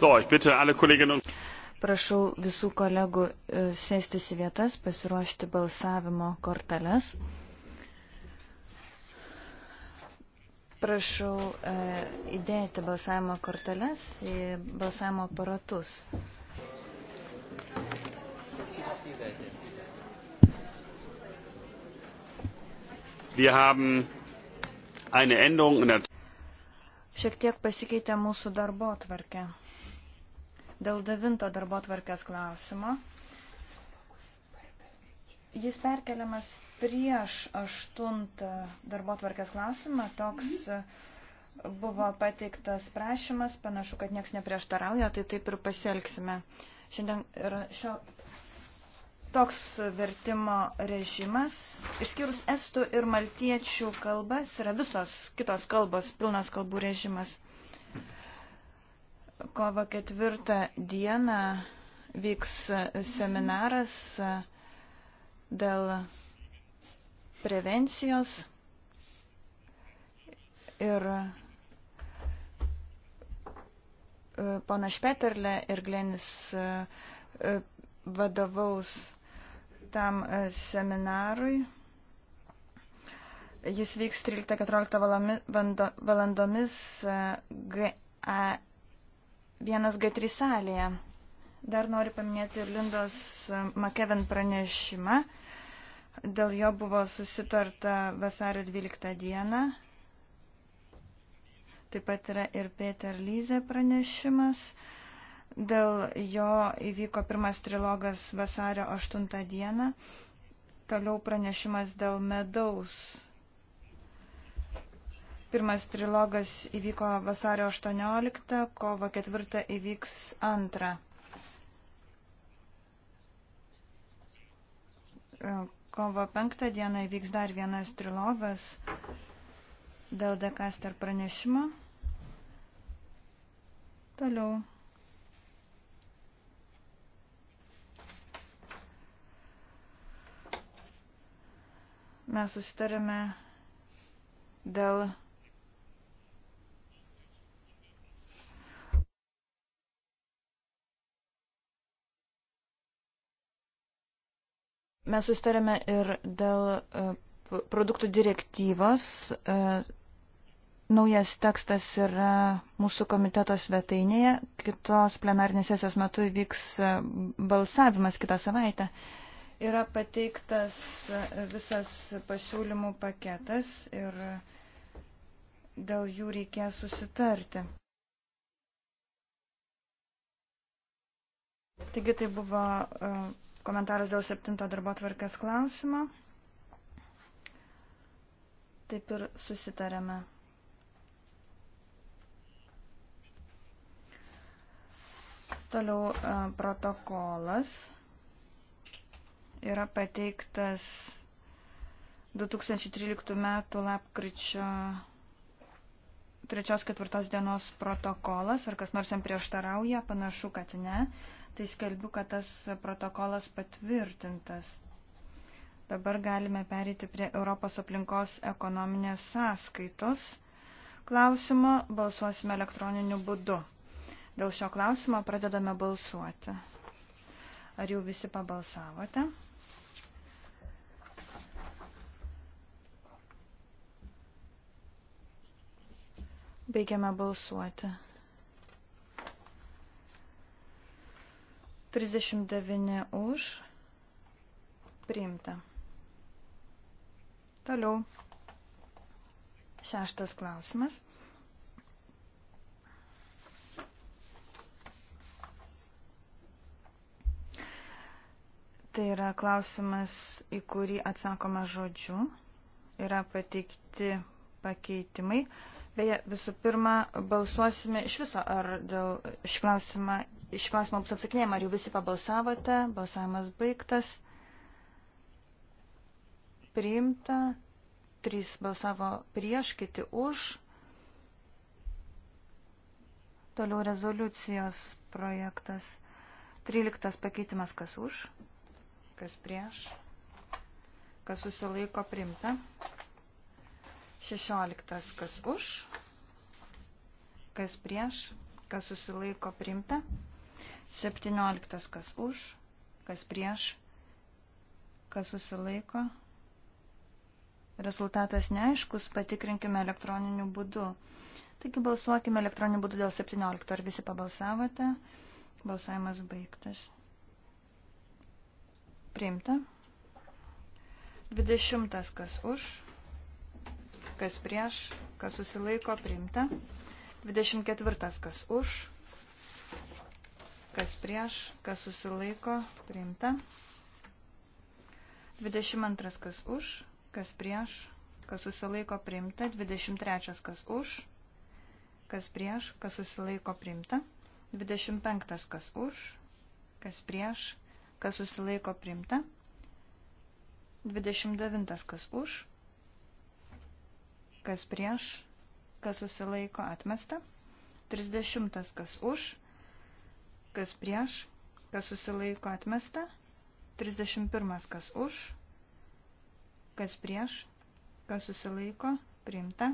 So, ich bitte alle Kolleginnen und Prašau visų kolegų e, sėstis į vietas, pasiruošti balsavimo korteles. Prašau e, įdėti balsavimo korteles į balsavimo aparatus. Wir haben eine Änderung in der Šiek tiek pasikeitė mūsų darbo tvarkė dėl devinto darbo tvarkės klausimo. Jis perkeliamas prieš aštuntą darbo tvarkės klausimą. Toks buvo pateiktas prašymas, panašu, kad nieks neprieštarauja, tai taip ir pasielgsime. Šiandien yra šio toks vertimo režimas, išskyrus estų ir maltiečių kalbas, yra visos kitos kalbos, pilnas kalbų režimas. Kovo ketvirtą dieną vyks seminaras dėl prevencijos ir e, pana Špeterle ir Glenis e, e, vadovaus tam seminarui. Jis vyks 13-14 valandomis GE 1G3 salėje. Dar noriu paminėti Lindos Makeven pranešimą. Dėl jo buvo susitarta vasario 12 dieną. Taip pat yra ir Peter Lyze pranešimas. Dėl jo įvyko pirmas trilogas vasario 8 dieną. Toliau pranešimas dėl medaus Pirmas trilogas įvyko vasario 18, kovo 4 įvyks antrą. Kovo 5 dieną įvyks dar vienas trilogas dėl dekaster pranešimo. Toliau. Mes susitarėme dėl Mes sustarėme ir dėl e, produktų direktyvos. E, naujas tekstas yra mūsų komiteto svetainėje. Kitos plenarnės sesijos metu vyks e, balsavimas kitą savaitę. Yra pateiktas visas pasiūlymų paketas ir dėl jų reikės susitarti. Taigi tai buvo uh, komentaras dėl septinto darbo tvarkės klausimo. Taip ir susitarėme. Toliau e, protokolas yra pateiktas 2013 m. lapkričio 3-4 dienos protokolas. Ar kas nors jam prieštarauja? Panašu, kad ne tai skelbiu, kad tas protokolas patvirtintas. Dabar galime perėti prie Europos aplinkos ekonominės sąskaitos. Klausimo balsuosime elektroniniu būdu. Dėl šio klausimo pradedame balsuoti. Ar jau visi pabalsavote? Baigiame balsuoti. 39 už. Priimta. Toliau. Šeštas klausimas. Tai yra klausimas, į kurį atsakoma žodžiu. Yra pateikti pakeitimai. Beje, visų pirma, balsuosime iš viso, ar dėl šį klausimą iš klausimą bus atsakinėjama, ar jau visi pabalsavote, balsavimas baigtas, priimta, trys balsavo prieš, kiti už. Toliau rezoliucijos projektas. 13 pakeitimas kas už, kas prieš, kas susilaiko primta. 16 kas už, kas prieš, kas susilaiko primta. 17 kas už, kas prieš, kas susilaiko. Rezultatas neaiškus, patikrinkime elektroniniu būdu. Taigi balsuokime elektroniniu būdu dėl 17. Ar visi pabalsavote? Balsavimas baigtas. Priimta. 20. kas už, kas prieš, kas susilaiko, priimta. 24. kas už, kas prieš, kas susilaiko, priimta. 22 kas už, kas prieš, kas susilaiko priimta, 23 kas už, kas prieš, kas susilaiko priimta, 25 kas už, kas prieš, kas susilaiko priimta, 29 kas už, kas prieš, kas susilaiko atmesta, 30 kas už, kas prieš, kas susilaiko atmesta, 31 kas už, kas prieš, kas susilaiko priimta,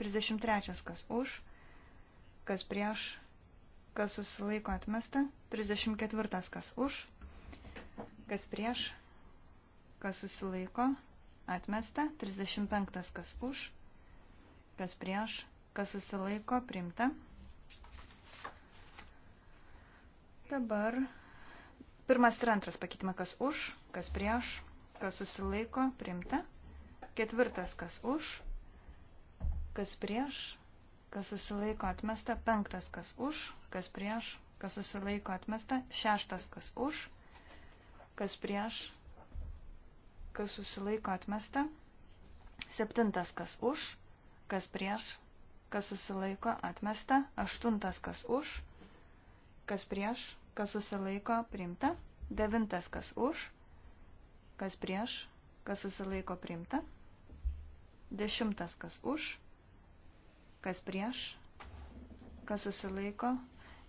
33 kas už, kas prieš, kas susilaiko atmesta, 34 kas už, kas prieš, kas susilaiko atmesta, 35 kas už, kas prieš, kas susilaiko priimta. Dabar pirmas ir antras pakeitimai, kas už, kas prieš, kas susilaiko, priimta. Ketvirtas, kas už, kas prieš, kas susilaiko, atmesta. Penktas, kas už, kas prieš, kas susilaiko, atmesta. Šeštas, kas už, kas prieš, kas susilaiko, atmesta. Septintas, kas už, kas prieš, kas susilaiko, atmesta. Aštuntas, kas už, kas prieš, kas susilaiko, priimta. Devintas, kas už, kas prieš, kas susilaiko, priimta. Dešimtas, kas už, kas prieš, kas susilaiko.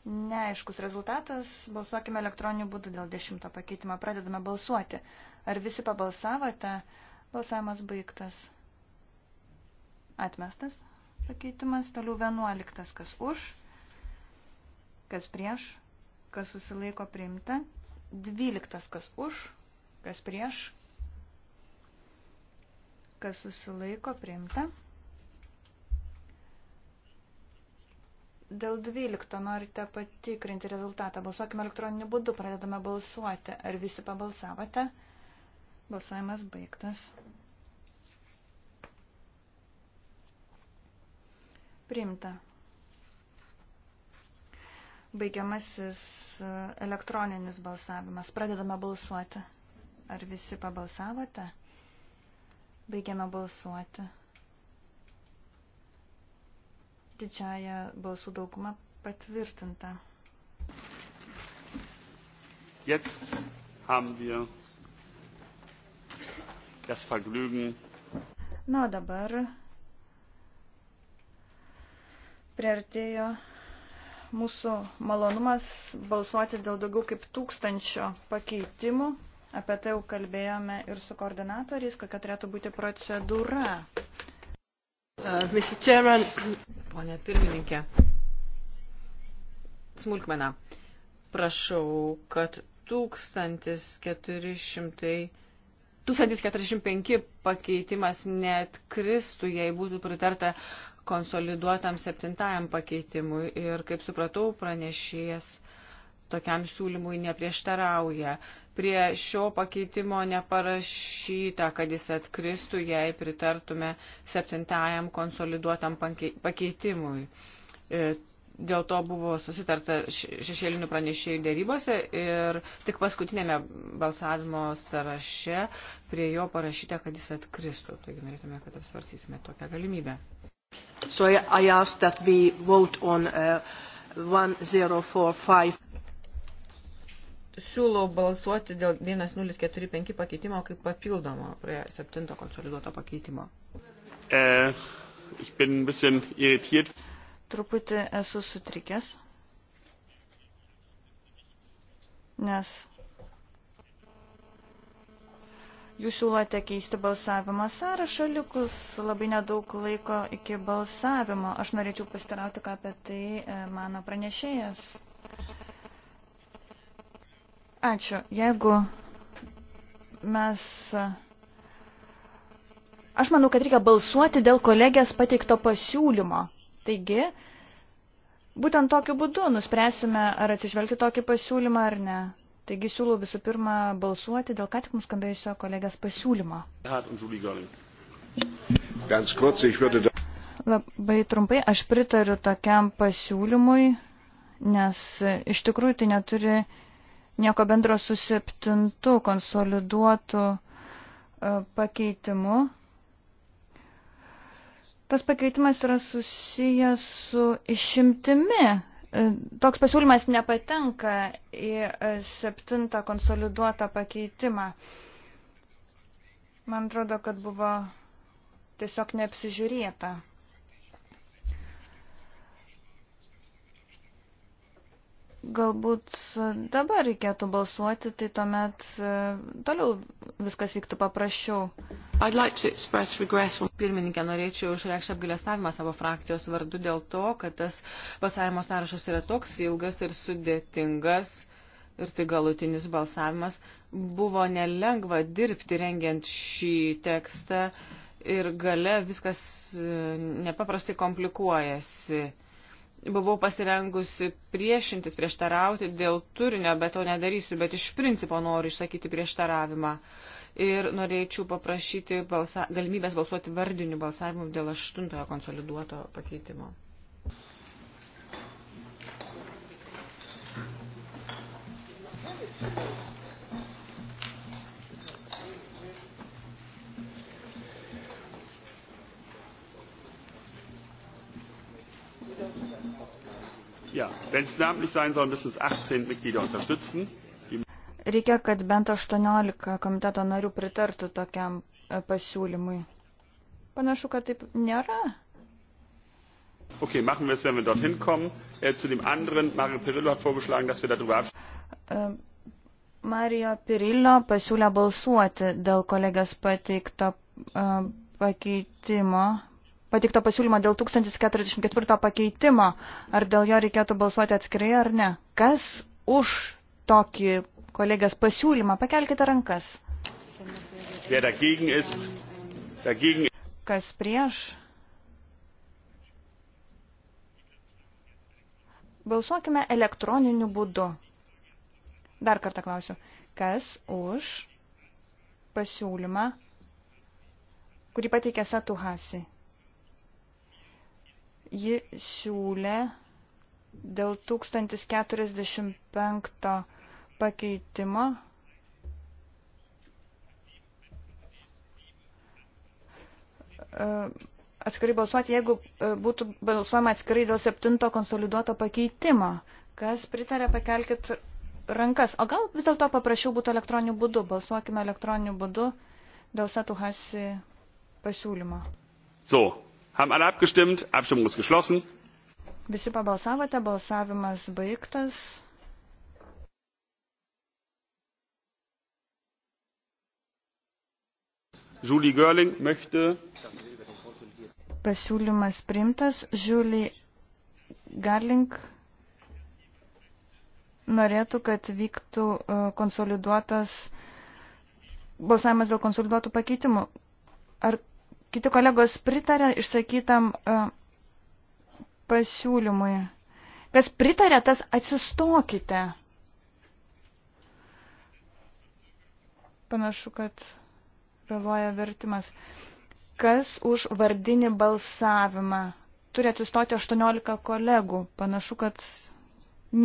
Neaiškus rezultatas, balsuokime elektroniniu būdu dėl dešimto pakeitimo, pradedame balsuoti. Ar visi pabalsavote? Balsavimas baigtas. Atmestas pakeitimas, toliau vienuoliktas, kas už, kas prieš, kas susilaiko priimta, 12 kas už, kas prieš, kas susilaiko priimta. Dėl 12 norite patikrinti rezultatą. Balsuokime elektroniniu būdu, pradedame balsuoti. Ar visi pabalsavote? Balsavimas baigtas. Priimta baigiamasis e, elektroninis balsavimas. Pradedame balsuoti. Ar visi pabalsavote? Baigiame balsuoti. Didžiaja balsų dauguma patvirtinta. Jetzt haben wir das Vergnügen. Na, dabar priartėjo mūsų malonumas balsuoti dėl daugiau kaip tūkstančio pakeitimų. Apie tai jau kalbėjome ir su koordinatoriais, kokia turėtų būti procedūra. Uh, Pone pirmininkė, smulkmena, prašau, kad 1400, 1405 pakeitimas net kristų, jei būtų pritarta konsoliduotam septintajam pakeitimui ir, kaip supratau, pranešėjas tokiam siūlymui neprieštarauja. Prie šio pakeitimo neparašyta, kad jis atkristų, jei pritartume septintajam konsoliduotam pakeitimui. E, dėl to buvo susitarta šešėlinių pranešėjų dėrybose ir tik paskutinėme balsavimo sąraše prie jo parašyta, kad jis atkristų. Taigi norėtume, kad apsvarstytume tokią galimybę. So I, I ask that we vote on uh, 1045. Siūlau balsuoti dėl 1045 pakeitimo kaip papildomo prie 7 konsoliduoto pakeitimo. Uh, ich bin ein bisschen irritiert. Truputį esu sutrikęs, nes Jūs siūlote keisti balsavimo sąrašą, likus labai nedaug laiko iki balsavimo. Aš norėčiau pastarauti, ką apie tai e, mano pranešėjas. Ačiū. Jeigu mes. E, aš manau, kad reikia balsuoti dėl kolegės pateikto pasiūlymo. Taigi, būtent tokiu būdu nuspręsime, ar atsižvelgti tokį pasiūlymą ar ne. Taigi siūlau visų pirma balsuoti dėl ką tik nuskambėjusio kolegės pasiūlymo. Labai trumpai, aš pritariu tokiam pasiūlymui, nes iš tikrųjų tai neturi nieko bendro su septintu konsoliduotu e, pakeitimu. Tas pakeitimas yra susijęs su išimtimi Toks pasiūlymas nepatenka į e, septintą konsoliduotą pakeitimą. Man atrodo, kad buvo tiesiog neapsižiūrėta. galbūt dabar reikėtų balsuoti, tai tuomet e, toliau viskas vyktų paprasčiau. Like Pirmininkė, norėčiau išreikšti apgailestavimą savo frakcijos vardu dėl to, kad tas balsavimo sąrašas yra toks ilgas ir sudėtingas. Ir tai galutinis balsavimas buvo nelengva dirbti rengiant šį tekstą ir gale viskas e, nepaprastai komplikuojasi buvau pasirengusi priešintis, prieštarauti dėl turinio, bet to nedarysiu, bet iš principo noriu išsakyti prieštaravimą. Ir norėčiau paprašyti balsa, galimybės balsuoti vardiniu balsavimu dėl aštuntojo konsoliduoto pakeitimo. Thank you. Ja, wenn es namentlich sein soll, müssen es 18 Mitglieder unterstützen. Reikia, kad bent 18 komiteto narių pritartų tokiam e, pasiūlymui. Panašu, kad taip nėra. Okay, machen wir es, wenn wir dorthin kommen. Äh, zu dem anderen, Mario Pirillo hat vorgeschlagen, dass wir darüber abstimmen. Äh, Mario Pirillo pasiūlė balsuoti dėl kolegės pateikto uh, pakeitimo pateiktą pasiūlymą dėl 1044 pakeitimo, ar dėl jo reikėtų balsuoti atskirai ar ne. Kas už tokį kolegės pasiūlymą? Pakelkite rankas. Kas prieš? Balsuokime elektroniniu būdu. Dar kartą klausiu. Kas už pasiūlymą, kurį pateikė Satuhasi? Hasi? Ji siūlė dėl 1045 pakeitimo e, atskirai balsuoti, jeigu e, būtų balsuojama atskirai dėl septinto konsoliduoto pakeitimo. Kas pritarė, pakelkit rankas. O gal vis dėlto paprašiau būtų elektroniniu būdu. Balsuokime elektroniniu būdu dėl Satuhasi pasiūlymo. So, Haben alle abgestimmt? Abstimmung ist geschlossen. Visi pabalsavote, balsavimas baigtas. Julie Görling möchte. Pasiūlymas primtas. Julie Garling norėtų, kad vyktų e, konsoliduotas balsavimas dėl konsoliduotų pakeitimų. Ar Kiti kolegos pritarė išsakytam e, pasiūlymui. Kas pritarė, tas atsistokite. Panašu, kad vėluoja vertimas. Kas už vardinį balsavimą? Turi atsistoti 18 kolegų. Panašu, kad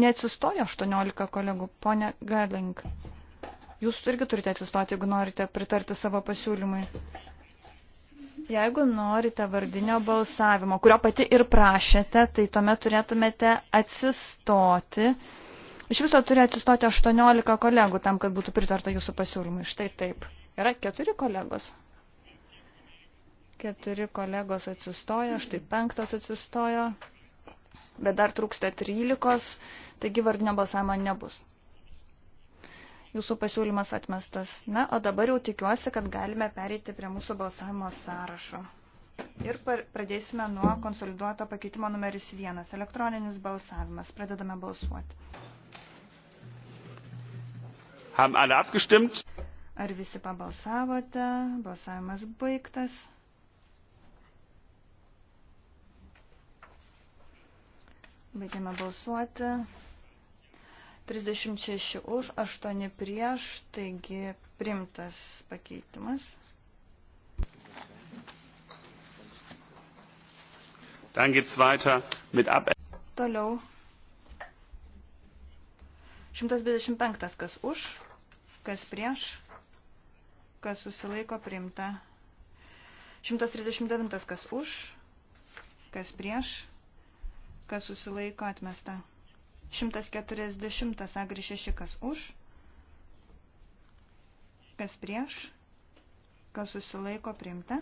neatsistoja 18 kolegų. Pone Gadling, jūs irgi turite atsistoti, jeigu norite pritarti savo pasiūlymui. Jeigu norite vardinio balsavimo, kurio pati ir prašėte, tai tuomet turėtumėte atsistoti. Iš viso turi atsistoti 18 kolegų tam, kad būtų pritarta jūsų pasiūlymui. Štai taip. Yra keturi kolegos. Keturi kolegos atsistoja, štai penktas atsistojo, bet dar trūksta 13, taigi vardinio balsavimo nebus jūsų pasiūlymas atmestas. Na, o dabar jau tikiuosi, kad galime pereiti prie mūsų balsavimo sąrašo. Ir pradėsime nuo konsoliduoto pakeitimo numeris vienas – elektroninis balsavimas. Pradedame balsuoti. Haben alle abgestimmt? Ar visi pabalsavote? Balsavimas baigtas. Baigiame balsuoti. 36 už, 8 prieš, taigi primtas pakeitimas. Dann geht's weiter mit ab. Toliau. 125 kas už, kas prieš, kas susilaiko priimta. 139 kas už, kas prieš, kas susilaiko atmesta. 140 agri 6 kas už, kas prieš, kas susilaiko priimta.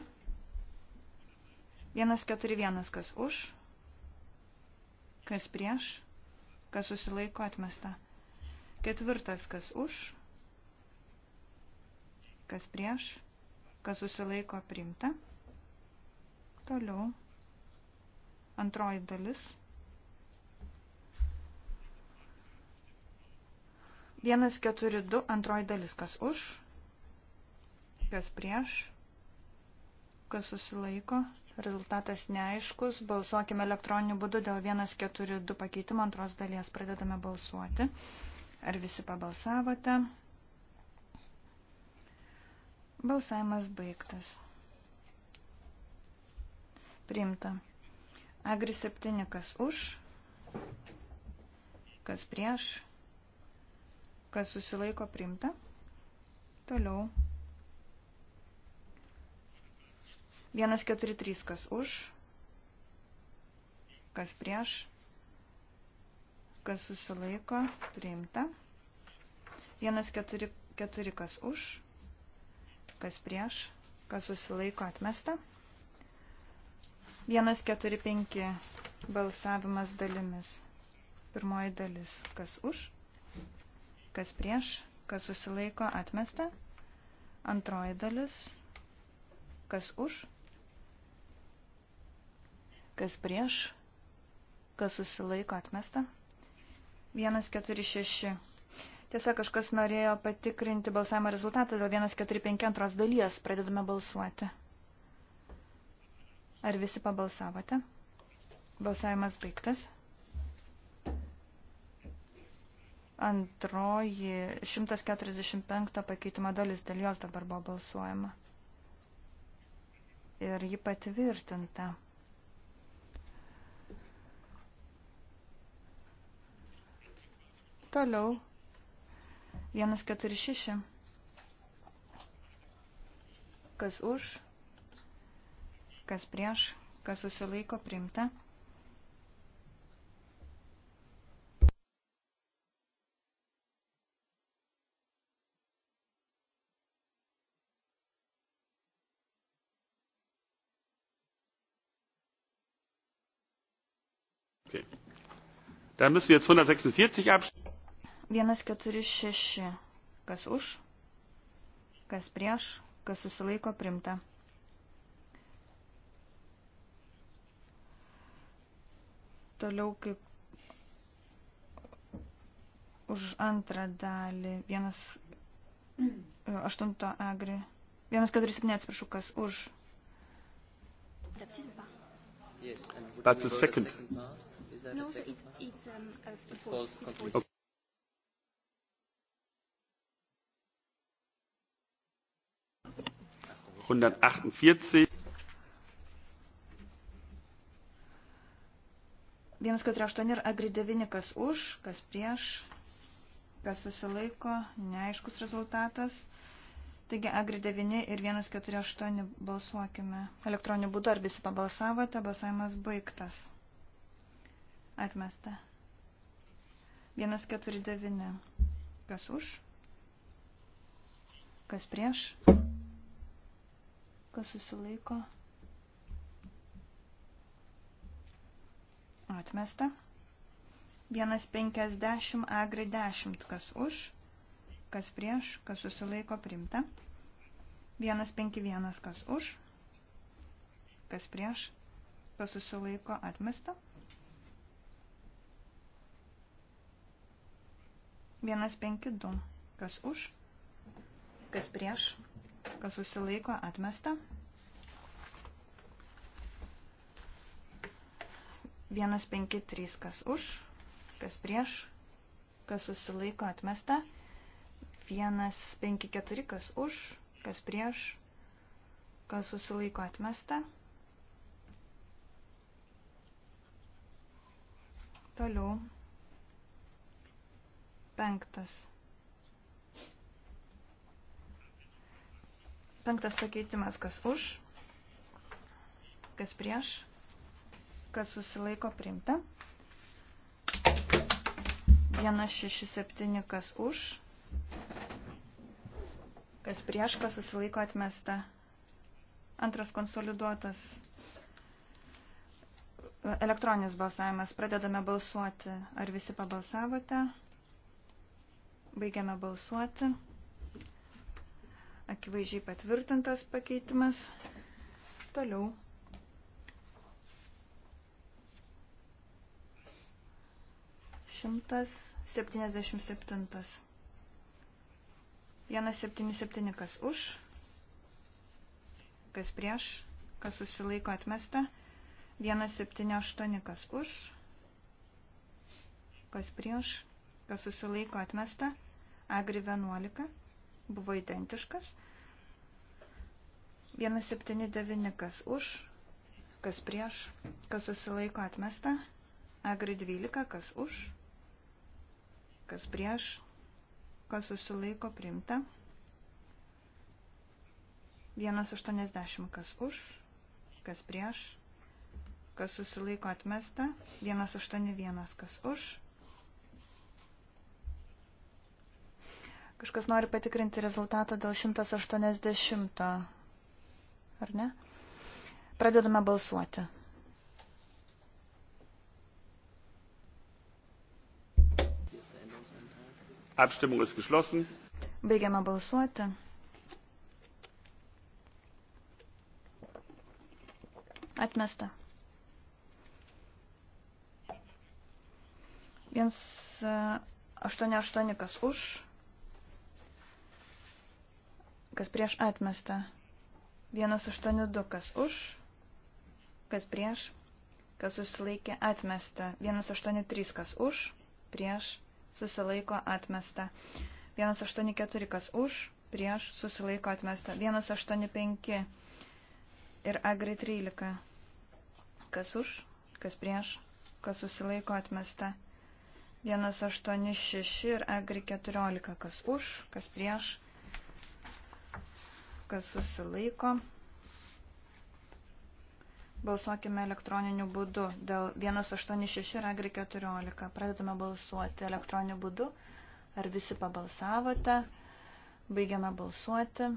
141 kas už, kas prieš, kas susilaiko atmesta. Ketvirtas kas už, kas prieš, kas susilaiko priimta. Toliau. Antroji dalis. 142 antroji dalis, kas už, kas prieš, kas susilaiko. Rezultatas neaiškus. Balsuokime elektroniniu būdu dėl 142 pakeitimo antros dalies. Pradedame balsuoti. Ar visi pabalsavote? Balsavimas baigtas. Priimta. Agri 7 kas už, kas prieš kas susilaiko priimta. Toliau. 143, kas už, kas prieš, kas susilaiko priimta. 144, kas už, kas prieš, kas susilaiko atmesta. 145 balsavimas dalimis. Pirmoji dalis, kas už, kas prieš, kas susilaiko atmesta. Antroji dalis, kas už, kas prieš, kas susilaiko atmesta. 146. Tiesa, kažkas norėjo patikrinti balsavimo rezultatą dėl 145 antros dalies. Pradedame balsuoti. Ar visi pabalsavote? Balsavimas baigtas. antroji 145 pakeitimo dalis, dėl jos dabar buvo balsuojama. Ir ji patvirtinta. Toliau 146. Kas už, kas prieš, kas susilaiko primta. Da müssen wir jetzt 146 abstimmen. 146. Kas už, kas prieš, kas susilaiko primta. Toliau kaip už antrą dalį. Vienas e, aštunto agri. Vienas keturi septyni atsiprašau, kas už. That's the second. second is that no, a second so it's, it's, um, uh, it falls completely. Okay. einhundertachtundvierzig vienas keturi aštuoni ir agri devyni kas už kas prieš kas susilaiko neaiškus rezultatas taigi agri devyni ir vienas keturi aštuoni balsuokime elektroniniu būdu ar visi pabalsavote balsavimas baigtas Atmesta. 149. Kas už? Kas prieš? Kas susilaiko? Atmesta. 150 agri 10. Kas už? Kas prieš? Kas susilaiko? Primta. 151. Kas už? Kas prieš? Kas susilaiko? Atmesta. 152. Kas už? Kas prieš? Kas susilaiko? Atmesta. 153. Kas už? Kas prieš? Kas susilaiko? Atmesta. 154. Kas už? Kas prieš? Kas susilaiko? Atmesta. Toliau. Penktas. Penktas pakeitimas, kas už, kas prieš, kas susilaiko priimta. 167, kas už, kas prieš, kas susilaiko atmesta. Antras konsoliduotas elektroninis balsavimas. Pradedame balsuoti. Ar visi pabalsavote? Baigiame balsuoti. Akivaizdžiai patvirtintas pakeitimas. Toliau. Šimtas septyniasdešimt septintas. Vienas septyni septyni kas už, kas prieš, kas susilaiko atmesta. Vienas septyni aštuoni kas už, kas prieš, kas susilaiko atmesta, Agri 11 buvo identiškas, 179 kas už, kas prieš, kas susilaiko atmesta, Agri 12 kas už, kas prieš, kas susilaiko primta, 180 kas už, kas prieš, kas susilaiko atmesta, 181 kas už, Kažkas nori patikrinti rezultatą dėl 180. Ar ne? Pradedame balsuoti. Abstimmung ist geschlossen. Baigiame balsuoti. Atmesta. Viens aštuoni aštuonikas už kas prieš atmesta. 182, kas už, kas prieš, kas susilaikė atmesta. 183, kas už, prieš, susilaiko atmesta. 184, kas už, prieš, susilaiko atmesta. 185 ir agri 13, kas už, kas prieš, kas susilaiko atmesta. 186 ir agri 14, kas už, kas prieš, kas susilaiko. Balsuokime elektroniniu būdu dėl 186 ir agri 14. Pradedame balsuoti elektroniniu būdu. Ar visi pabalsavote? Baigiame balsuoti.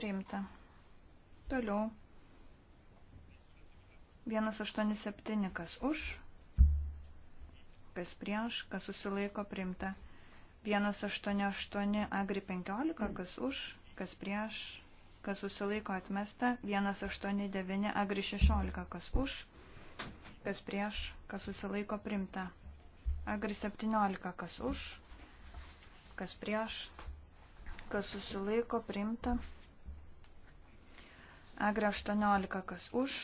Priimta. Toliau. 187 kas už, kas prieš, kas susilaiko priimta. 188 agri 15, mm. kas už, kas prieš, kas susilaiko atmesta. 189 agri 16, kas už, kas prieš, kas susilaiko primta. Agri 17, kas už, kas prieš, kas susilaiko primta. Agri 18, kas už,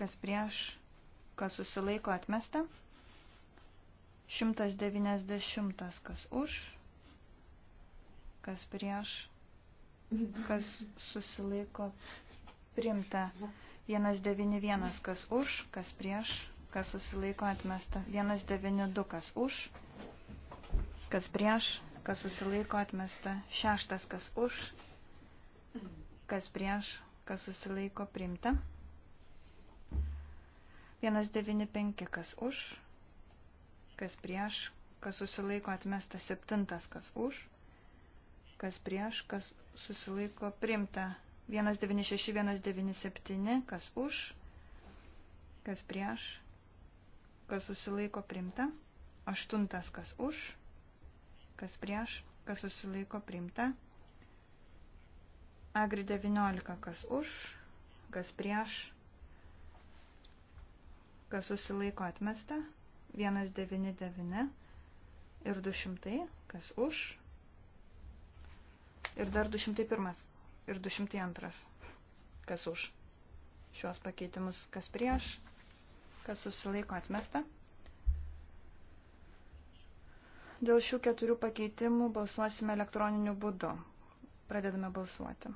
kas prieš, kas susilaiko atmesta. 190 kas už, kas prieš, kas susilaiko primta. 191 kas už, kas prieš, kas susilaiko atmesta. 192 kas už, kas prieš, kas susilaiko atmesta. Šeštas kas už, kas prieš, kas susilaiko primta. 195 kas už kas prieš, kas susilaiko atmesta septintas, kas už, kas prieš, kas susilaiko primta 196, 197, kas už, kas prieš, kas susilaiko primta, aštuntas, kas už, kas prieš, kas susilaiko primta, agri 19, kas už, kas prieš, kas susilaiko atmesta, 199 ir 200, kas už. Ir dar 201 ir 202, kas už. Šiuos pakeitimus, kas prieš, kas susilaiko atmesta. Dėl šių keturių pakeitimų balsuosime elektroniniu būdu. Pradedame balsuoti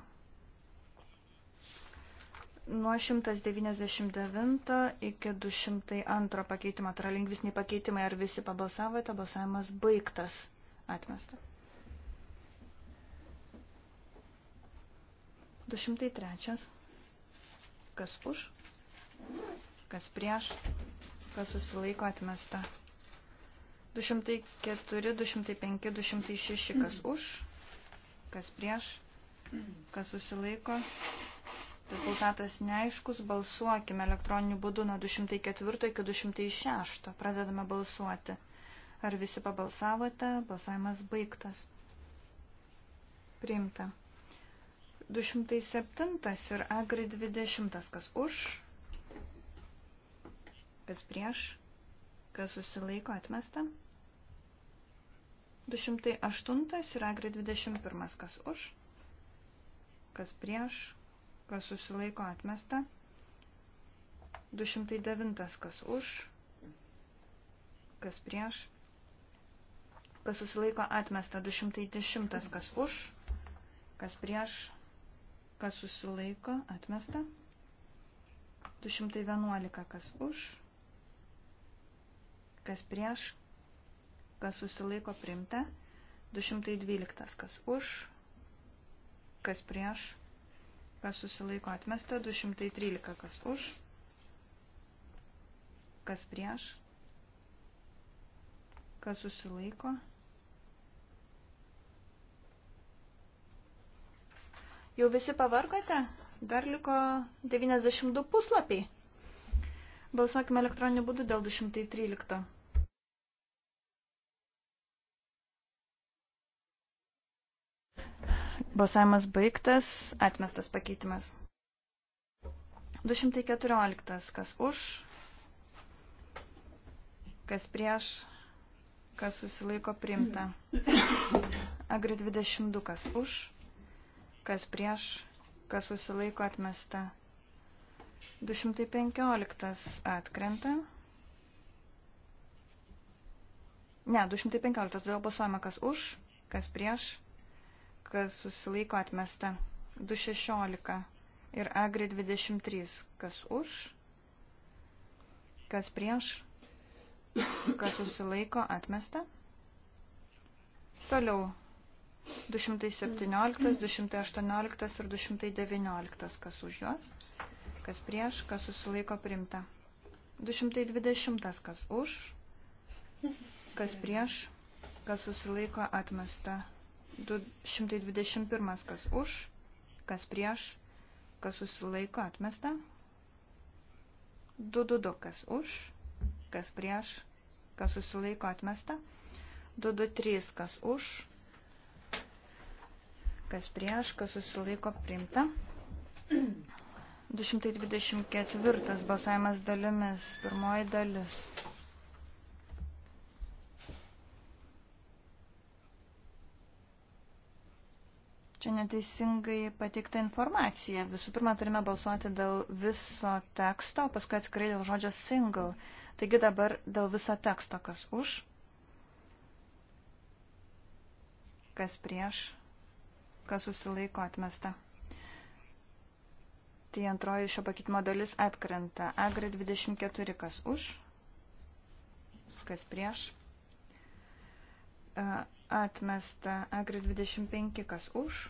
nuo 199 iki 202 pakeitimo, tai yra lingvisniai pakeitimai, ar visi pabalsavote, balsavimas baigtas, atmesta. 203. Kas už, kas prieš, kas susilaiko atmesta. 204, 205, 206, kas už, kas prieš, kas susilaiko Rezultatas neaiškus. Balsuokime elektroniniu būdu nuo 204 iki 206. Pradedame balsuoti. Ar visi pabalsavote? Balsavimas baigtas. Priimta. 207 ir Agri 20. Kas už? Kas prieš? Kas susilaiko atmesta? 208 ir Agri 21. Kas už? Kas prieš? kas susilaiko atmesta. 209 kas už, kas prieš, kas susilaiko atmesta. 210 kas už, kas prieš, kas susilaiko atmesta. 211 kas už, kas prieš, kas susilaiko primta. 212 kas už, kas prieš, kas susilaiko atmesta, 213 kas už, kas prieš, kas susilaiko. Jau visi pavargote? Dar liko 92 puslapiai. Balsuokime elektroniniu būdu dėl 213. Balsavimas baigtas, atmestas pakeitimas. 214. Kas už, kas prieš, kas susilaiko primta. Agri 22. Kas už, kas prieš, kas susilaiko atmesta. 215 atkrenta. Ne, 215 todėl balsuojama kas už, kas prieš, kas susilaiko atmesta. 216 ir Agri 23, kas už, kas prieš, kas susilaiko atmesta. Toliau 217, 218 ir 219, kas už juos, kas prieš, kas susilaiko primta. 220, kas už, kas prieš, kas susilaiko atmesta. 221 kas už, kas prieš, kas susilaiko atmesta. 22 kas už, kas prieš, kas susilaiko atmesta. 223 kas už, kas prieš, kas susilaiko priimta. 224 balsavimas dalimis, pirmoji dalis. Čia neteisingai pateikta informacija. Visų pirma, turime balsuoti dėl viso teksto, paskui atskirai dėl žodžio single. Taigi dabar dėl viso teksto, kas už, kas prieš, kas susilaiko atmesta. Tai antroji šio pakeitimo dalis atkrenta. Agri 24, kas už, kas prieš. Uh, Atmesta Agri 25, kas už,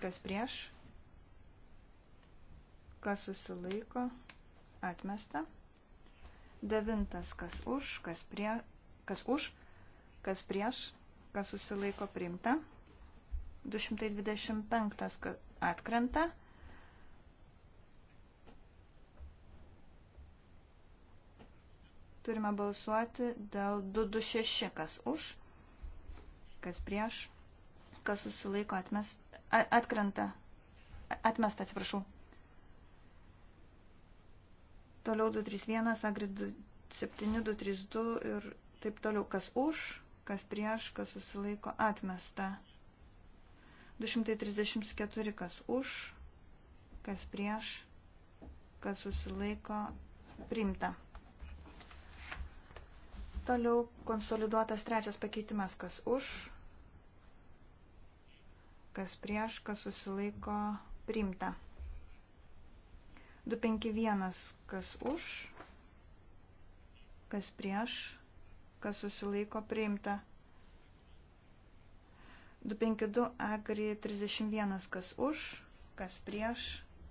kas prieš, kas susilaiko, atmesta. Devintas, kas už, kas, prie, kas už, kas prieš, kas susilaiko, priimta. 225 atkrenta. Turime balsuoti dėl 226, kas už, kas prieš, kas susilaiko atmest, atkrenta, atmesta, atsiprašau. Toliau 231, agri 7232 ir taip toliau, kas už, kas prieš, kas susilaiko atmesta. 234, kas už, kas prieš, kas susilaiko priimta. Toliau konsoliduotas trečias pakeitimas, kas už, kas prieš, kas susilaiko priimta. 251, kas už, kas prieš, kas susilaiko priimta. 252, agri 31, kas už, kas prieš,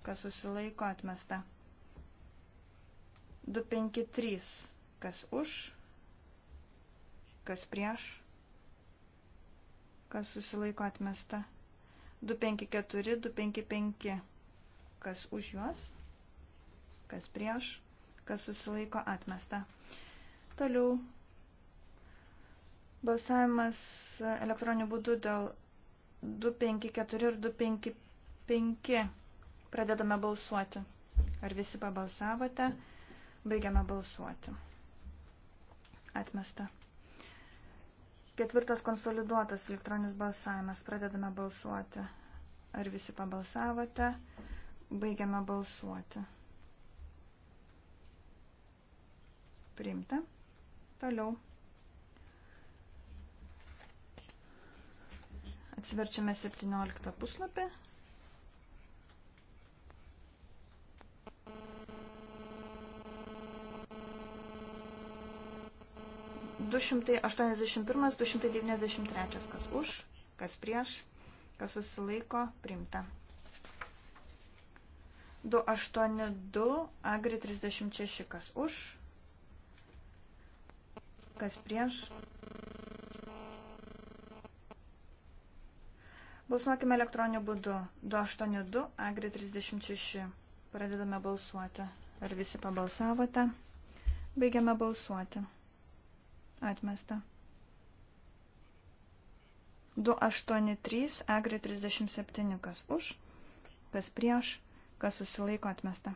kas susilaiko atmesta. 253, kas už, kas prieš, kas susilaiko atmesta. 254, 255. Kas už juos, kas prieš, kas susilaiko atmesta. Toliau balsavimas elektroniniu būdu dėl 254 ir 255. Pradedame balsuoti. Ar visi pabalsavote? Baigiame balsuoti. Atmesta. Ketvirtas konsoliduotas elektroninis balsavimas. Pradedame balsuoti. Ar visi pabalsavote? Baigiame balsuoti. Priimta. Toliau. Atsiverčiame 17 puslapį. 281, 293, kas už, kas prieš, kas susilaiko, primta. 282, agri 36, kas už, kas prieš. Balsuokime elektroniniu būdu. 282, agri 36. Pradedame balsuoti. Ar visi pabalsavote? Baigiame balsuoti. Atmesta. 283, agri 37, kas už, kas prieš, kas susilaiko atmesta.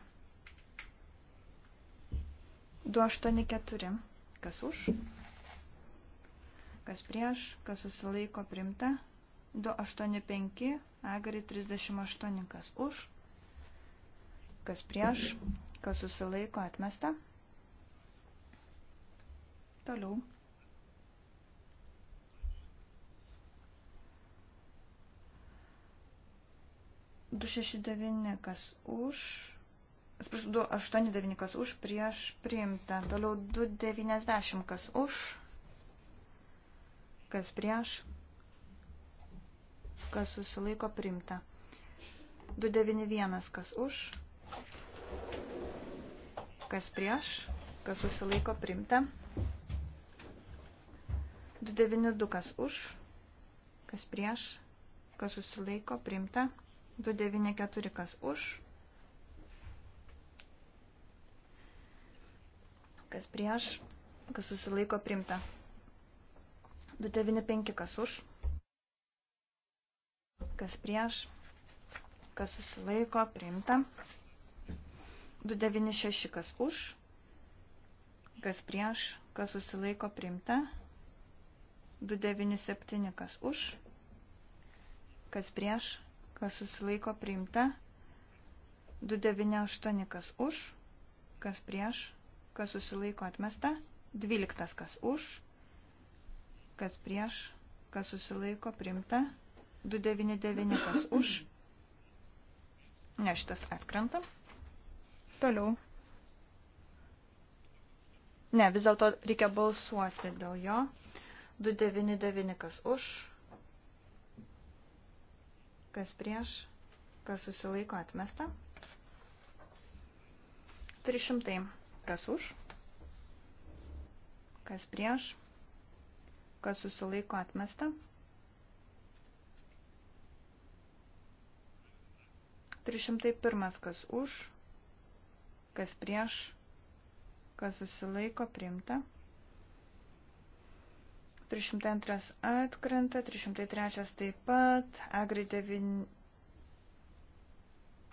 284, kas už, kas prieš, kas susilaiko primta. 285, agri 38, kas už, kas prieš, kas susilaiko atmesta. Toliau. 269 kas už, atsiprašau, 289 kas už, prieš priimta. Toliau 290 kas už, kas prieš, kas susilaiko priimta. 291 kas už, kas prieš, kas susilaiko priimta. 292 kas už, kas prieš, kas susilaiko priimta. 294 kas už, kas prieš, kas susilaiko primta. 295 kas už, kas prieš, kas susilaiko primta. 296 kas už, kas prieš, kas susilaiko primta. 297 kas už, kas prieš, kas susilaiko priimta, 298 kas už, kas prieš, kas susilaiko atmesta, 12 kas už, kas prieš, kas susilaiko priimta, 299 kas už, ne šitas atkrenta, toliau. Ne, vis dėlto reikia balsuoti dėl jo. 299 kas už, kas prieš, kas susilaiko atmesta. 300, kas už, kas prieš, kas susilaiko atmesta. 301, kas už, kas prieš, kas susilaiko priimta. 302 302 atkrenta, 303 taip pat, Agri 9.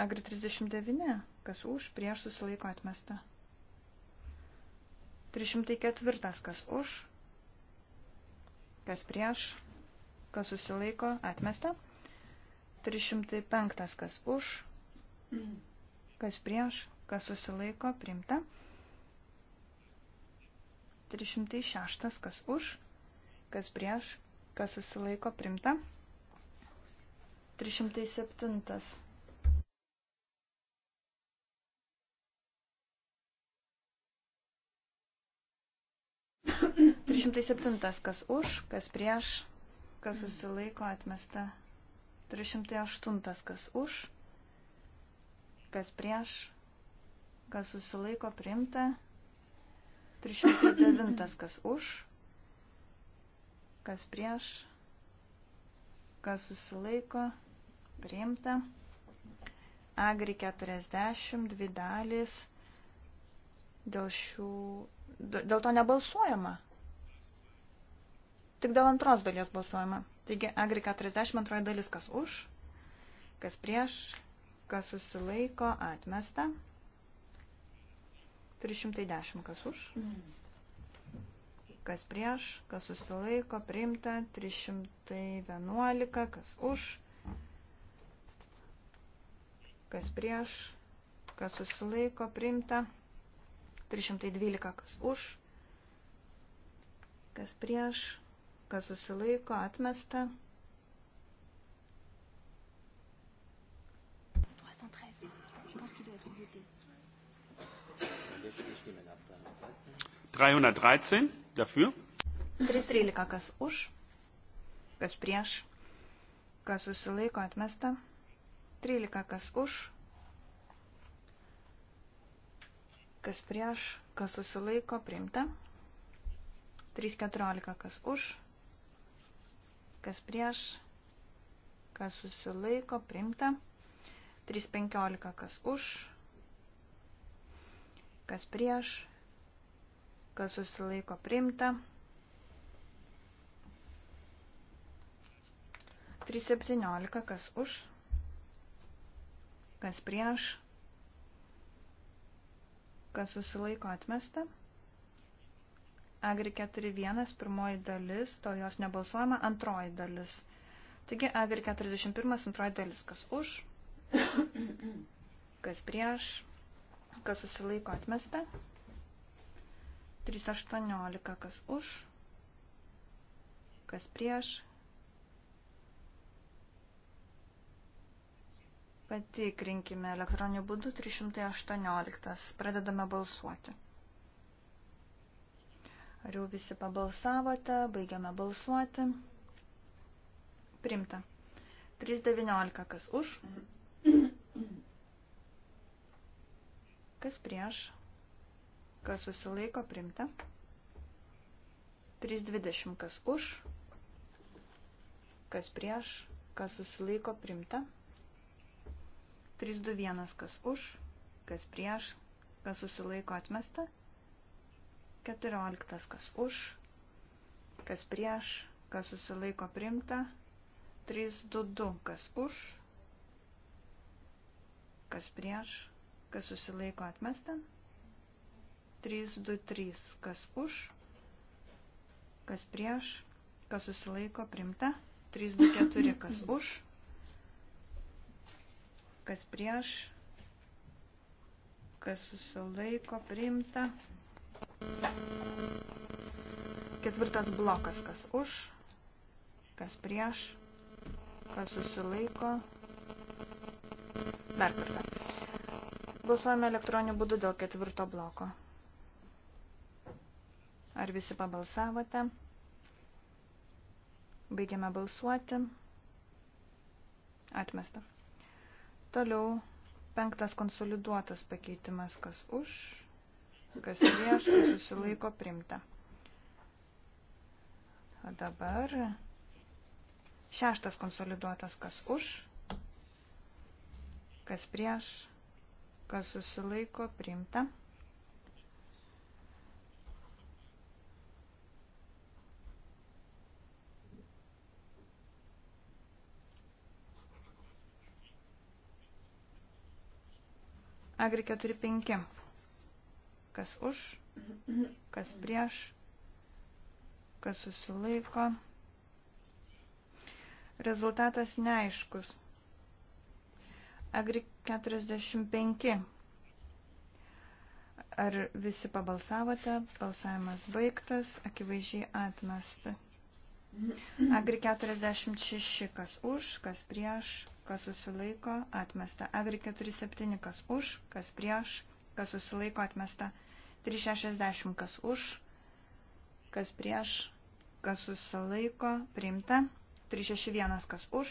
Agri 39, kas už, prieš susilaiko atmesta. 304, kas už, kas prieš, kas susilaiko atmesta. 305, kas už, kas prieš, kas susilaiko primta. 306, kas už kas prieš, kas susilaiko primta. 307. Trišimtai septintas, kas už, kas prieš, kas susilaiko atmesta. Trišimtai aštuntas, kas už, kas prieš, kas susilaiko priimta. Trišimtai devintas, kas už, kas prieš, kas susilaiko, priimta. Agri 40, dvi dalys, dėl, šių, dėl to nebalsuojama. Tik dėl antros dalies balsuojama. Taigi, Agri 42 dalis, kas už, kas prieš, kas susilaiko, atmesta. 310, kas už. Mm kas prieš, kas susilaiko, priimta 311, kas už, kas prieš, kas susilaiko, priimta 312, kas už, kas prieš, kas susilaiko, atmesta 313. Dafür. 3.13. Kas už, kas prieš, kas susilaiko atmesta. 13. Kas už, kas prieš, kas susilaiko priimta. 3.14. Kas už, kas prieš, kas susilaiko priimta. 3.15. Kas už, kas prieš, kas susilaiko priimta. 3.17, kas už, kas prieš, kas susilaiko atmesta. Agri 4.1, pirmoji dalis, to jos nebalsuojama, antroji dalis. Taigi, Agri 41, antroji dalis, kas už, kas prieš, kas susilaiko atmesta. 3.18, kas už, kas prieš. Patikrinkime elektroniniu būdu 318. Pradedame balsuoti. Ar jau visi pabalsavote? Baigiame balsuoti. Primta. 319. Kas už? Kas prieš? kas susilaiko primta. 320 kas už, kas prieš, kas susilaiko primta. 321 kas už, kas prieš, kas susilaiko atmesta. 14 kas už, kas prieš, kas susilaiko primta. 322 kas už, kas prieš, kas susilaiko atmesta. 323 323. Kas už, kas prieš, kas susilaiko primta. 324. Kas už, kas prieš, kas susilaiko primta. Ketvirtas blokas. Kas už, kas prieš, kas susilaiko. Dar kartą. Balsuojame elektroniniu būdu dėl ketvirto bloko. Ar visi pabalsavote? Baigiame balsuoti. Atmesta. Toliau penktas konsoliduotas pakeitimas, kas už, kas prieš, kas susilaiko primta. O dabar šeštas konsoliduotas, kas už, kas prieš, kas susilaiko primta. Agri 4.5. Kas už, kas prieš, kas susilaiko. Rezultatas neaiškus. Agri 45. Ar visi pabalsavote? Balsavimas baigtas, akivaizdžiai atmesta. Agri 46, kas už, kas prieš, kas susilaiko, atmesta. Agri 47, kas už, kas prieš, kas susilaiko, atmesta. 360, kas už, kas prieš, kas susilaiko, priimta. 361, kas už,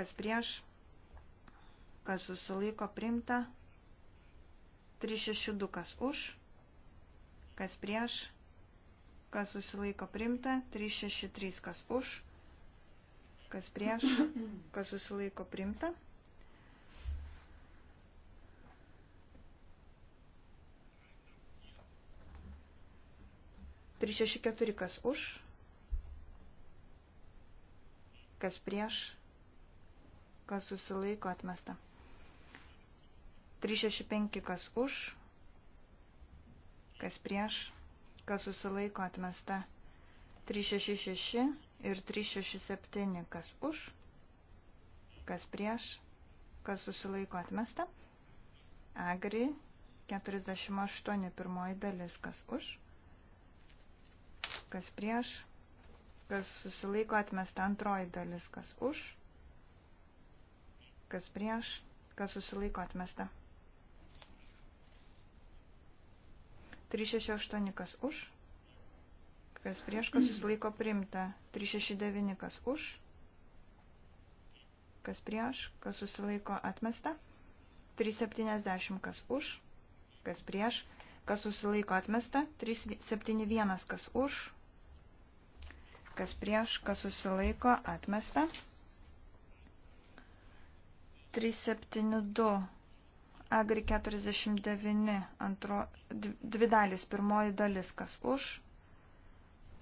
kas prieš, kas susilaiko, priimta. 362, kas už, kas prieš, kas susilaiko primta, 363, kas už, kas prieš, kas susilaiko primta. Trys šeši keturi, kas už, kas prieš, kas susilaiko atmesta. 365 kas už, kas prieš, kas susilaiko atmesta. 366 ir 367, kas už, kas prieš, kas susilaiko atmesta. Agri 48 pirmoji dalis, kas už, kas prieš, kas susilaiko atmesta antroji dalis, kas už, kas prieš, kas susilaiko atmesta. 368 kas už, kas prieš, kas susilaiko priimta. 369 kas už, kas prieš, kas susilaiko atmesta. 370 kas už, kas prieš, kas susilaiko atmesta. 371 kas už, kas prieš, kas susilaiko atmesta. 372 Agri 49, antro, dvi dalys, pirmoji dalis, kas už,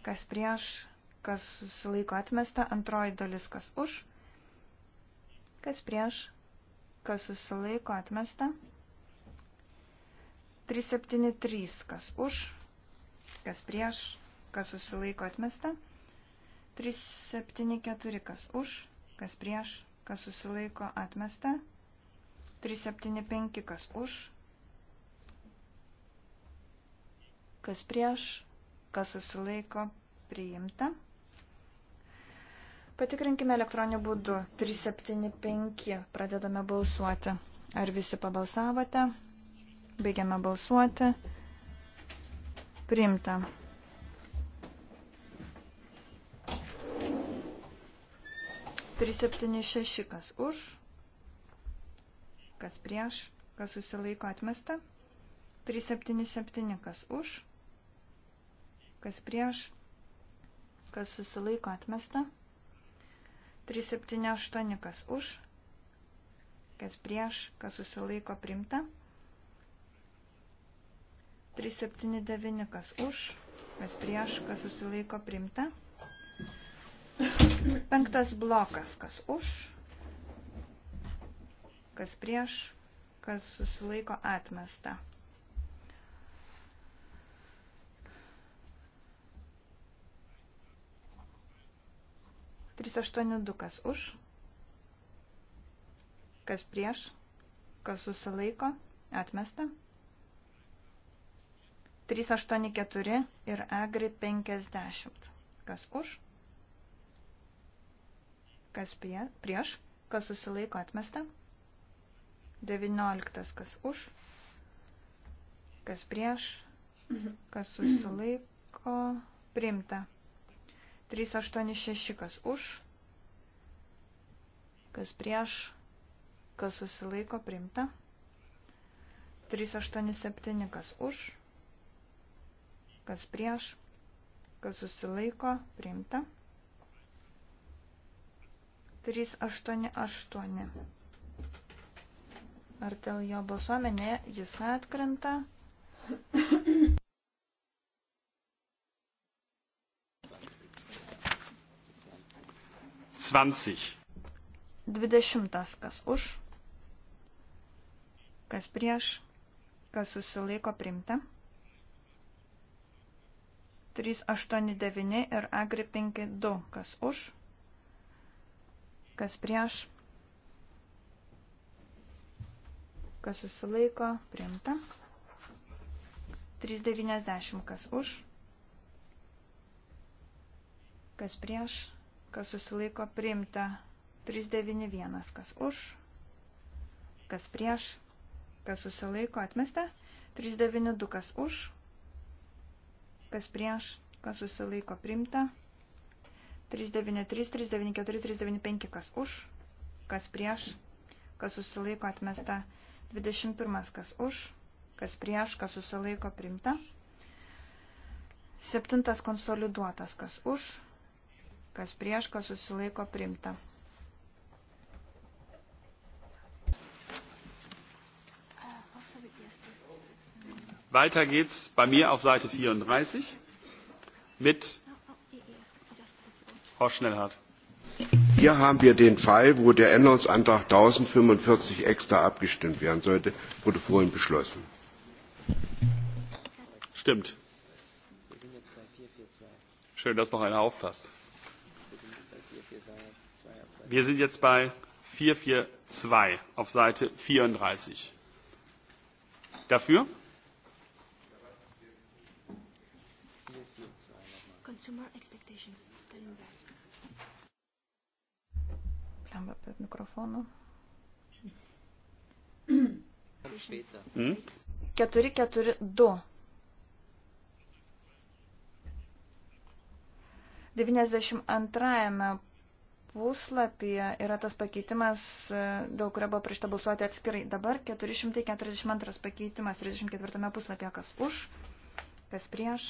kas prieš, kas susilaiko atmesta, antroji dalis, kas už, kas prieš, kas susilaiko atmesta, 373, kas už, kas prieš, kas susilaiko atmesta, 374, kas už, kas prieš, kas susilaiko atmesta, 375, 375 kas už, kas prieš, kas susilaiko, priimta. Patikrinkime elektroniniu būdu 375, pradedame balsuoti. Ar visi pabalsavote? Baigiame balsuoti. Priimta. Trys septyni šešikas už kas prieš, kas susilaiko atmesta. 377, kas už, kas prieš, kas susilaiko atmesta. 378, kas už, kas prieš, kas susilaiko primta. 379, kas už, kas prieš, kas susilaiko primta. Penktas blokas, kas už, kas prieš, kas susilaiko atmesta. Trys aštuoni du, kas už, kas prieš, kas susilaiko, atmesta. 384 ir agri 50. Kas už, kas prie, prieš, kas susilaiko atmesta. 385 19. Mhm. Kas už, kas prieš, kas susilaiko, priimta. 386. Kas už, kas prieš, kas susilaiko, priimta. 387. Kas už, kas prieš, kas susilaiko, priimta. 388. Ar dėl jo balsuojame? Ne, jis atkrenta. Dvidešimtas, kas už, kas prieš, kas susilaiko primta. 389 ir agri 52, kas už, kas prieš, kas susilaiko, priimta. 390, kas už, kas prieš, kas susilaiko, priimta. 391, kas už, kas prieš, kas susilaiko, atmesta. 392, kas už, kas prieš, kas susilaiko, priimta. 393, 394, 395, kas už, kas prieš, kas susilaiko atmesta 21. Kas už, kas prieš, kas susilaiko priimta. 7. Konsoliduotas. Kas už, kas prieš, kas susilaiko priimta. Weiter geht's bei mir auf Seite 34 mit Frau Schnellhardt hier haben wir den fall wo der änderungsantrag eintausendfünfundvierzig extra abgestimmt werden sollte wurde vorhin beschlossen. stimmt. schön dass noch einer auffasst. wir sind jetzt bei vierhundertzweiundvierzig auf seite vierunddreißig dafür? Consumer expectations. Tell him that. Klemba per mikrofoną. 442. 92 puslapyje yra tas pakeitimas, dėl kurio buvo priešta balsuoti atskirai. Dabar 442 pakeitimas 34 puslapyje, kas už, kas prieš,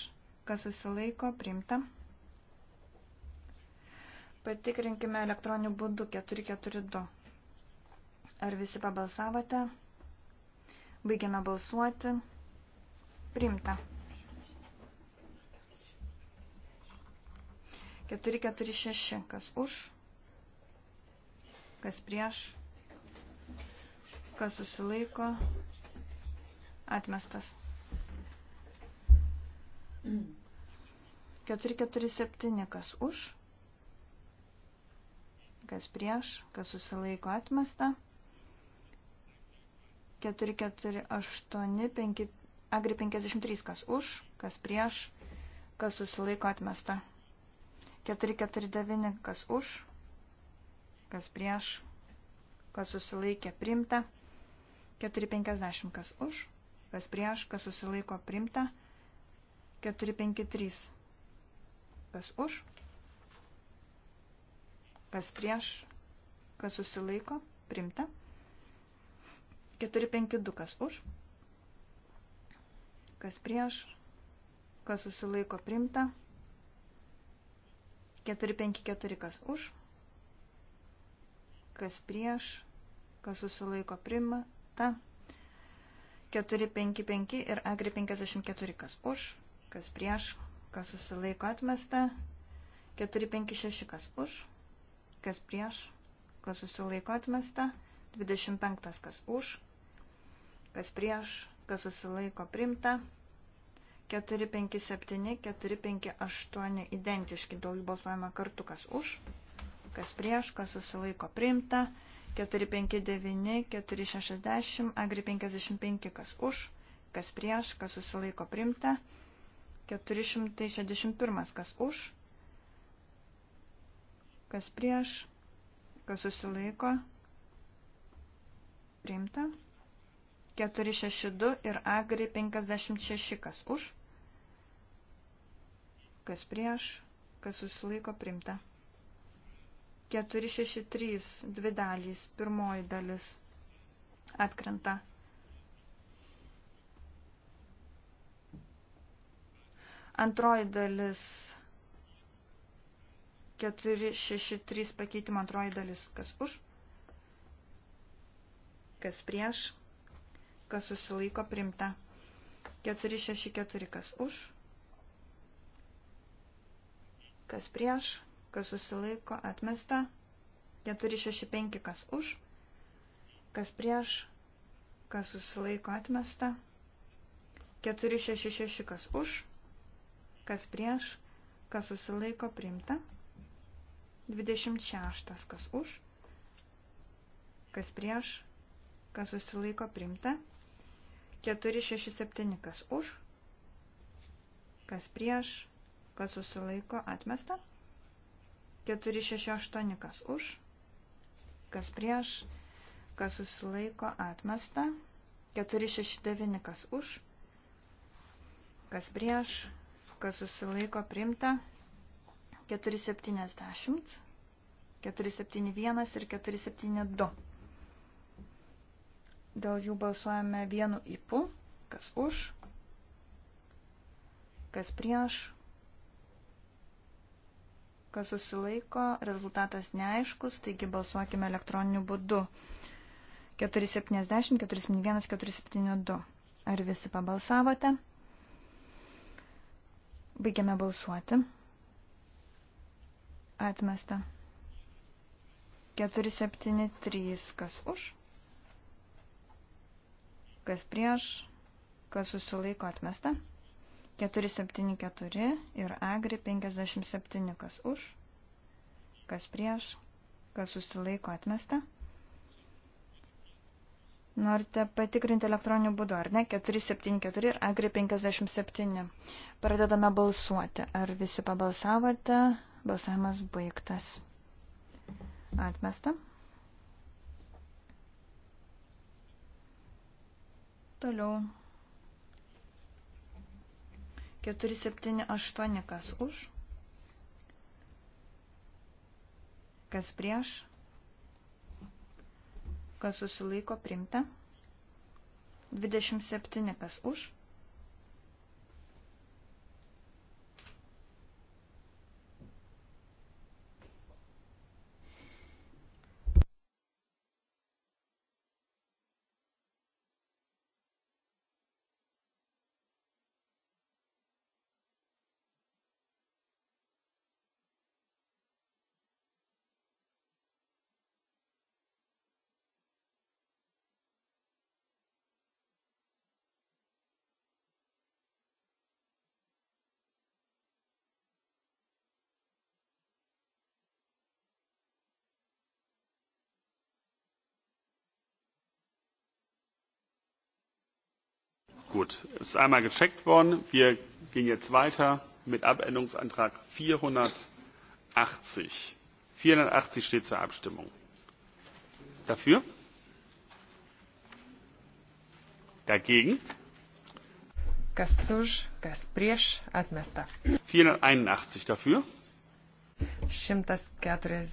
kas susilaiko, priimta. Patikrinkime elektroniniu būdu 442. Ar visi pabalsavote? Baigiame balsuoti. Primta. 446. Kas už? Kas prieš? Kas susilaiko? Atmestas. 447. Kas už? kas prieš, kas susilaiko atmesta. 4, 4, 8, 5, agri 53, kas už, kas prieš, kas susilaiko atmesta. 4, 4, 9, kas už, kas prieš, kas susilaikė primta. 4, 50, kas už, kas prieš, kas susilaiko primta. 4, 5, 3, kas už, kas prieš, kas susilaiko, primta. 452 kas už, kas prieš, kas susilaiko, primta. 454 kas už, kas prieš, kas susilaiko, primta. 455 ir agri 54 kas už, kas prieš, kas susilaiko atmesta, 456 kas už, kas prieš, kas susilaiko atmesta, 25 kas už, kas prieš, kas susilaiko primta, 457, 458 identiški, dėl jų balsuojama kartu, kas už, kas prieš, kas susilaiko primta, 459, 460, agri 55, kas už, kas prieš, kas susilaiko primta, 461, kas už, kas prieš, kas susilaiko, priimta. 462 ir agri 56, kas už, kas prieš, kas susilaiko, priimta. 463, dvi dalys, pirmoji dalis atkrenta. Antroji dalis 463 pakeitimo antroji dalis. Kas už? Kas prieš? Kas susilaiko primta? 464 kas už? Kas prieš? Kas susilaiko atmesta? 465 kas už? Kas prieš? Kas susilaiko atmesta? 466 kas už? Kas prieš? Kas susilaiko primta? 26. Kas už, kas prieš, kas susilaiko primta. 467. Kas už, kas prieš, kas susilaiko atmesta. 468. Kas už, kas prieš, kas susilaiko atmesta. 469. Kas už, kas prieš, kas susilaiko primta. 469. 470, 471 ir 472. Dėl jų balsuojame vienu ipu, kas už, kas prieš, kas susilaiko, rezultatas neaiškus, taigi balsuokime elektroniniu būdu. 470, 471, 472. Ar visi pabalsavote? Baigiame balsuoti. Atmesta. 473. Kas už? Kas prieš? Kas susilaiko atmesta? 474 ir Agri 57. Kas už? Kas prieš? Kas susilaiko atmesta? Norite patikrinti elektroniniu būdu, ar ne? 474 ir Agri 57. Pradedame balsuoti. Ar visi pabalsavote? Balsavimas baigtas. Atmesta. Toliau. 478 kas už, kas prieš, kas susilaiko primta, 27 kas už, Gut, ist einmal gecheckt worden. Wir gehen jetzt weiter mit Abänderungsantrag 480. 480 steht zur Abstimmung. Dafür? Dagegen? Kas už, kas prieš, atmesta. 481 dafür. 140,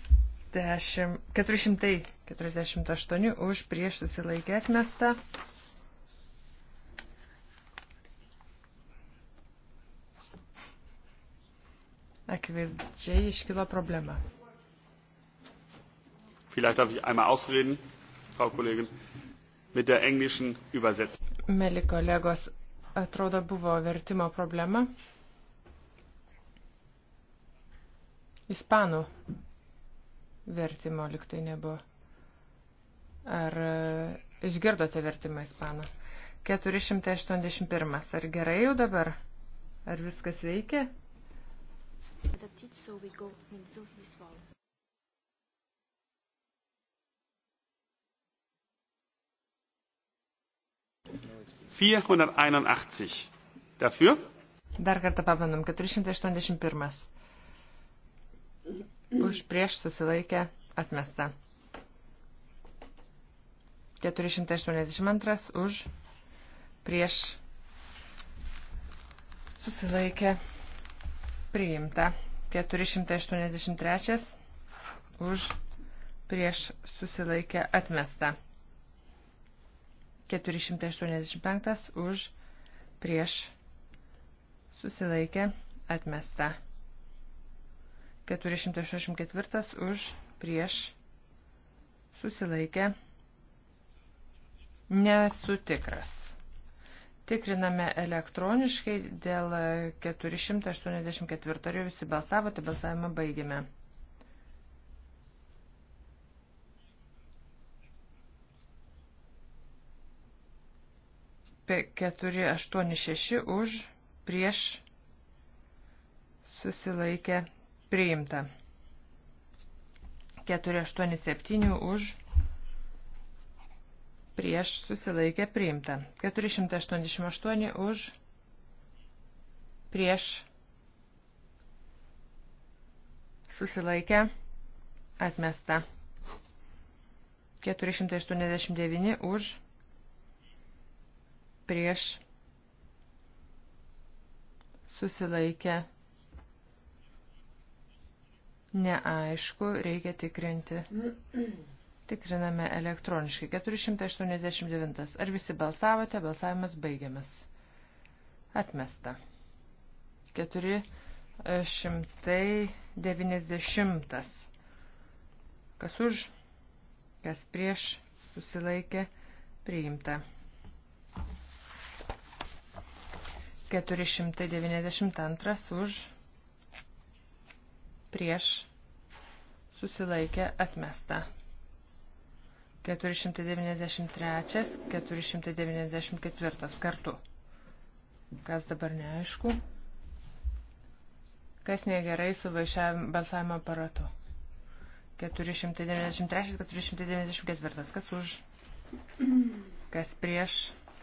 448 už prieš susilaikė atmesta. akivaizdžiai iškilo problema. Vielleicht darf ich einmal ausreden, Frau Kollegin, mit der englischen Übersetzung. Mėly kolegos, atrodo buvo vertimo problema. Ispanų vertimo liktai nebuvo. Ar e, išgirdote vertimą ispanų? 481. Ar gerai jau dabar? Ar viskas veikia? adopted, so we go in those this fall. Vierhunderteinundachtzig. Dafür? Dar kartą pabandom. 481. Už prieš susilaikę atmesta. 482 už prieš susilaikę priimta. 483 už prieš susilaikę atmestą. 485 už prieš susilaikę atmestą. 484 už prieš susilaikę nesu tikras. Tikriname elektroniškai dėl 484. Ar jau visi balsavote, balsavimą baigėme. P 486 už prieš susilaikę priimta. 487 už prieš prieš susilaikė priimta. 488 už prieš susilaikė atmesta. 489 už prieš susilaikė neaišku, reikia tikrinti. Tikriname elektroniškai. 489. Ar visi balsavote? Balsavimas baigiamas. Atmesta. 490. Kas už, kas prieš susilaikė priimta. 492 už prieš susilaikė atmesta. 493, 494 kartu. Kas dabar neaišku? Kas negerai su vaišiavim balsavimo aparatu? 493, 494. Kas už? Kas prieš?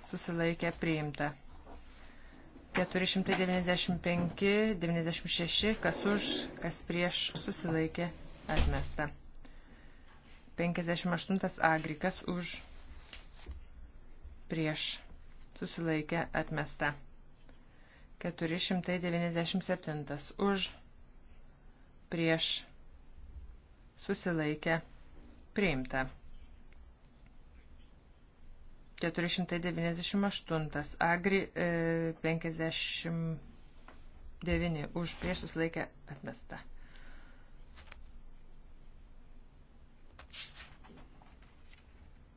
Susilaikė priimta. 495, 96. Kas už? Kas prieš? Susilaikė atmesta. 58 agrikas už prieš susilaikę atmesta. 497 už prieš susilaikę priimta. 498 agri e, 59 už prieš susilaikę atmesta.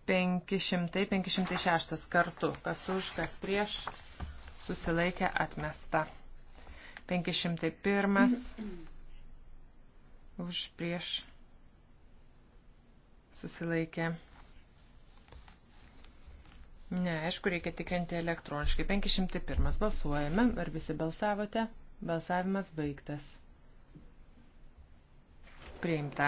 500-506 kartu. Kas už, kas prieš, susilaikė atmesta. 501 už prieš susilaikė. Ne, aišku, reikia tikrinti elektroniškai. 501 balsuojame. Ar visi balsavote? Balsavimas baigtas. Priimta.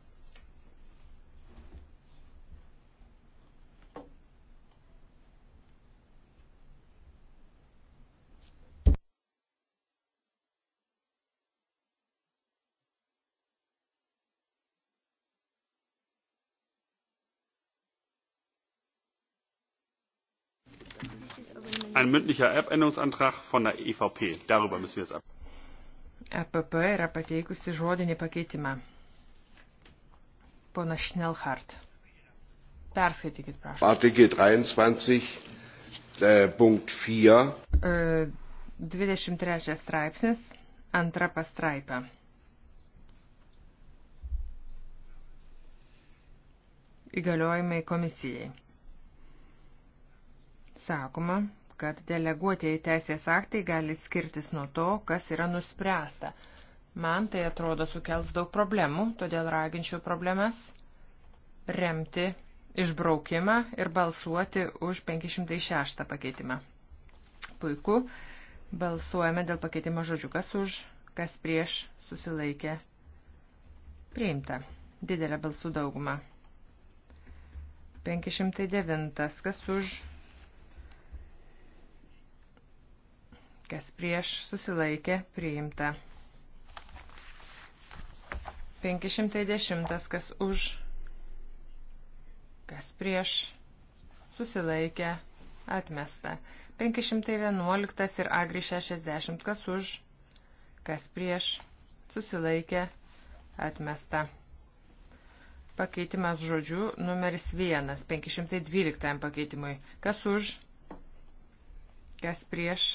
ein mündlicher Änderungsantrag von der EVP. Darüber müssen wir jetzt ab. EPP yra pateikusi žodinį pakeitimą. Pona Schnellhardt. Perskaitykit, prašau. Artikel 23, e, äh, punkt 4. E, 23 straipsnis, antra pastraipa. Įgaliojimai komisijai. Sakoma, kad deleguotieji teisės aktai gali skirtis nuo to, kas yra nuspręsta. Man tai atrodo sukels daug problemų, todėl raginčiau problemas remti išbraukimą ir balsuoti už 506 pakeitimą. Puiku, balsuojame dėl pakeitimo žodžių, kas už, kas prieš susilaikė. Priimta. Didelė balsų dauguma. 509. Kas už kas prieš susilaikė priimta. 510, kas už, kas prieš susilaikė atmesta. 511 ir agri 60, kas už, kas prieš susilaikė atmesta. Pakeitimas žodžių numeris 1, 512 pakeitimui. Kas už, kas prieš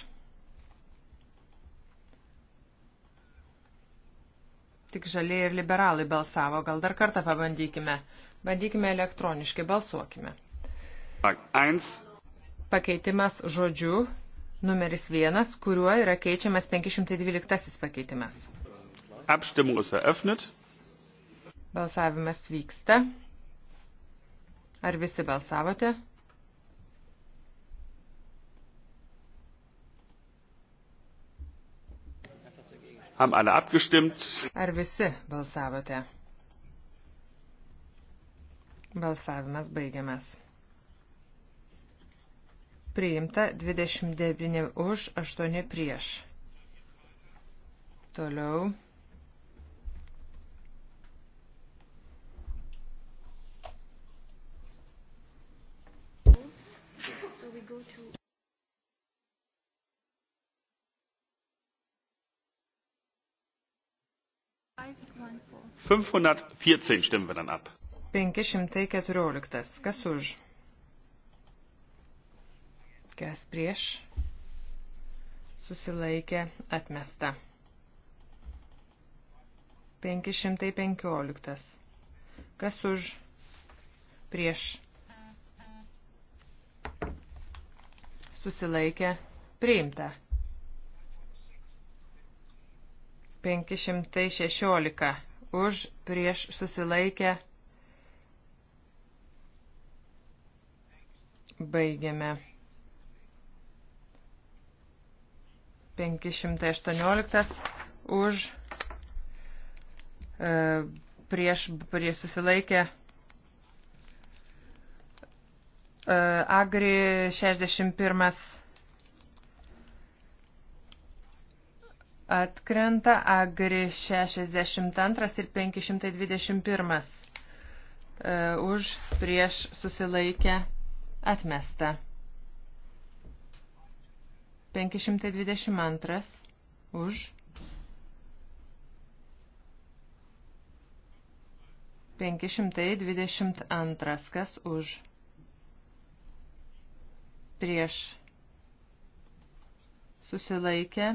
Tik žaliai ir liberalai balsavo. Gal dar kartą pabandykime. Bandykime elektroniškai, balsuokime. Pakeitimas žodžiu numeris vienas, kuriuo yra keičiamas 512 pakeitimas. Abstimmung ist eröffnet. Balsavimas vyksta. Ar visi balsavote? Haben alle abgestimmt? Ar visi balsavote? Balsavimas baigiamas. Priimta 29 už, 8 prieš. Toliau. 514 stimmen wir dann ab. 514. Kas už? Kas prieš? Susilaikė atmesta. 515. Kas už? Prieš? Susilaikė priimta. 516 už prieš susilaikę. Baigiame. 518 už e, prieš, prieš susilaikę. E, agri 61 atkrenta, agri 62 ir 521. E, už prieš susilaikę atmesta. 522 už. 522 kas už. Prieš susilaikę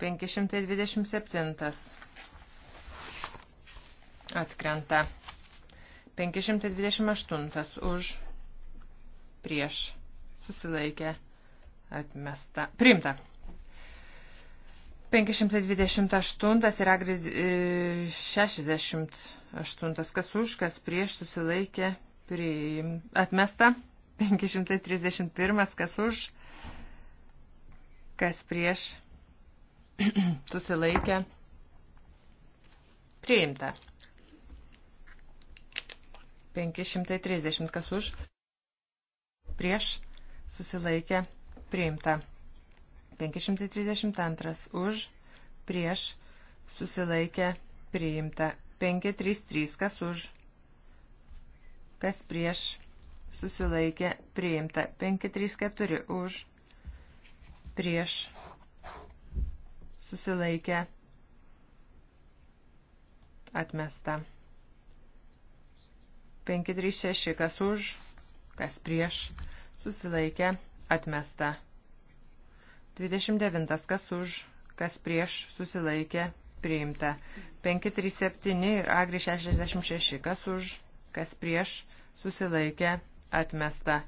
527 atkrenta. 528 už prieš susilaikė atmesta. Primta. 528 ir agris e, 68 kas už, kas prieš susilaikė priim, atmesta. 531 kas už, kas prieš susilaikė susilaikę, priimta. 530 kas už, prieš, susilaikę, priimta. 532 už, prieš, susilaikę, priimta. 533 kas už, kas prieš, susilaikė, priimta. 534 už, prieš, susilaikė, atmesta. 536, kas už, kas prieš, susilaikė, atmesta. 29, kas už, kas prieš, susilaikė, priimta. 537 ir agri 66, kas už, kas prieš, susilaikė, atmesta.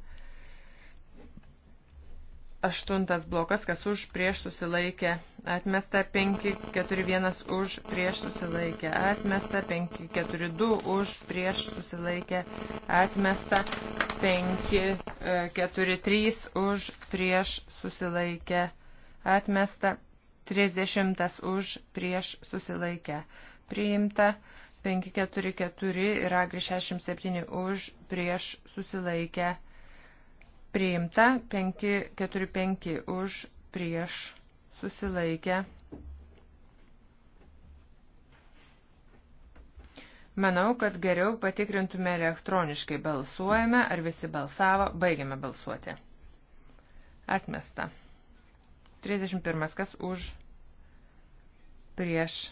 Aštuntas blokas, kas už prieš susilaikė, atmesta 541 už prieš susilaikė, atmesta 542 už prieš susilaikė, atmesta 543 e, už prieš susilaikė, atmesta 30 už prieš susilaikė, priimta 544 ir agri 67 už prieš susilaikė priimta 545 už prieš susilaikę. Manau, kad geriau patikrintume elektroniškai balsuojame, ar visi balsavo, baigiame balsuoti. Atmesta. 31. Kas už prieš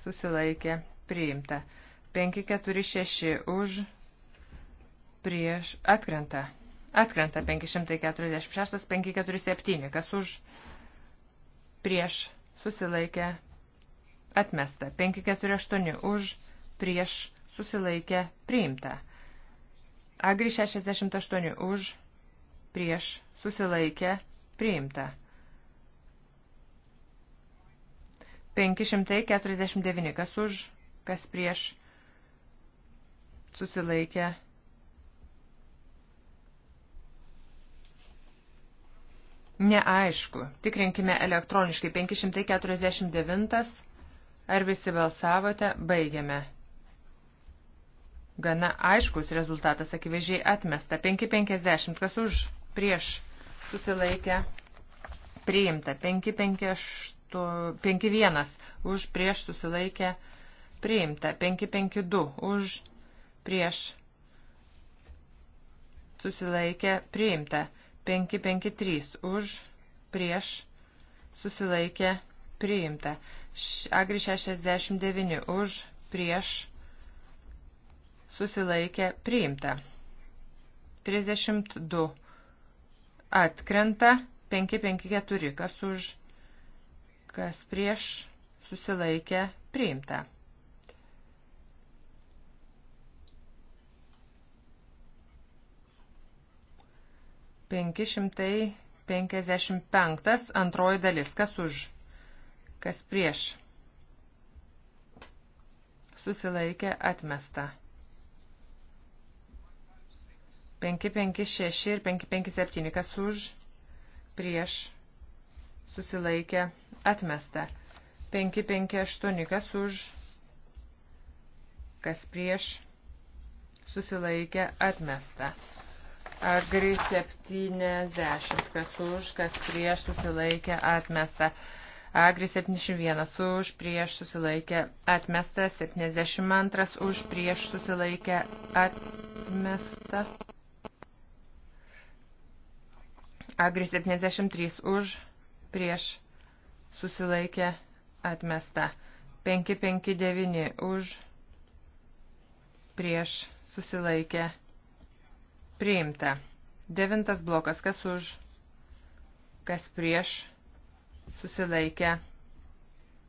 susilaikė priimta. 546 už prieš atkrenta. Atkrenta 546, 547, kas už prieš susilaikė atmesta, 548 už prieš susilaikė priimta. Agri 68 už prieš susilaikė priimta. 549 kas už, kas prieš susilaikė priimta Neaišku. Tikrinkime elektroniškai. 549. Ar visi balsavote? Baigiame. Gana aiškus rezultatas akivaizdžiai atmesta. 550. Kas už? Prieš. Susilaikę. Priimta. 551. Už. Prieš. Susilaikę. Priimta. 552. Už. Prieš. Susilaikę. Priimta. 553 už, prieš, susilaikė, priimta. Agri 69 už, prieš, susilaikė, priimta. 32 atkrenta, 554 kas už, kas prieš, susilaikė, priimta. 555 antroji dalis. Kas už? Kas prieš? Susilaikė atmesta. 556 ir 557. Kas už? Prieš? Susilaikė atmesta. 558. Kas už? Kas prieš? Susilaikė atmesta. Agri 70, kas už, kas prieš susilaikė atmesta. Agri 71 už, prieš susilaikė atmesta. 72 už, prieš susilaikė atmesta. Agri 73 už, prieš susilaikė atmesta. 559 už, prieš susilaikė atmesta Priimta. Devintas blokas. Kas už? Kas prieš? Susilaikę.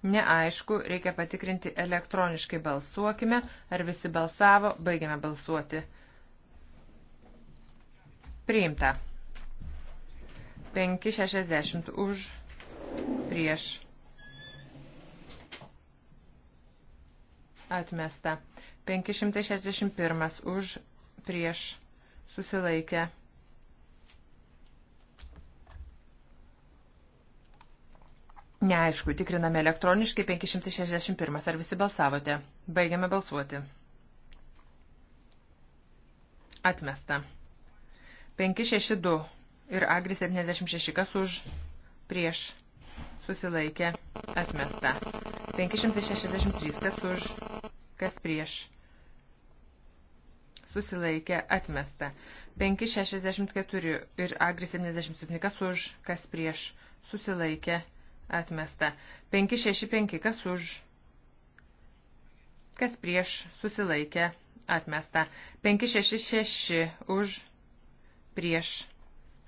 Neaišku, reikia patikrinti elektroniškai balsuokime, ar visi balsavo, baigiame balsuoti. Priimta. 5,60 už, prieš. Atmesta. 561 už, prieš susilaikę. Neaišku, tikriname elektroniškai 561. Ar visi balsavote? Baigiame balsuoti. Atmesta. 562 ir Agri 76. Kas už? Prieš. Susilaikė. Atmesta. 563. Kas už? Kas prieš? susilaikė atmesta. 564 ir Agri 77 kas už, kas prieš susilaikė atmesta. 565 kas už, kas prieš susilaikė atmesta. 566 už, prieš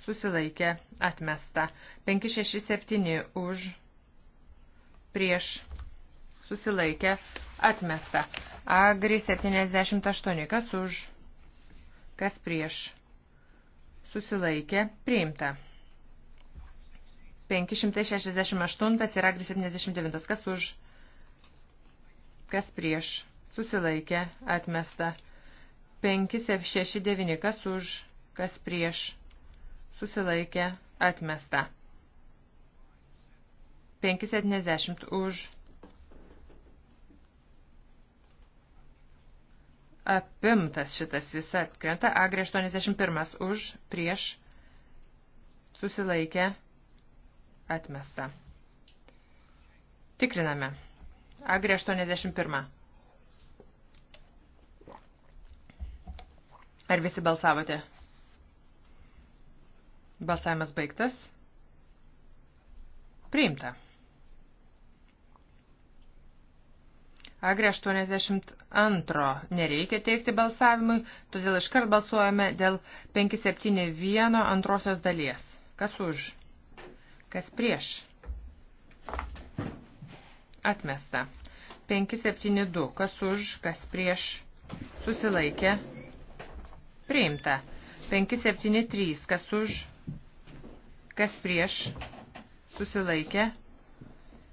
susilaikė atmesta. 567 už, prieš susilaikė Atmesta. Agri 78. Kas už? Kas prieš? Susilaikė. Priimta. 568 ir Agri 79. Kas už? Kas prieš? Susilaikė. Atmesta. 569. Kas už? Kas prieš? Susilaikė. Atmesta. 570 už apimtas šitas jis atkrenta. Agri 81 už, prieš, susilaikę, atmesta. Tikriname. Agri 81. Ar visi balsavote? Balsavimas baigtas. Priimta. Agri 82 nereikia teikti balsavimui, todėl iškart balsuojame dėl 571 antrosios dalies. Kas už? Kas prieš? Atmesta. 572. Kas už? Kas prieš? Susilaikė. Priimta. 573. Kas už? Kas prieš? Susilaikė.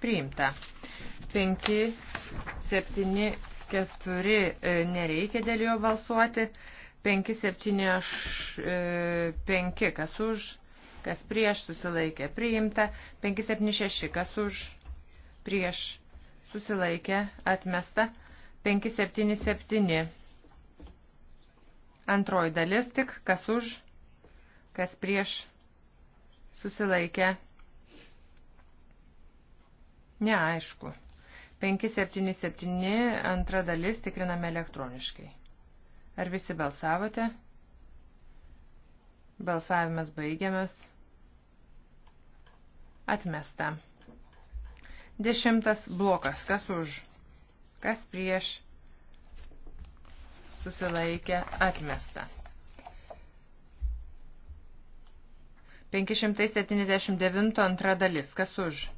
Priimta. 5 7, 4 e, nereikia dėl jo balsuoti. 5, 7, 5, kas už, kas prieš susilaikė priimta. 5, 7, 6, kas už, prieš susilaikė atmesta. 5, 7, 7. Antroji dalis tik, kas už, kas prieš susilaikė. Neaišku. 577 antra dalis tikriname elektroniškai. Ar visi balsavote? Balsavimas baigiamas. Atmesta. Dešimtas blokas. Kas už? Kas prieš? Susilaikė. Atmesta. 579 antra dalis. Kas už?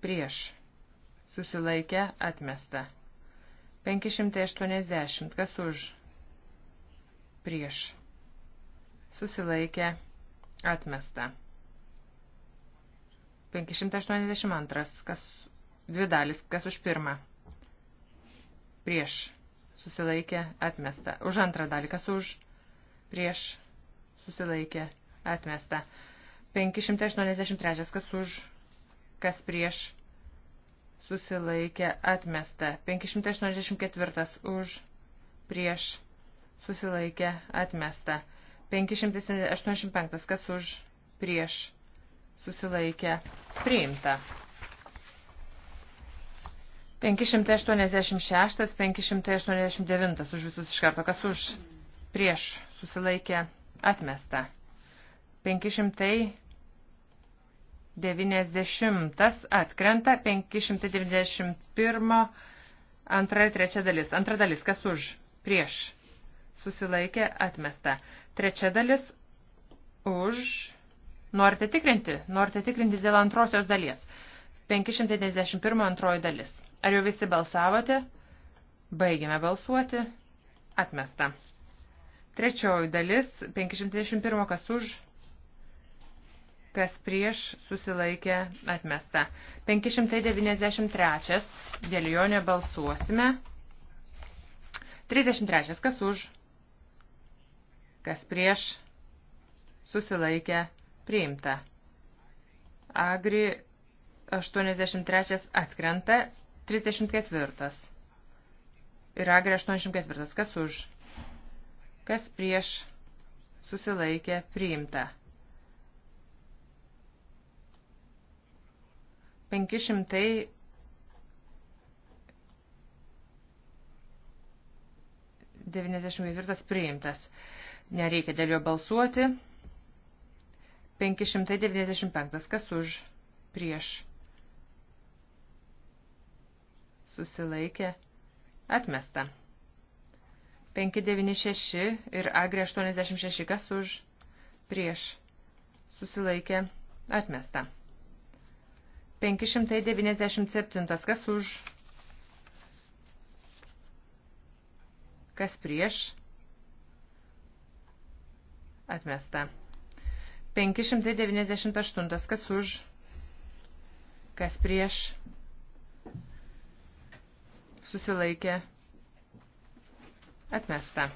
prieš, susilaikę, atmesta. 580, kas už, prieš, susilaikę, atmesta. 582, kas dvi dalis, kas už pirmą, prieš, susilaikė, atmesta. Už antrą dalį, kas už, prieš, susilaikė, atmesta. 583, kas už, kas prieš susilaikė atmesta. 584 už prieš susilaikė atmesta. 585 kas už prieš susilaikė priimta. 586, 589 už visus iš karto, kas už prieš susilaikė atmesta. 500 90 atkrenta 591 antra ir trečia dalis. Antra dalis, kas už, prieš, susilaikė, atmesta. Trečia dalis, už, norite tikrinti, norite tikrinti dėl antrosios dalies. 591 antroji dalis. Ar jau visi balsavote? Baigėme balsuoti, atmesta. Trečioji dalis, 591 kas už, kas prieš susilaikė atmesta. 593. Dėl jo nebalsuosime. 33. Kas už? Kas prieš susilaikė priimta. Agri 83 atkrenta. 34. Ir Agri 84. Kas už? Kas prieš susilaikė priimta. 500 94 priimtas. Nereikia dėl jo balsuoti. 595. Kas už? Prieš. Susilaikė. Atmesta. 596 ir agrė 86. Kas už? Prieš. Susilaikė. Atmesta. 597. Kas už? Kas prieš? Atmesta. 598. Kas už? Kas prieš? Susilaikė. Atmesta.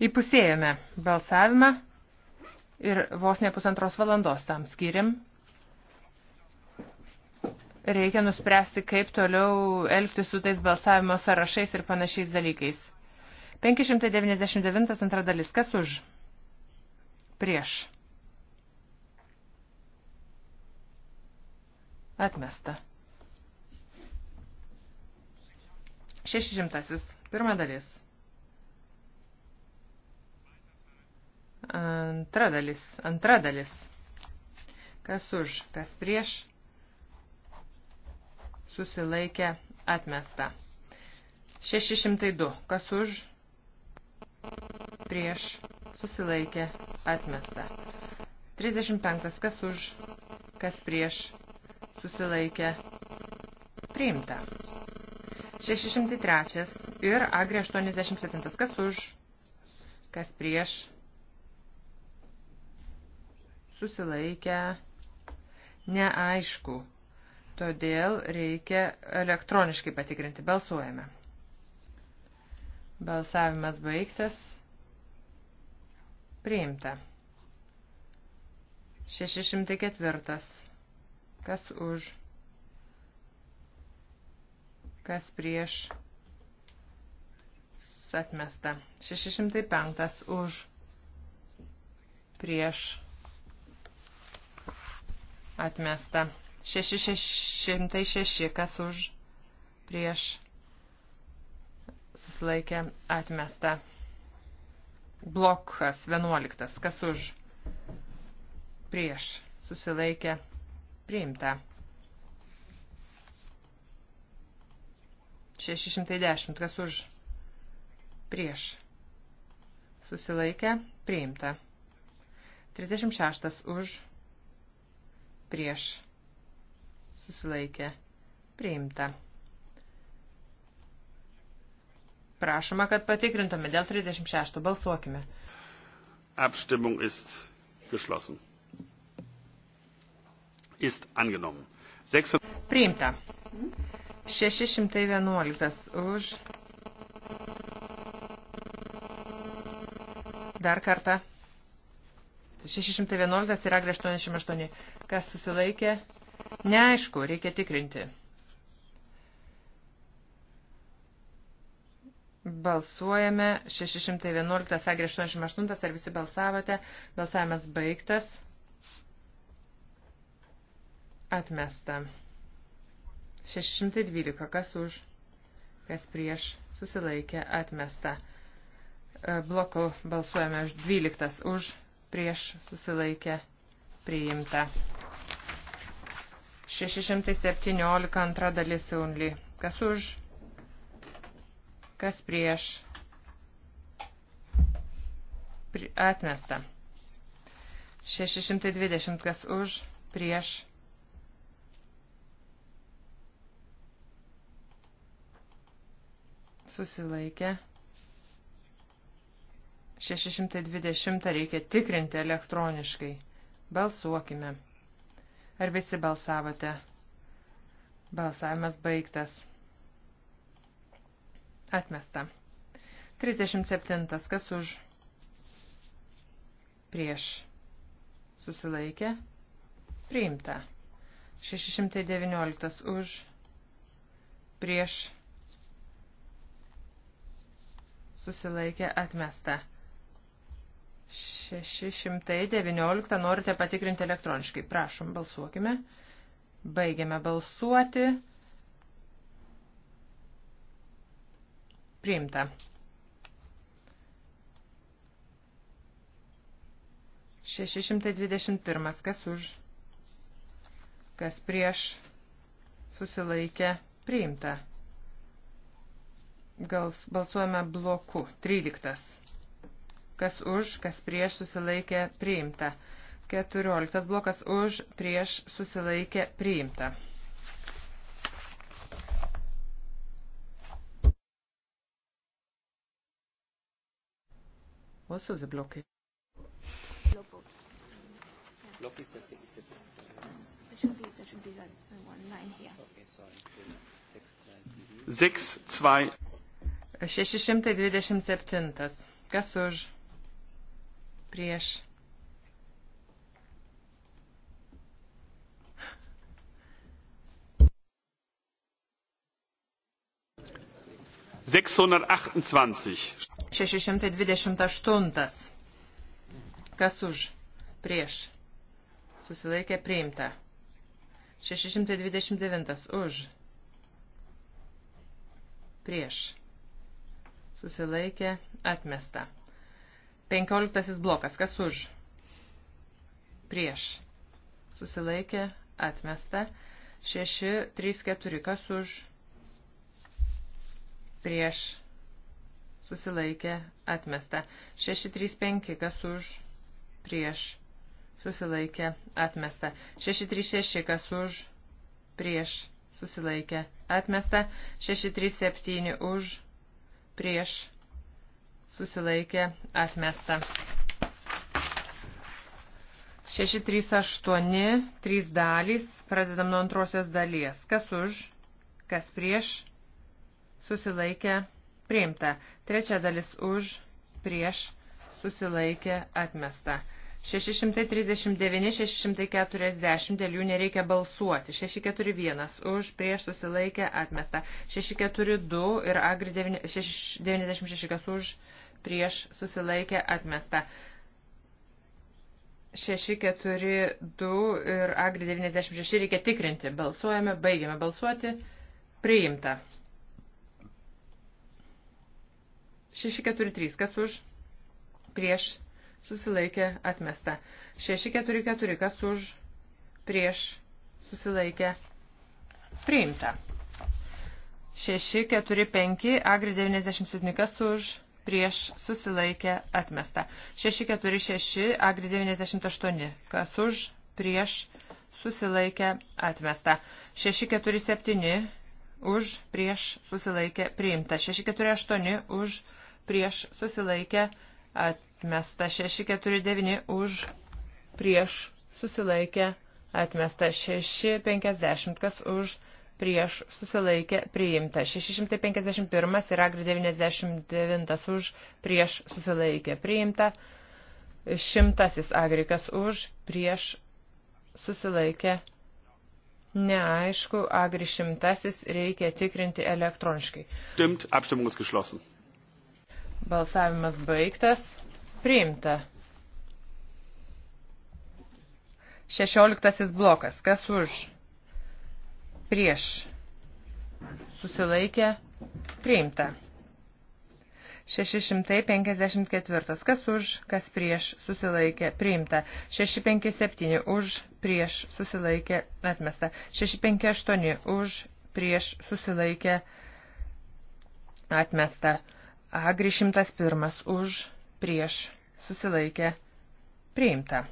Įpusėjome balsavimą ir vos ne pusantros valandos tam skiriam. Reikia nuspręsti, kaip toliau elgti su tais balsavimo sąrašais ir panašiais dalykais. 599 antra dalis. Kas už? Prieš. Atmesta. 600. Pirma dalis. Antra dalis. Antra dalis. Kas už, kas prieš. Susilaikė atmesta. 602. Kas už, prieš. Susilaikė atmesta. 35. Kas už, kas prieš. Susilaikė priimta. 603 ir AG87. Kas už, kas prieš susilaikę, neaišku. Todėl reikia elektroniškai patikrinti. Balsuojame. Balsavimas baigtas. Priimta. 604. Kas už? Kas prieš? Atmesta. 605. Už. Prieš Atmesta. 606, kas už, prieš, susilaikė, atmesta. Blokas 11, kas už, prieš, susilaikė, priimta. 610, kas už, prieš, susilaikė, priimta. 36 už, prieš susilaikė priimta. Prašoma, kad patikrintume dėl 36. Balsuokime. Abstimmung ist geschlossen. Ist angenommen. Sechs... Priimta. 611 už. Dar kartą. 611 ir agri 88. Kas susilaikė? Neaišku, reikia tikrinti. Balsuojame 611 agri 88. Ar visi balsavote? Balsavimas baigtas. Atmesta. 612. Kas už? Kas prieš? Susilaikė. Atmesta. E, bloku balsuojame už 12. Už prieš susilaikę priimta. 617 antra dalis jaunly. Kas už, kas prieš, pri, atmesta. 620 kas už, prieš. Susilaikė. 620 reikia tikrinti elektroniškai. Balsuokime. Ar visi balsavote? Balsavimas baigtas. Atmesta. 37. Kas už? Prieš. Susilaikė. Priimta. 619 už. Prieš. Susilaikė. Atmesta. 619 norite patikrinti elektroniškai. Prašom, balsuokime. Baigiame balsuoti. Priimta. 621. Kas už? Kas prieš? Susilaikė. Priimta. Gal balsuojame bloku. 13 kas už, kas prieš susilaikė priimta. 14 blokas už, prieš susilaikė priimta. What are the block? Block is the fixed. There should be, there should be that one line here. Okay, sorry. 627. Kas už? prieš. Šeši šimtai dvidešimt aštuntas. Kas už? Prieš. Susilaikė priimta. Šeši šimtai dvidešimt devintas. Už. Prieš. Susilaikė atmesta. Penkioliktasis blokas. Kas už? Prieš. Susilaikė. Atmesta. Šeši, trys, keturi. Kas už? Prieš. Susilaikė. Atmesta. Šeši, trys, penki. Kas už? Prieš. Susilaikė. Atmesta. Šeši, trys, šeši. Kas už? Prieš. Susilaikė. Atmesta. Šeši, trys, septyni. Už. Prieš susilaikė atmesta. 638, 3 dalys, pradedam nuo antrosios dalies. Kas už, kas prieš, susilaikė priimta. Trečia dalis už, prieš, susilaikė atmesta. 639-640, dėl jų nereikia balsuoti. 641 už prieš susilaikę atmestą. 642 ir agri 96 kas už prieš susilaikę atmestą. 642 ir agri 96 reikia tikrinti. Balsuojame, baigiame balsuoti. Priimta. 643 kas už prieš susilaikę atmestą susilaikė atmesta. 644 kas už prieš susilaikė priimta. 645 agri 97 kas už prieš susilaikė atmesta. 646 agri 98 kas už prieš susilaikė atmesta. 647 už prieš susilaikė priimta. 648 už prieš susilaikė atmesta atmesta 649 už prieš susilaikę atmesta 650 kas už prieš susilaikė priimta 651 ir agri 99 už prieš susilaikė priimta šimtasis agrikas už prieš susilaikė neaišku agri šimtasis reikia tikrinti elektroniškai. Stimmt, Abstimmung ist geschlossen. Balsavimas baigtas. Priimta. Šešioliktasis blokas. Kas už? Prieš. Susilaikė. Priimta. 654. Kas už, kas prieš, susilaikė, priimta. 657. Už, prieš, susilaikė, atmesta. 658. Už, prieš, susilaikė, atmesta. Agri 101. Už, prieš susilaikė priimta.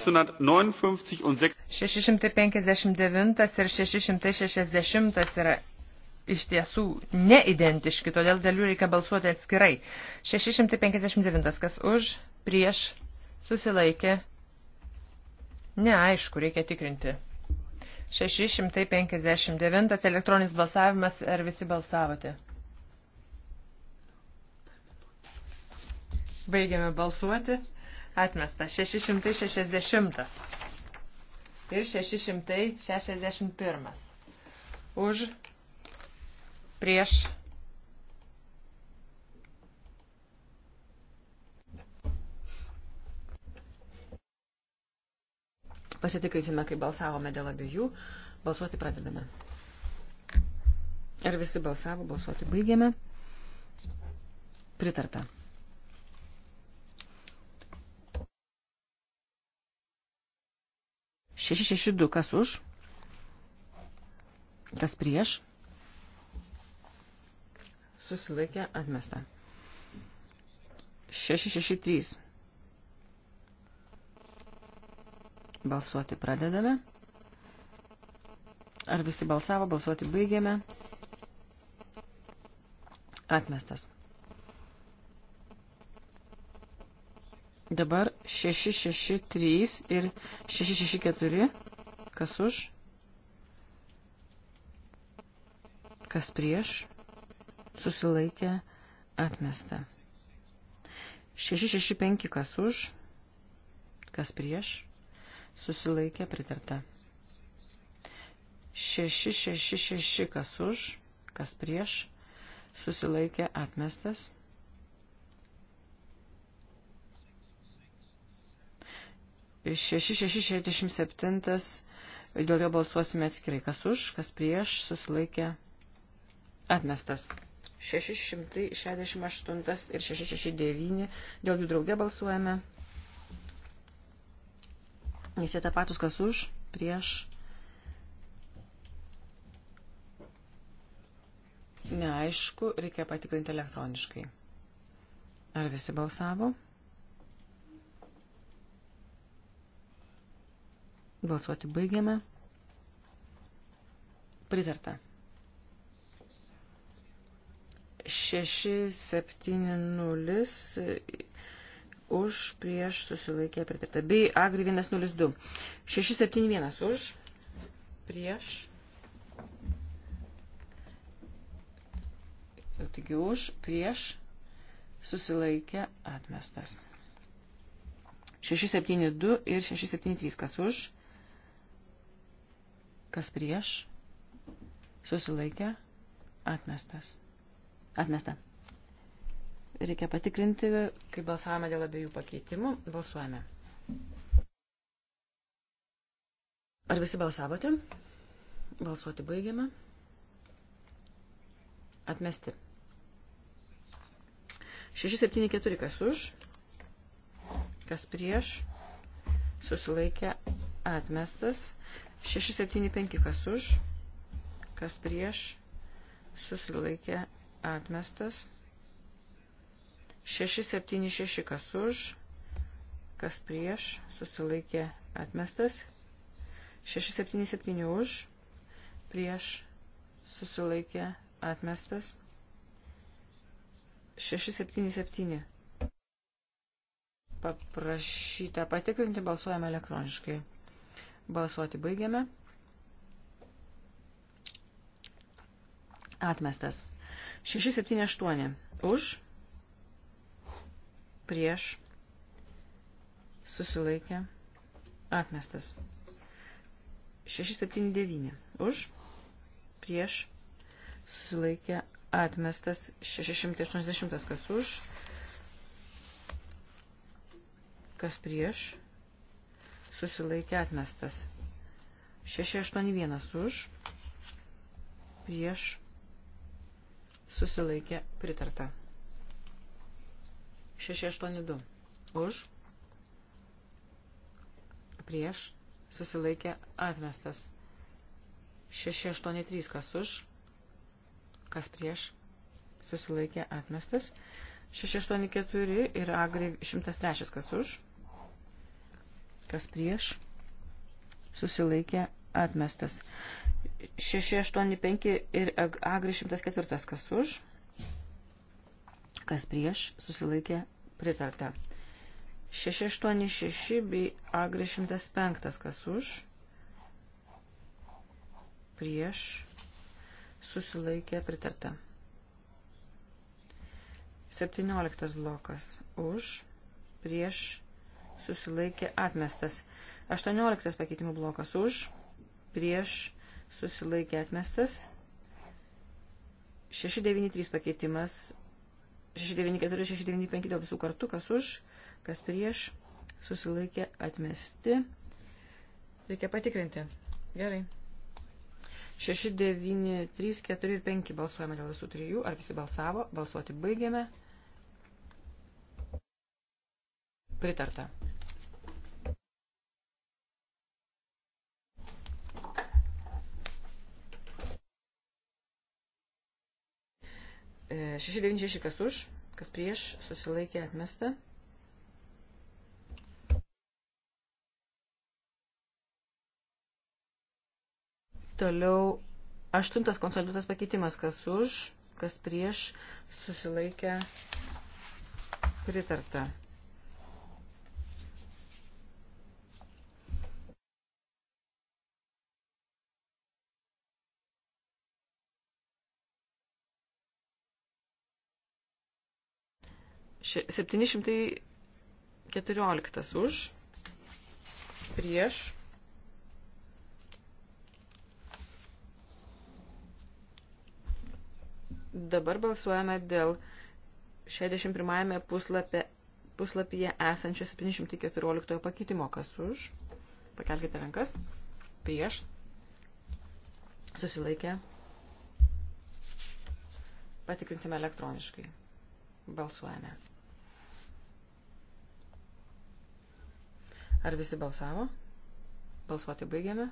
659 ir 660 yra iš tiesų neidentiški, todėl dėl jų reikia balsuoti atskirai. 659, kas už, prieš, susilaikė, neaišku, reikia tikrinti. 659 elektroninis balsavimas, ar visi balsavote? Baigiame balsuoti. Atmesta 660 ir 661. Už prieš Pasitikrinsime, kai balsavome dėl abiejų. Balsuoti pradedame. Ar visi balsavo, balsuoti baigėme. Pritarta. 662, kas už, kas prieš, susilaikė atmesta. 663. Balsuoti pradedame. Ar visi balsavo, balsuoti baigėme. Atmestas. Dabar 663 ir 664. Kas už? Kas prieš? Susilaikė atmesta. 665 kas už? Kas prieš? Susilaikė pritarta. 666 kas už? Kas prieš? Susilaikė atmestas. 6667, dėl jo balsuosime atskirai. Kas už, kas prieš, susilaikė atmestas. 668 ir 669, dėl jų draugė balsuojame. Nes jie tapatus kas už, prieš. Neaišku, reikia patikrinti elektroniškai. Ar visi balsavo? Balsuoti baigiame. Pritarta. 670 už prieš susilaikė pritarta. Bei Agri 102. 671 už prieš. Taigi už prieš susilaikė atmestas. 672 ir 673 kas už Kas prieš? Susilaikė? Atmestas. Atmesta. Reikia patikrinti, kai balsavome dėl abiejų pakeitimų. Balsuojame. Ar visi balsavote? Balsuoti baigiame. Atmesti. 674 kas už, kas prieš, susilaikė atmestas. 675 kas už, kas prieš, susilaikė atmestas. 676 kas už, kas prieš, susilaikė atmestas. 677 už, prieš, susilaikė atmestas. 677 paprašyta patikrinti balsuojame elektroniškai. Balsuoti baigiame. Atmestas. 678. Už. Prieš. Susilaikė. Atmestas. 679. Už. Prieš. Susilaikė. Atmestas. 680. Kas už. Kas prieš susilaikė atmestas. 681 už, prieš, susilaikė pritarta. 682 už, prieš, susilaikė atmestas. 683 kas už, kas prieš, susilaikė atmestas. 684 ir agri 103 kas už kas prieš, susilaikė atmestas. 685 ir agri 104, kas už, kas prieš, susilaikė pritarta. 686 bei agri 105, kas už, prieš, susilaikė pritarta. 17 blokas už, prieš, susilaikė atmestas. 18 pakeitimų blokas už, prieš susilaikė atmestas. 693 pakeitimas, 694, 695 dėl visų kartų, kas už, kas prieš, susilaikė atmesti. Reikia patikrinti. Gerai. 6, 9, 3, 4 ir 5 balsuojame dėl visų trijų. Ar visi balsavo? Balsuoti baigėme. Pritarta. 696 e, kas už, kas prieš, susilaikė atmesta. Toliau aštuntas konsoliduotas pakeitimas, kas už, kas prieš, susilaikė pritarta. 714 už, prieš, dabar balsuojame dėl 61 puslapė, puslapyje esančio 714 pakeitimo. Kas už? Pakelkite rankas. Prieš. Susilaikę. Patikrinsime elektroniškai. Balsuojame. Ar visi balsavo? Balsuoti baigiame.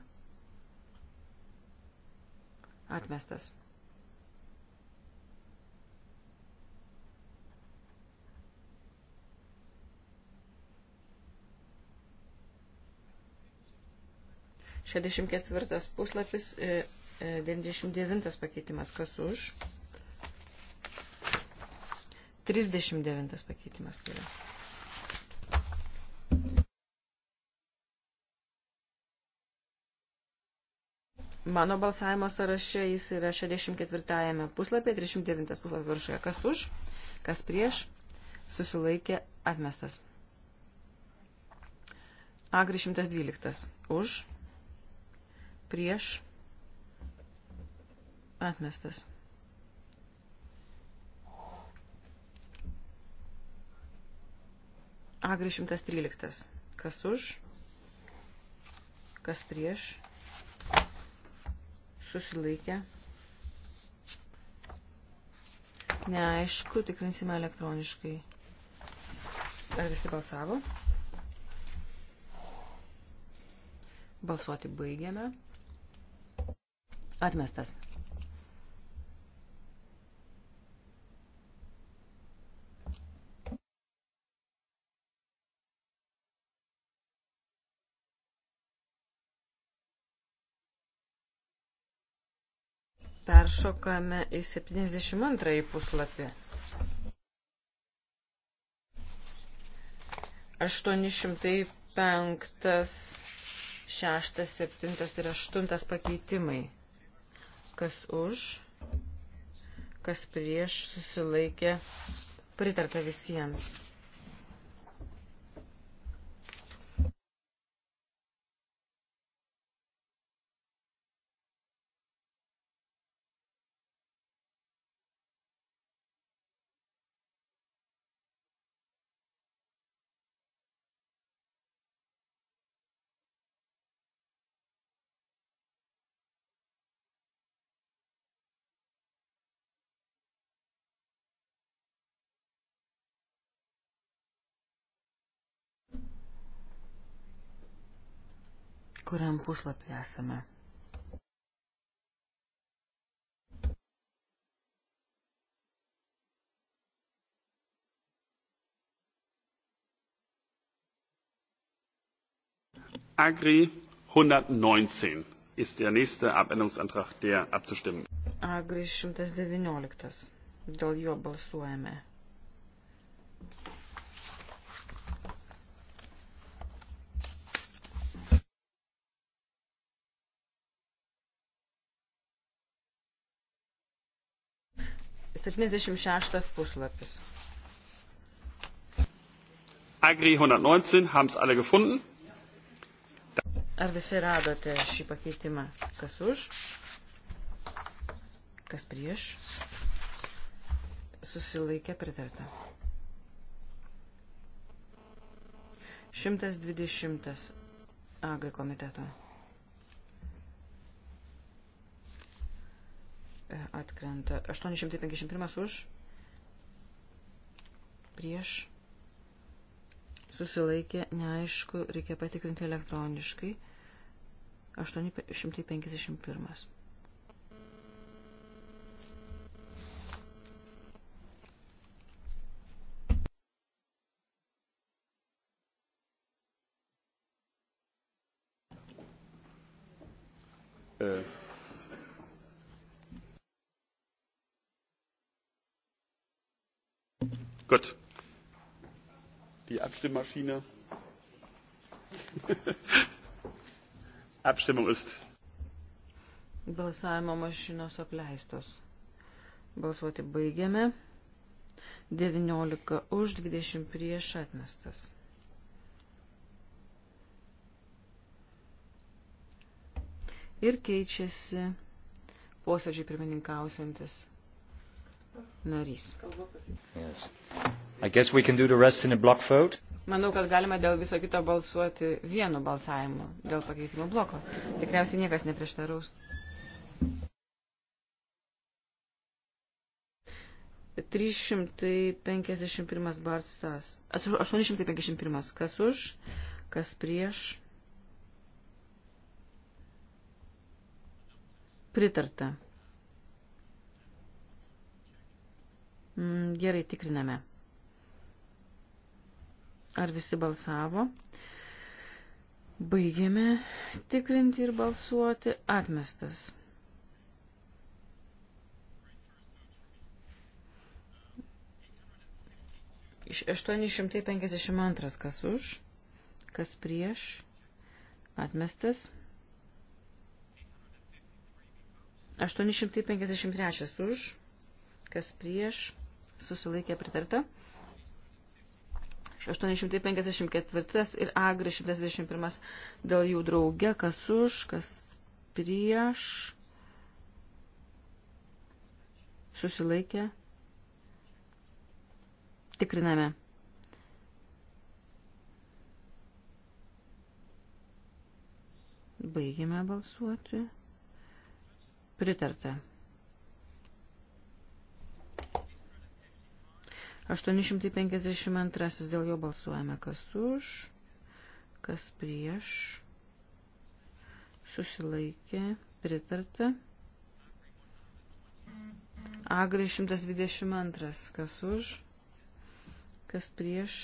Atmestas. Šedešimt ketvirtas puslapis, e, e, devyniasdešimt devintas pakeitimas, kas už? Trisdešimt devintas pakeitimas, tai yra. Mano balsavimo sąraše jis yra 64 puslapė, 39 puslapio viršuje. Kas už, kas prieš, susilaikė atmestas. Agri 112. Už, prieš, atmestas. Agri 113. Kas už, kas prieš, susilaikę. Neaišku, tikrinsime elektroniškai. Ar visi balsavo? Balsuoti baigiame. Atmestas. peršokame į 72 puslapį. 805, 6, 7 ir 8 pakeitimai. Kas už, kas prieš susilaikė, pritarta visiems. kuriam puslapį esame. Agri 119 ist der nächste Abänderungsantrag, der abzustimmen. Agri 119. Dėl jo balsuojame. 76 puslapis. Agri 119, haben es alle gefunden? Ar visi radote šį pakeitimą? Kas už? Kas prieš? Susilaikė pritarta. 120 AG komiteto. atkrenta. 851 už, prieš, susilaikė, neaišku, reikia patikrinti elektroniškai. 851. Uh. Gut. Die Abstimmmaschine. Abstimmung ist. Balsavimo mašinos apleistos. Balsuoti baigiame. 19 už, 20 prieš atmestas. Ir keičiasi posėdžiai pirmininkausiantis narys. Yes. Manau, kad galime dėl viso kito balsuoti vienu balsavimu, dėl pakeitimo bloko. Tikriausiai niekas neprieštaraus. 351 barstas. 851. Kas už, kas prieš. Pritarta. Mm, gerai, tikriname. Ar visi balsavo? Baigiame tikrinti ir balsuoti. Atmestas. Iš 852 kas už, kas prieš, atmestas. 853 už, kas prieš, susilaikė pritarta. 854 ir Agri 121 dėl jų drauge, kas už, kas prieš, susilaikė. Tikriname. Baigėme balsuoti. Pritarta. 852 dėl jo balsuojame, kas už, kas prieš, susilaikė, pritarta. Agri 122, kas už, kas prieš,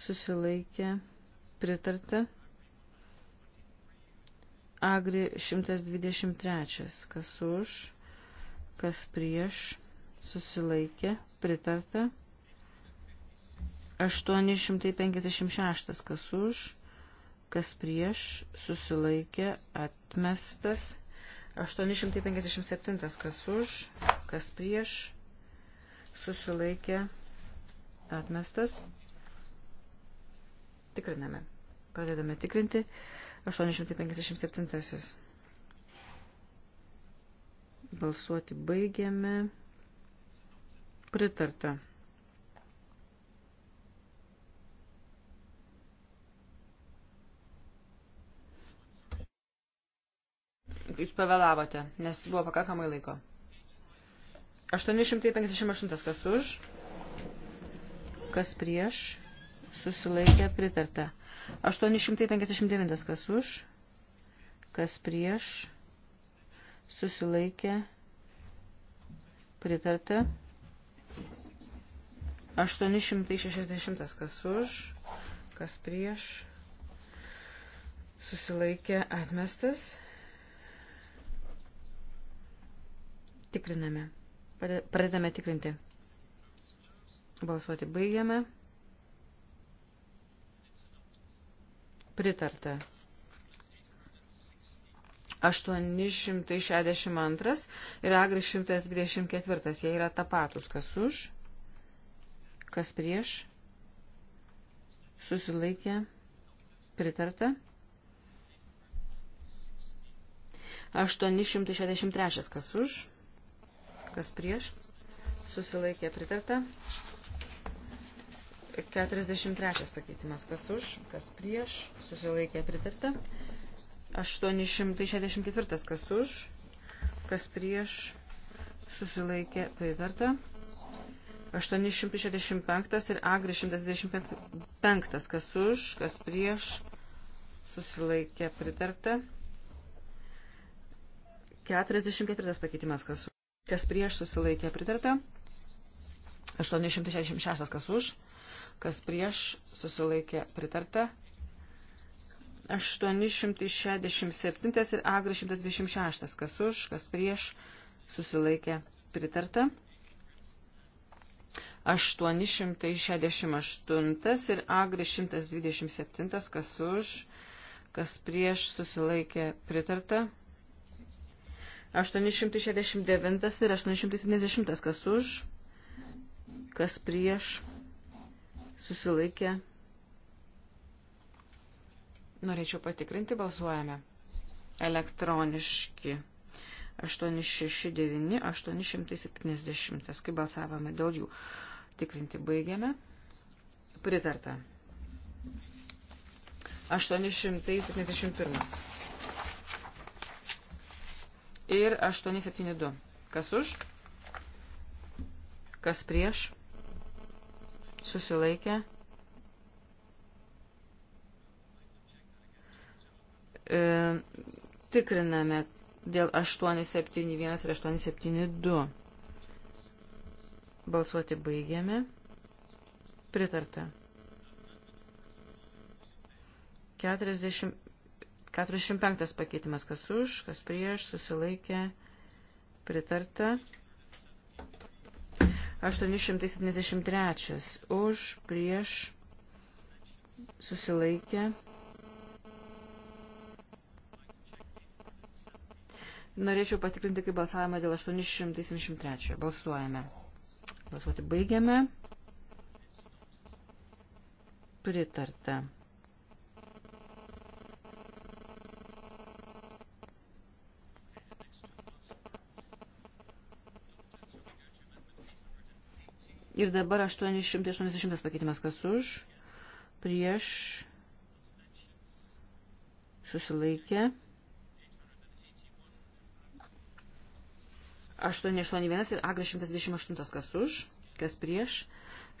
susilaikė, pritarta. Agri 123, kas už, kas prieš, susilaikė susilaikė, pritarta. 856 kas už, kas prieš, susilaikė, atmestas. 857 kas už, kas prieš, susilaikė, atmestas. Tikriname. Pradedame tikrinti. 857. Balsuoti baigiame. Pritarta. Jūs pavėlavote, nes buvo pakankamai laiko. 858 kas už, kas prieš, susilaikė pritarta. 859 kas už, kas prieš, susilaikė pritarta. 860 kas už, kas prieš, susilaikė atmestas. Tikriname. Pradedame tikrinti. Balsuoti baigiame. Pritarta. 862 ir Agri 124. Jie yra tapatus. Kas už? Kas prieš? Susilaikė. Pritarta. 863. Kas už? Kas prieš? Susilaikė. Pritarta. 43 pakeitimas. Kas už, kas prieš, susilaikė pritarta. 864 kas už, kas prieš, susilaikė pritarta. 865 ir agri 125 kas už, kas prieš, susilaikė pritarta. 44 pakeitimas kas už, kas prieš, susilaikė pritarta. 866 kas už, kas prieš, susilaikė pritarta. 867 ir Agri 126. Kas už, kas prieš, susilaikė pritarta. 868 ir Agri 127. Kas už, kas prieš, susilaikė pritarta. 869 ir 870. Kas už, kas prieš, susilaikė pritarta Norėčiau patikrinti, balsuojame. Elektroniški. 869, 870, kai balsavome dėl jų. Tikrinti baigiame. Pritarta. 871. Ir 872. Kas už? Kas prieš? Susilaikė. e, tikriname dėl 871 ir 872. Balsuoti baigiame. Pritarta. 40, 45 pakeitimas kas už, kas prieš, susilaikė, pritarta. 873 už, prieš, susilaikė, pritarta Norėčiau patikrinti, kaip balsavimą dėl 873. Balsuojame. Balsuoti baigiame. Pritarta. Ir dabar 880 pakeitimas kas už, prieš, susilaikė, 881 ir Agri 128, kas už, kas prieš,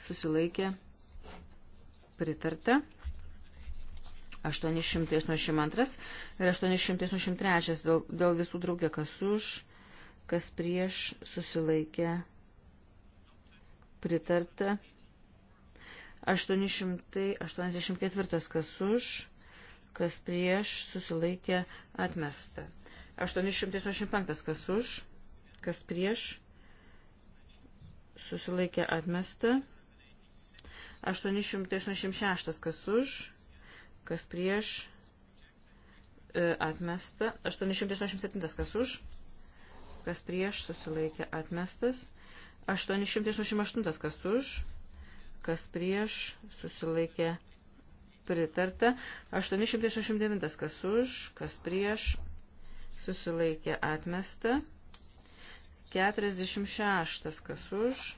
susilaikė pritarta. 882 ir 883 dėl, dėl visų draugė, kas už, kas prieš, susilaikė pritarta. 884 kas už, kas prieš, susilaikė atmesta. 885 kas už, kas prieš, susilaikė atmesta. 886 kas už, kas prieš, e, atmesta. 887 kas už, kas prieš, susilaikė atmestas. 888 kas už, kas prieš, susilaikė pritarta. 889 kas už, kas prieš, susilaikė atmesta. 46. Kas už,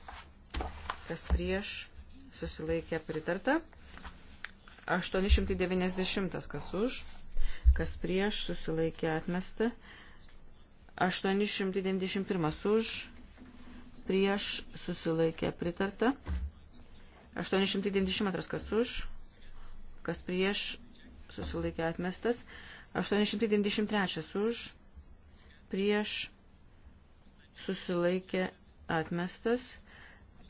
kas prieš, susilaikė pritarta. 890. Kas už, kas prieš, susilaikė atmesta. 891. Už, prieš, susilaikė pritarta. 892. Kas už, kas prieš, susilaikė atmestas. 893. Už, prieš, susilaikė pritarta susilaikė atmestas.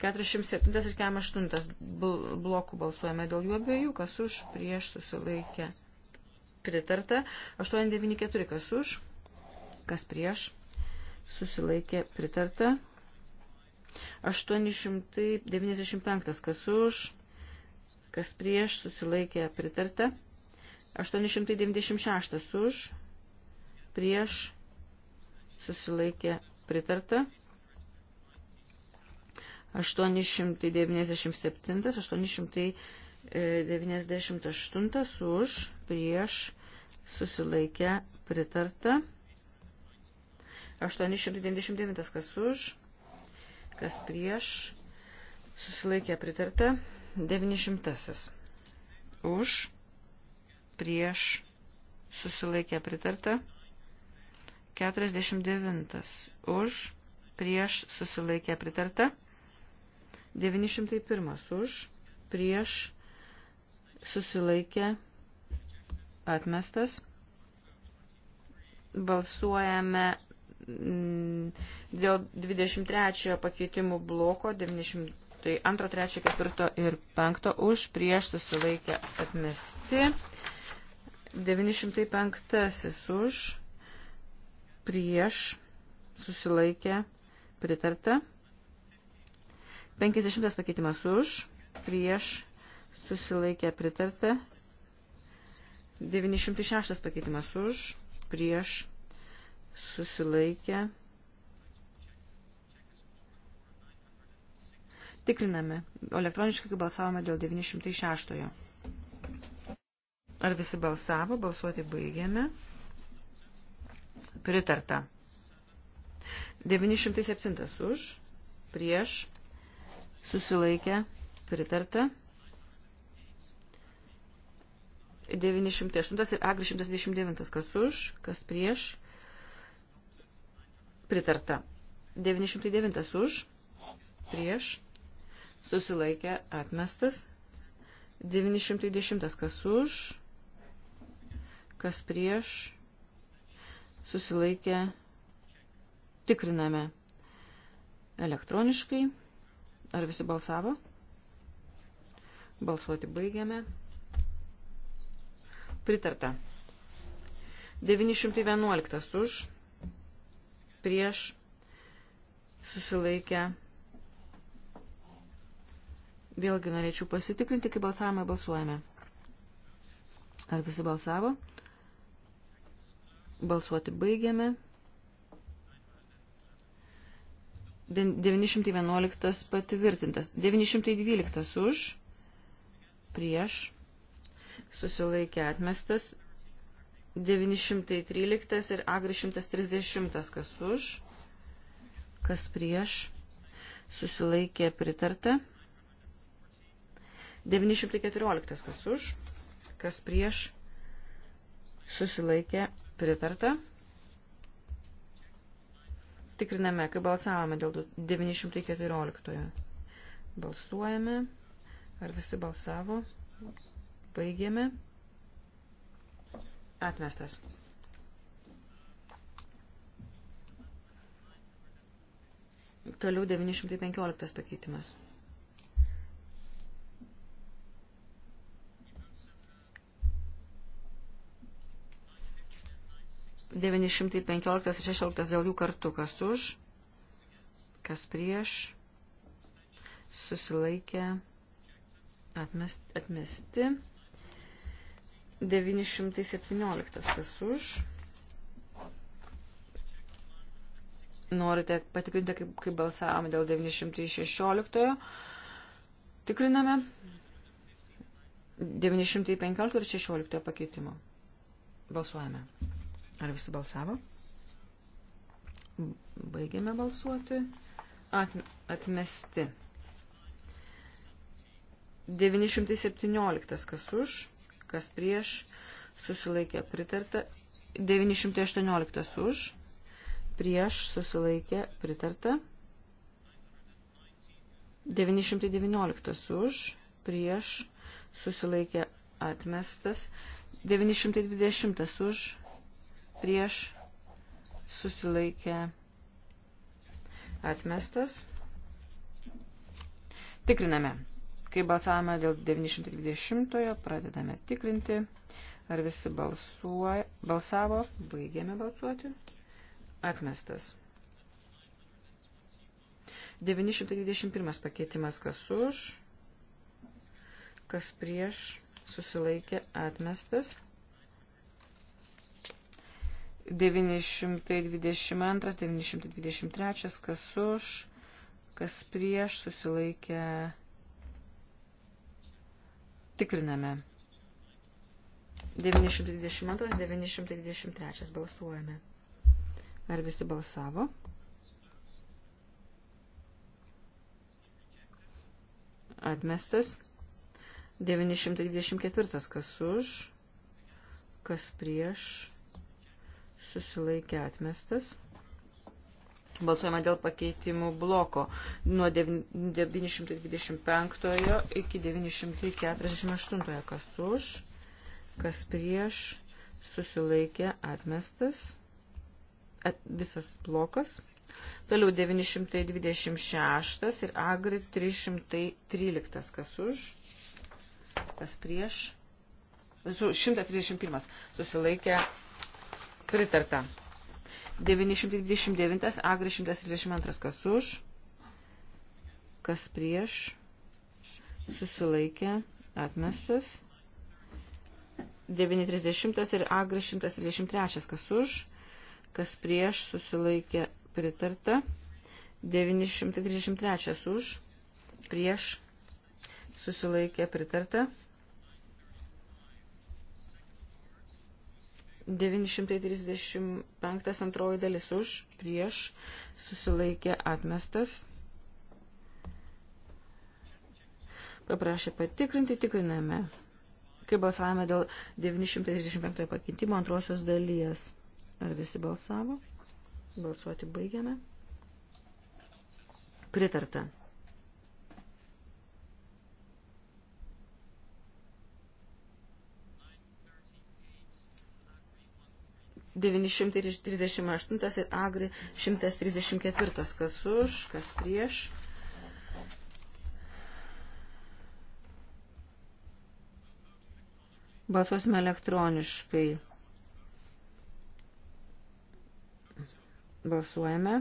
47 ir 48 blokų balsuojame dėl jų abiejų, kas už, prieš susilaikė pritarta. 894 kas už, kas prieš susilaikė pritarta. 895 kas už, kas prieš susilaikė pritarta. 896 už, prieš susilaikė pritarta. 897, 898 už, prieš, susilaikę, pritarta. 899 kas už, kas prieš, susilaikę, pritarta. 900 už, prieš, susilaikę, pritarta. 49 už, prieš susilaikė pritarta. 901 už, prieš susilaikė atmestas. Balsuojame mm, dėl 23 pakeitimų bloko 92, 3, 4 ir 5 už prieš susilaikę atmesti. 905 už prieš, susilaikė, pritarta. 50 pakeitimas už, prieš, susilaikė, pritarta. 906 pakeitimas už, prieš, susilaikė. Tikriname. Elektroniškai balsavome dėl 906. Ar visi balsavo? Balsuoti baigėme. Pritarta. 907 už, prieš, susilaikė, pritarta. 908 ir Agri 129, kas už, kas prieš, pritarta. 909 už, prieš, susilaikė, atmestas. 910 kas už, kas prieš, susilaikė, tikriname elektroniškai. Ar visi balsavo? Balsuoti baigiame. Pritarta. 911 už, prieš, susilaikę. Vėlgi norėčiau pasitikrinti, kaip balsavimą balsuojame. Ar visi balsavo? Balsuoti baigiame. 911 patvirtintas. 912 už, prieš, susilaikė atmestas. 913 ir agri 130 kas už, kas prieš, susilaikė pritarta. 914 kas už, kas prieš, susilaikė Pritarta. Tikriname, kaip balsavome dėl 914. Balsuojame. Ar visi balsavo? Baigėme. Atmestas. Toliau 915 pakeitimas. 915 ir 16 dėl jų kartu, kas už, kas prieš, susilaikė, atmest, atmesti. 917 kas už. Norite patikrinti, kaip, kaip balsavome dėl 916. Tikriname 915 ir 16 pakeitimo. Balsuojame. Ar visi balsavo? Baigėme balsuoti. Atmesti. 917 kas už, kas prieš, susilaikė pritarta. 918 už, prieš, susilaikė pritarta. 919 už, prieš, susilaikė atmestas. 920 už, prieš susilaikę atmestas. Tikriname. Kai balsavome dėl 920-ojo, pradedame tikrinti, ar visi balsuoja, balsavo, baigėme balsuoti. Atmestas. 921 pakeitimas kas už, kas prieš, susilaikė atmestas. 922, 923, kas už, kas prieš susilaikė. Tikriname. 922, 923 balsuojame. Ar visi balsavo? Atmestas. 924, kas už, kas prieš susilaikė atmestas. Balsuojama dėl pakeitimų bloko nuo 925 iki 948. Kas už, kas prieš, susilaikė atmestas at, visas blokas. Toliau 926 ir agri 313. Kas už, kas prieš. 131 susilaikė Pritarta. 929, Agri 132, kas už, kas prieš, susilaikė, atmestas. 930 ir Agri 133, kas už, kas prieš, susilaikė, pritarta. 933 už, prieš, susilaikė, pritarta. 935 antroji dalis už, prieš, susilaikė atmestas. Paprašė patikrinti, tikriname. Kaip balsavome dėl 935 pakeitimo antrosios dalies. Ar visi balsavo? Balsuoti baigiame. Pritarta. 938 ir Agri 134. Kas už, kas prieš. Balsuosime elektroniškai. Balsuojame.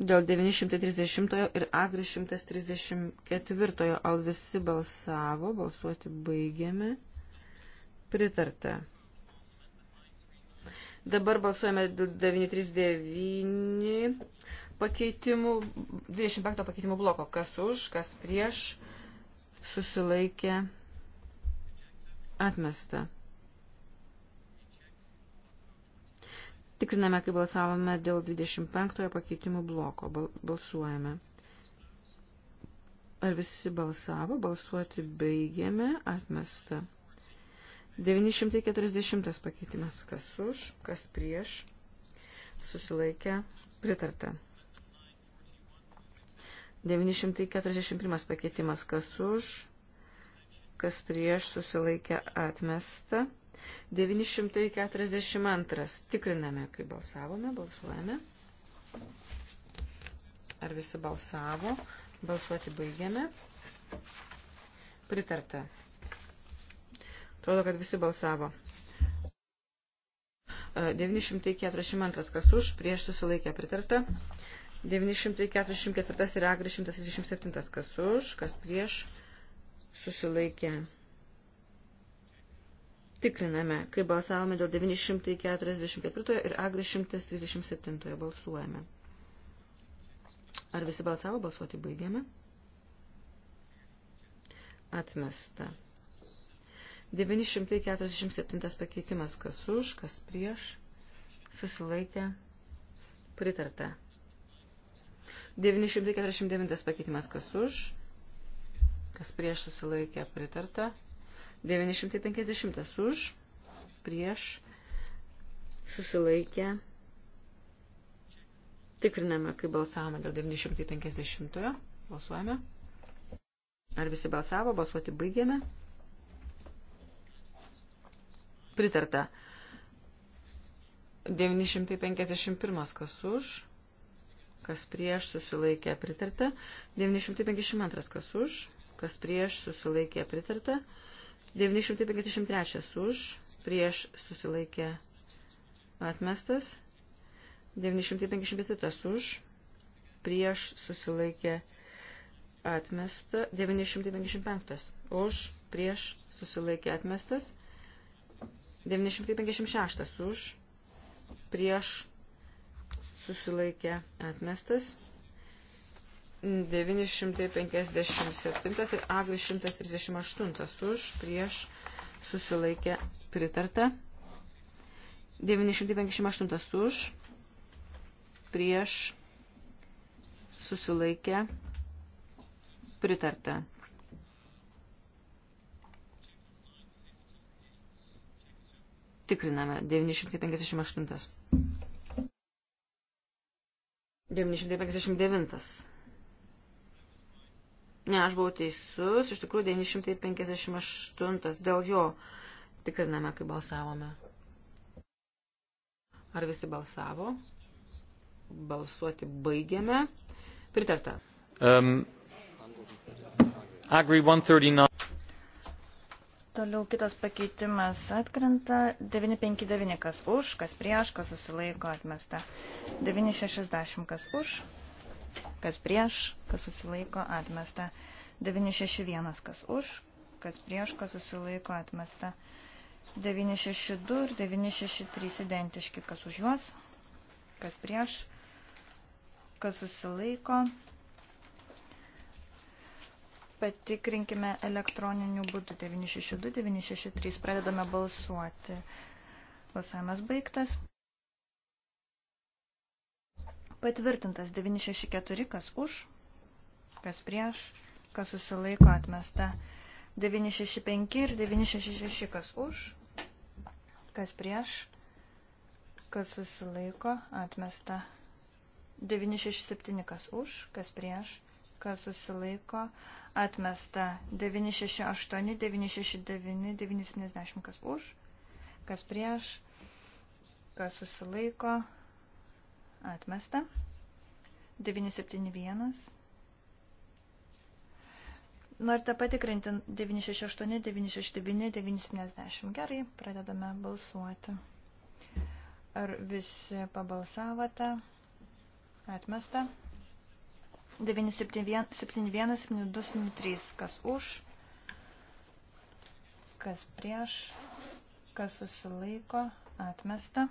Dėl 930 ir Agri 134 al visi balsavo, balsuoti baigėme. Pritarta. Dabar balsuojame 939 pakeitimų, 25 pakeitimų bloko. Kas už, kas prieš, susilaikė, atmesta. Tikriname, kai balsavome dėl 25 pakeitimų bloko. Balsuojame. Ar visi balsavo? Balsuoti baigėme. Atmesta. 940 pakeitimas. Kas už, kas prieš, susilaikę, pritarta. 941 pakeitimas. Kas už, kas prieš, susilaikę, atmesta. 942. Tikriname, kai balsavome, balsuojame. Ar visi balsavo? Balsuoti baigiame. Pritarta. Atrodo, kad visi balsavo. 942 e, kas už, prieš susilaikė pritarta. 944 ir agri 137 kas už, kas prieš susilaikė. Tikriname, kai balsavome dėl 944 ir agri 137 balsuojame. Ar visi balsavo, balsuoti baigėme? Atmesta. 947 pakeitimas. Kas už, kas prieš. Susilaikė. Pritarta. 949 pakeitimas. Kas už, kas prieš. Susilaikė. Pritarta. 950 už, prieš. Susilaikė. Tikriname, kaip balsavome dėl 950. -ojo. Balsuojame. Ar visi balsavo? Balsuoti baigėme pritarta. 951 kas už, kas prieš susilaikė pritarta. 952 kas už, kas prieš susilaikė pritarta. 953 už, prieš susilaikė atmestas. 954 už, prieš susilaikė atmesta, 955 už, prieš susilaikė atmestas, 956 už, prieš susilaikė atmestas. 957 ir AG 138 už, prieš susilaikė pritarta. 958 už, prieš susilaikė pritarta. Tikriname 958. 959. Ne, aš buvau teisus, iš tikrųjų 958. Dėl jo tikriname, kai balsavome. Ar visi balsavo? Balsuoti baigiame. Pritarta. Um, Agri 139. Toliau kitas pakeitimas atkrenta. 959 kas už, kas prieš, kas susilaiko atmesta. 960 kas už, kas prieš, kas susilaiko atmesta. 961 kas už, kas prieš, kas susilaiko atmesta. 962 ir 963 identiški kas už juos, kas prieš, kas susilaiko atmesta Patikrinkime elektroniniu būdu 962-963. Pradedame balsuoti. Balsavimas baigtas. Patvirtintas 964, kas už, kas prieš, kas susilaiko atmesta. 965 ir 966, kas už, kas prieš, kas susilaiko atmesta. 967, kas už, kas prieš, kas susilaiko, atmesta 968, 969, 970, kas už, kas prieš, kas susilaiko, atmesta 971. Norite patikrinti 968, 969, 970. Gerai, pradedame balsuoti. Ar visi pabalsavote? Atmesta. 971, 71, 72, 73. Kas už, kas prieš, kas susilaiko, atmesta.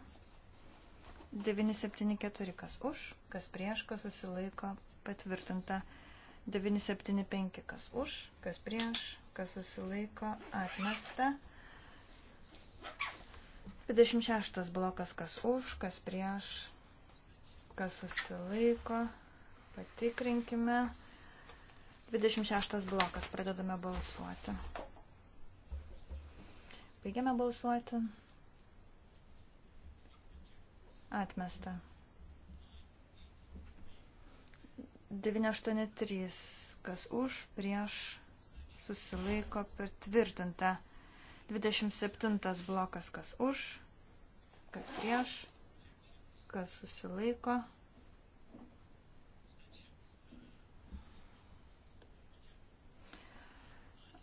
974. Kas už, kas prieš, kas susilaiko, patvirtinta. 975. Kas už, kas prieš, kas susilaiko, atmesta. 26 blokas, kas už, kas prieš, kas susilaiko, atmesta Patikrinkime. 26 blokas. Pradedame balsuoti. Baigiame balsuoti. Atmesta. 983. Kas už, prieš, susilaiko, pritvirtinta. 27 blokas. Kas už, kas prieš, kas susilaiko, pritvirtinta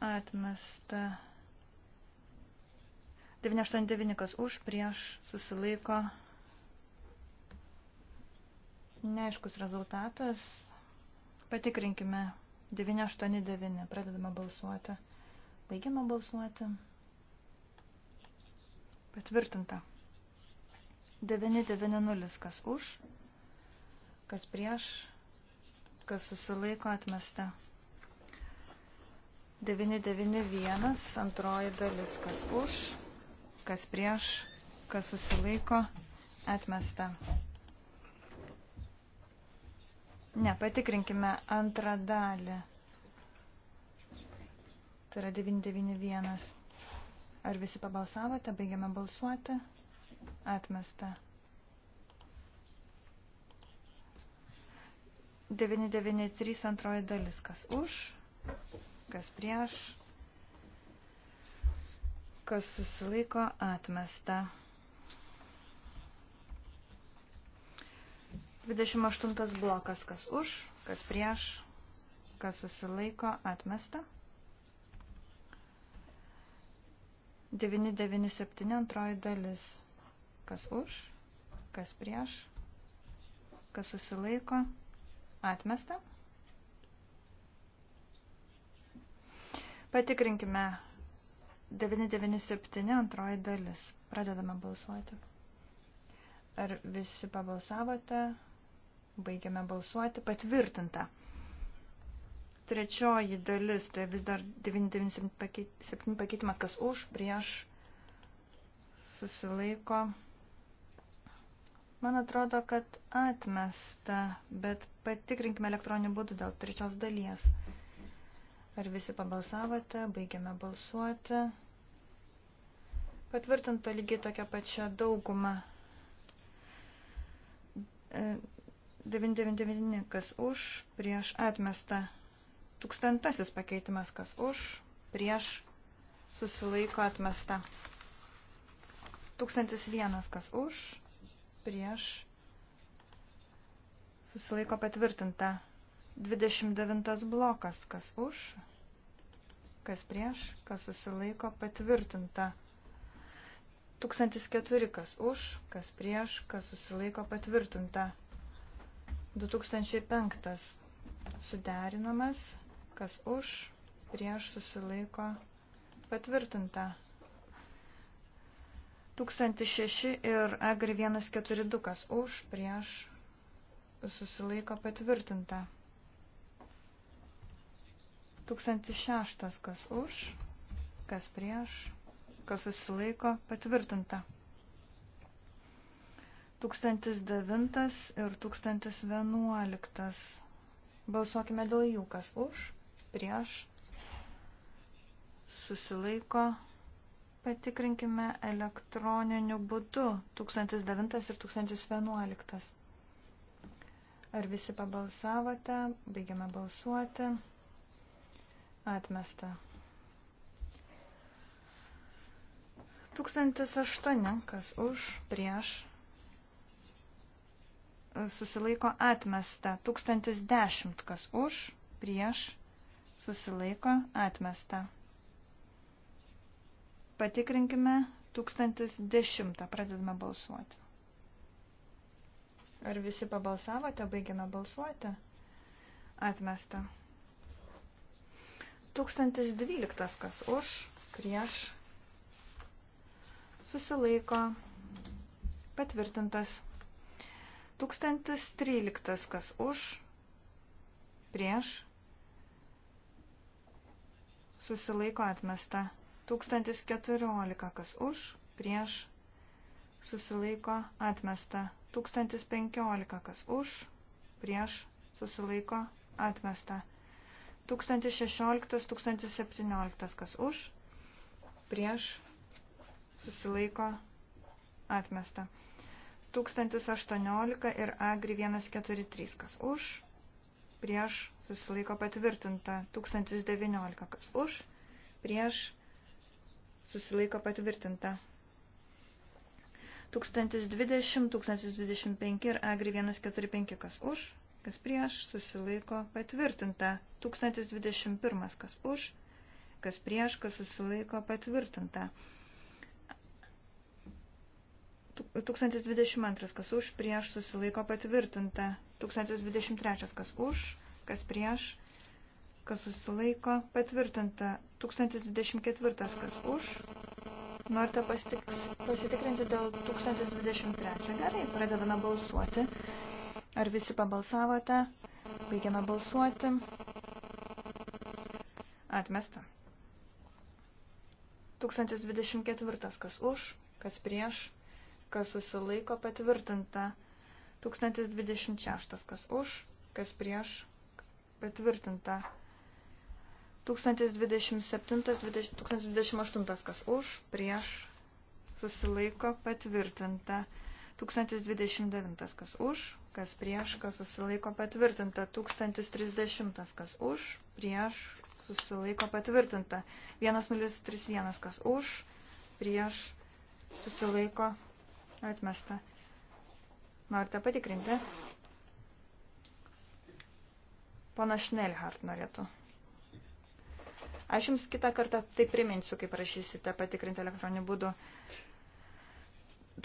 atmesta. 989 kas už, prieš, susilaiko. Neaiškus rezultatas. Patikrinkime. 989. Pradedame balsuoti. Baigiame balsuoti. Patvirtinta. 990 kas už, kas prieš, kas susilaiko atmesta. 991 antroji dalis, kas už, kas prieš, kas susilaiko, atmesta. Ne, patikrinkime antrą dalį. Tai yra 991. Ar visi pabalsavote? Baigiame balsuoti. Atmesta. 993 antroji dalis. Kas už? kas prieš, kas susilaiko atmesta. 28 blokas, kas už, kas prieš, kas susilaiko atmesta. 997 antroji dalis, kas už, kas prieš, kas susilaiko atmesta. Patikrinkime 997 antroji dalis. Pradedame balsuoti. Ar visi pabalsavote? Baigiame balsuoti. Patvirtinta. Trečioji dalis, tai vis dar 997 pakeitimas, kas už, prieš, susilaiko. Man atrodo, kad atmesta, bet patikrinkime elektroniniu būdu dėl trečios dalies. Ar visi pabalsavote? Baigiame balsuoti. Patvirtinta lygiai tokia pačia dauguma. 999 e, kas už, prieš atmestą. Tūkstantasis pakeitimas kas už, prieš susilaiko atmestą. 1001 kas už, prieš susilaiko patvirtinta. 29 blokas, kas už, kas prieš, kas susilaiko, patvirtinta. 1004, kas už, kas prieš, kas susilaiko, patvirtinta. 2005, suderinamas, kas už, prieš, susilaiko, patvirtinta. 1006 ir Agri 142, kas už, prieš, susilaiko, patvirtinta. 1006 kas už, kas prieš, kas susilaiko patvirtinta. 1009 ir 1011. Balsuokime dėl jų, kas už, prieš, susilaiko. Patikrinkime elektroniniu būdu 1009 ir 1011. Ar visi pabalsavote? Baigiame balsuoti. Atmesta. 1008, kas už, prieš, susilaiko atmesta. 1010, kas už, prieš, susilaiko atmesta. Patikrinkime 1010, pradedame balsuoti. Ar visi pabalsavote, baigiame balsuoti? Atmesta. 1012 kas už, prieš, susilaiko, patvirtintas. 1013 kas už, prieš, susilaiko atmesta. 1014 kas už, prieš, susilaiko atmesta. 1015 kas už, prieš, susilaiko atmesta. 1016-1017, kas už, prieš, susilaiko, atmesta. 1018 ir Agri 143, kas už, prieš, susilaiko patvirtinta. 1019, kas už, prieš, susilaiko patvirtinta. 1020, 1025 ir Agri 145, kas už, kas prieš, susilaiko, patvirtinta. 1021, kas už, kas prieš, kas susilaiko, patvirtinta. 1022, kas už, prieš, susilaiko, patvirtinta. 1023, kas už, kas prieš, kas susilaiko, patvirtinta. 1024, kas už. Norite pasitiks, pasitikrinti dėl 1023. Gerai, pradedame balsuoti. Ar visi pabalsavote? Baigiame balsuoti. Atmesta. 1024. Kas už, kas prieš, kas susilaiko patvirtinta. 1026. Kas už, kas prieš, patvirtinta. 1027, 1028, kas už, prieš, susilaiko, patvirtinta. 1029, kas už, kas prieš, kas susilaiko patvirtinta. 1030, kas už, prieš, susilaiko patvirtinta. 1031, kas už, prieš, susilaiko atmesta. Norite patikrinti? Pana Šnelhart norėtų. Aš jums kitą kartą tai priminsiu, kai prašysite patikrinti elektroniniu būdu.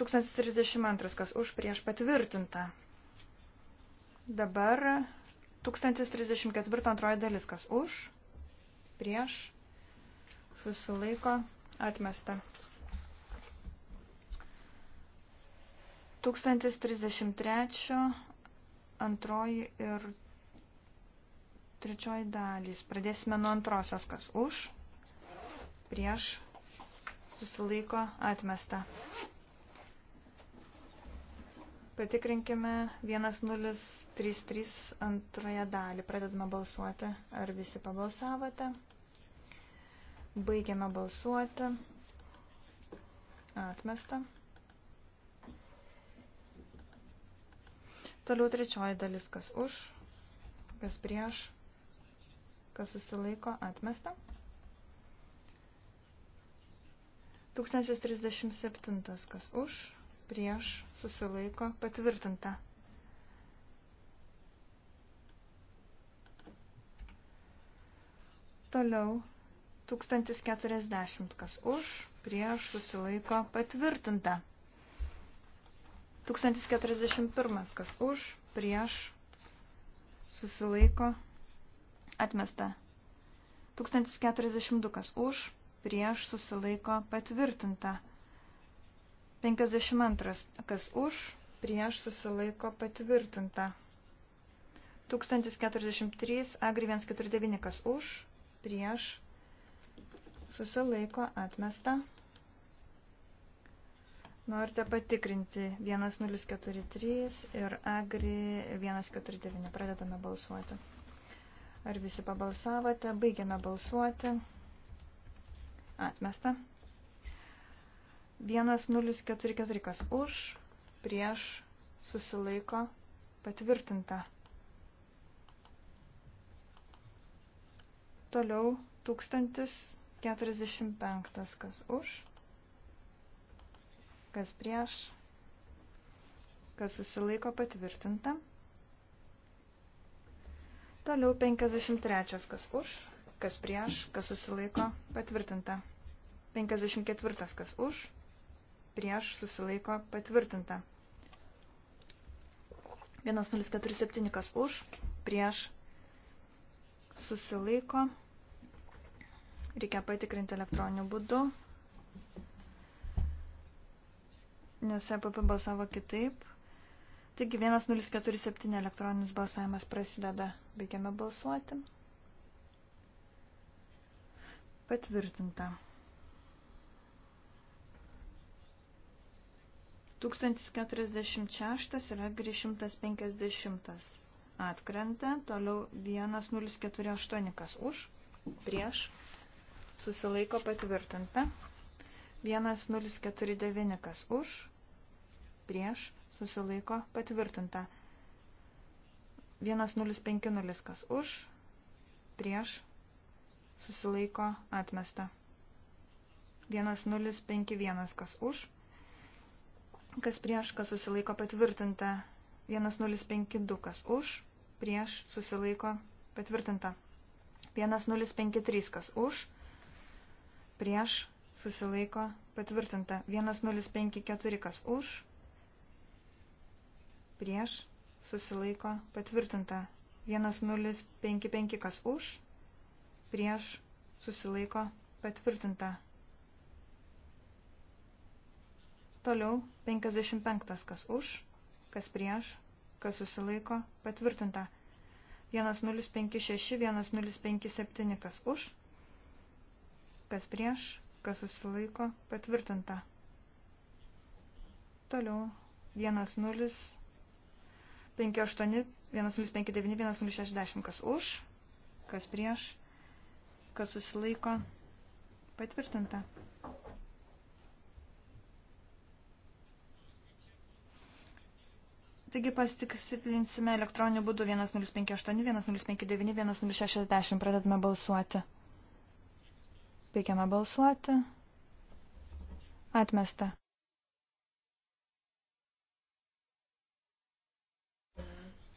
1032, kas už prieš patvirtinta. Dabar 1034 antroji dalis, kas už, prieš, susilaiko, atmesta. 1033 antroji ir trečioji dalys. Pradėsime nuo antrosios, kas už, prieš, susilaiko, atmesta. Patikrinkime 1033 antrąją dalį. Pradedame balsuoti. Ar visi pabalsavote? Baigiame balsuoti. Atmesta. Toliau trečioji dalis, kas už, kas prieš, kas susilaiko, atmesta. 1037, kas už, prieš, susilaiko, patvirtinta. Toliau 1040, kas už, prieš, susilaiko, patvirtinta. 1041, kas už, prieš, susilaiko, atmesta. 1042, kas už, prieš, susilaiko, patvirtinta. 52. Kas už, prieš susilaiko patvirtinta. 1043, Agri 149, kas už, prieš, susilaiko, atmesta. Norite patikrinti 1043 ir Agri 149. Pradedame balsuoti. Ar visi pabalsavote? Baigiame balsuoti. Atmesta. 1044 kas už, prieš, susilaiko, patvirtinta. Toliau 1045 kas už, kas prieš, kas susilaiko, patvirtinta. Toliau 53 kas už, kas prieš, kas susilaiko, patvirtinta. 54 kas už, prieš susilaiko patvirtinta. 1047 kas už, prieš susilaiko. Reikia patikrinti elektroniniu būdu, nes EPP balsavo kitaip. Taigi 1047 elektroninis balsavimas prasideda. Baigiame balsuoti. Patvirtinta. 1046 yra 350 atkrenta, toliau 1048 kas už, prieš, susilaiko patvirtinta, 1049 kas už, prieš, susilaiko patvirtinta, 1050 kas už, prieš, susilaiko atmesta, 1051 kas už, prieš, kas prieš, kas susilaiko patvirtinta. 1052, kas už, prieš, susilaiko patvirtinta. 1053, kas už, prieš, susilaiko patvirtinta. 1054, kas už, prieš, susilaiko patvirtinta. 1055, kas už, prieš, susilaiko patvirtinta. Toliau 55. Kas už, kas prieš, kas susilaiko, patvirtinta. 1056, 1057. Kas už, kas prieš, kas susilaiko, patvirtinta. Toliau 1058, 1059, 1060. Kas už, kas prieš, kas susilaiko, patvirtinta. Taigi pasitikslinsime elektroniniu būdu 1058, 1059, 1060. Pradedame balsuoti. Peikiame balsuoti. Atmesta.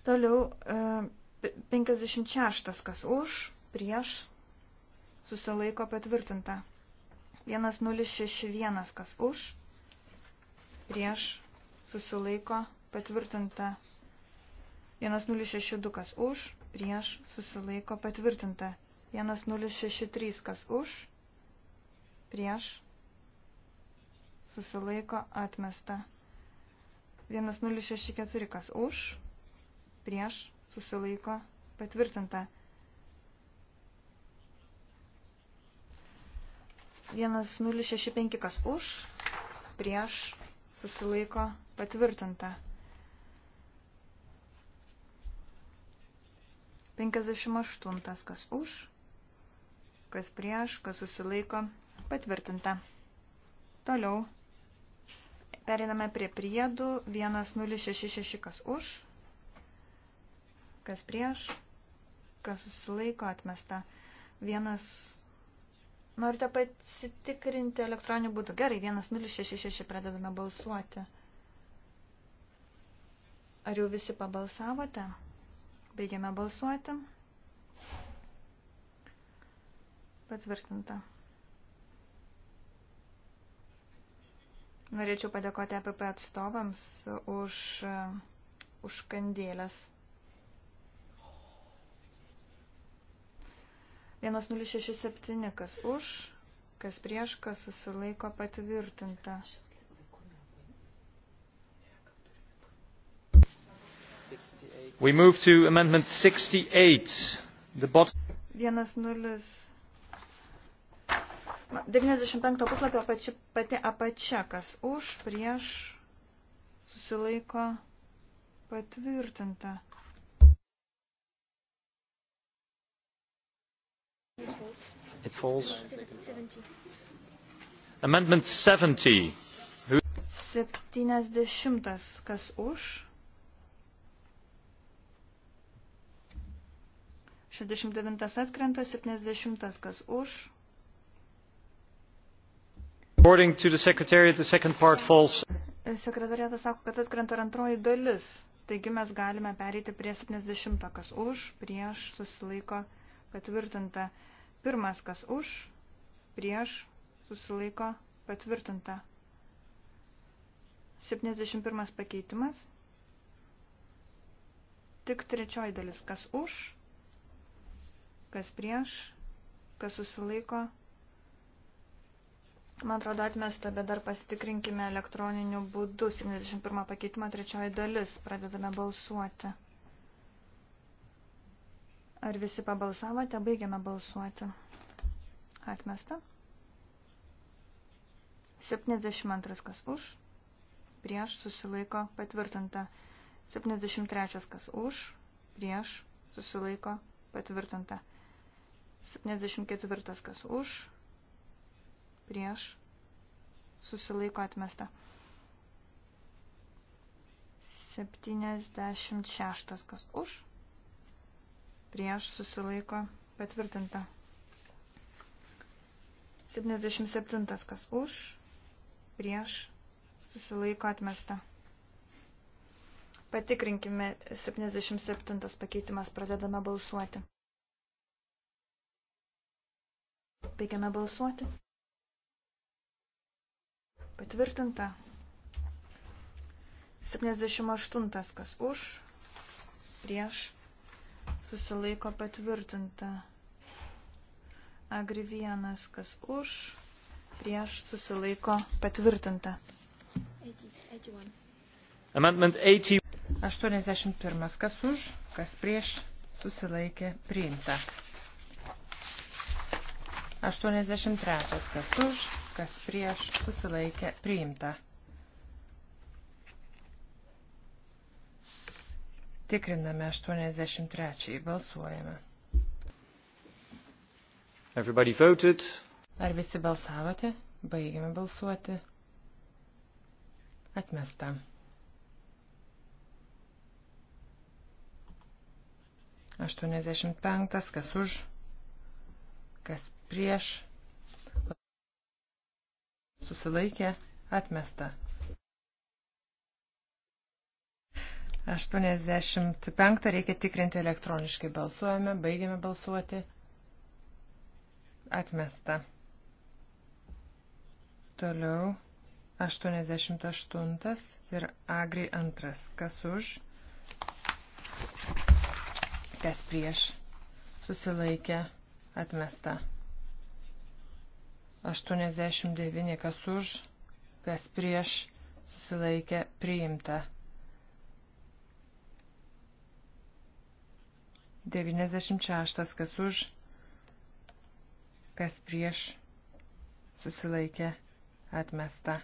Toliau 56. E, kas už, prieš, susilaiko patvirtinta. 1061. Kas už, prieš, susilaiko patvirtinta patvirtinta. 1062 kas už, prieš, susilaiko, patvirtinta. 1063 kas už, prieš, susilaiko, atmesta. 1064 kas už, prieš, susilaiko, patvirtinta. 1065 kas už, prieš, susilaiko, patvirtinta. 58. Kas už, kas prieš, kas susilaiko, patvirtinta. Toliau. Periname prie priedų. 1066. Kas už, kas prieš, kas susilaiko, atmesta. Vienas. Norite pasitikrinti elektroniniu būdu. Gerai, 1066 pradedame balsuoti. Ar jau visi pabalsavote? Baigiame balsuoti. Patvirtinta. Norėčiau padėkoti APP e atstovams už, už kandėlės. 1067, kas už, kas prieš, kas susilaiko patvirtinta. We move to amendment 68. The bot... 1.0. 95 puslapio apači, pati apačia, kas už, prieš, susilaiko, patvirtinta. It falls. Amendment 70. Who... 70. Kas už? 69 atkrenta, 70 kas už. According to the secretariat, the second part falls. Sekretariatas sako, kad atkrenta ir antroji dalis. Taigi mes galime pereiti prie 70, kas už, prieš, susilaiko, patvirtinta. Pirmas, kas už, prieš, susilaiko, patvirtinta. 71 pakeitimas. Tik trečioji dalis, kas už, kas prieš, kas susilaiko. Man atrodo atmesta, bet dar pasitikrinkime elektroniniu būdu. 71 pakeitimo trečioji dalis. Pradedame balsuoti. Ar visi pabalsavote? Baigiame balsuoti. Atmesta. 72 kas už. Prieš susilaiko patvirtinta. 73 kas už. Prieš susilaiko patvirtinta. 74 kas už, prieš, susilaiko atmesta. 76 kas už, prieš, susilaiko patvirtinta. 77 kas už, prieš, susilaiko atmesta. Patikrinkime 77 pakeitimas, pradedame balsuoti. Baigiame balsuoti. Patvirtinta. 78. Kas už, prieš, susilaiko patvirtinta. Agri vienas, kas už, prieš, susilaiko patvirtinta. 81. Amendment 81. 81. Kas už, kas prieš, susilaikė priimta. 83. Kas už, kas prieš, susilaikė, priimta. Tikriname 83. Balsuojame. Everybody voted. Ar visi balsavote? Baigiame balsuoti. Atmesta. Aštuoniasdešimt penktas, kas už, kas prieš susilaikė atmesta. 85 reikia tikrinti elektroniškai. Balsuojame, baigiame balsuoti. Atmesta. Toliau 88 ir agri antras. Kas už? Kas prieš? Susilaikė. Atmesta. 89 kas už, kas prieš susilaikė priimta. 96 kas už, kas prieš susilaikė atmesta.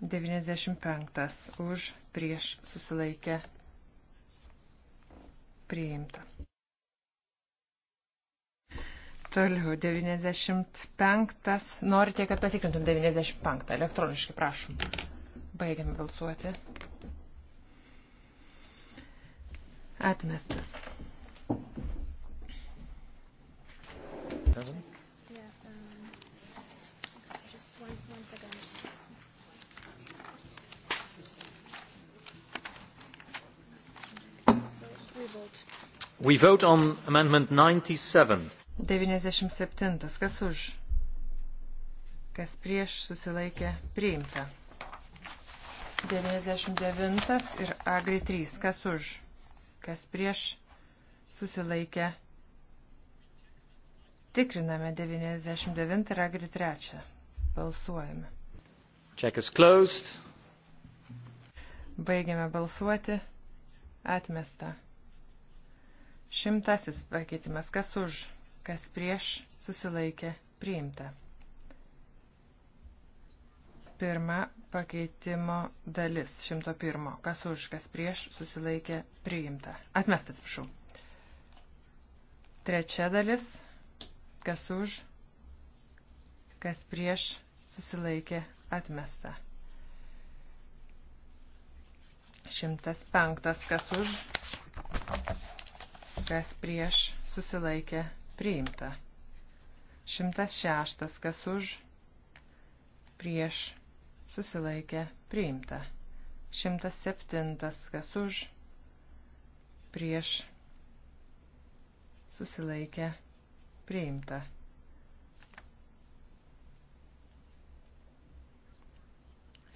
95 už prieš susilaikę priimta. Toliau 95. Norite, kad patikrintum 95. Elektroniškai prašom. Baigiame balsuoti. Atmestas. Doesn't? we vote on amendment ninety seven 97. Kas už? Kas prieš susilaikė priimta. 99 ir Agri 3. Kas už? Kas prieš susilaikė. Tikriname 99 ir Agri 3. Balsuojame. Check is closed. Baigiame balsuoti. Atmesta. Šimtasis pakeitimas. Kas už? kas prieš susilaikė priimta. Pirma pakeitimo dalis, 101. Kas už, kas prieš susilaikė priimta. Atmestas, prašau. Trečia dalis, kas už, kas prieš susilaikė atmesta. 105. Kas už, kas prieš susilaikė priimta priimta. 106. Kas už, prieš, susilaikė, priimta. 107. Kas už, prieš, susilaikė, priimta.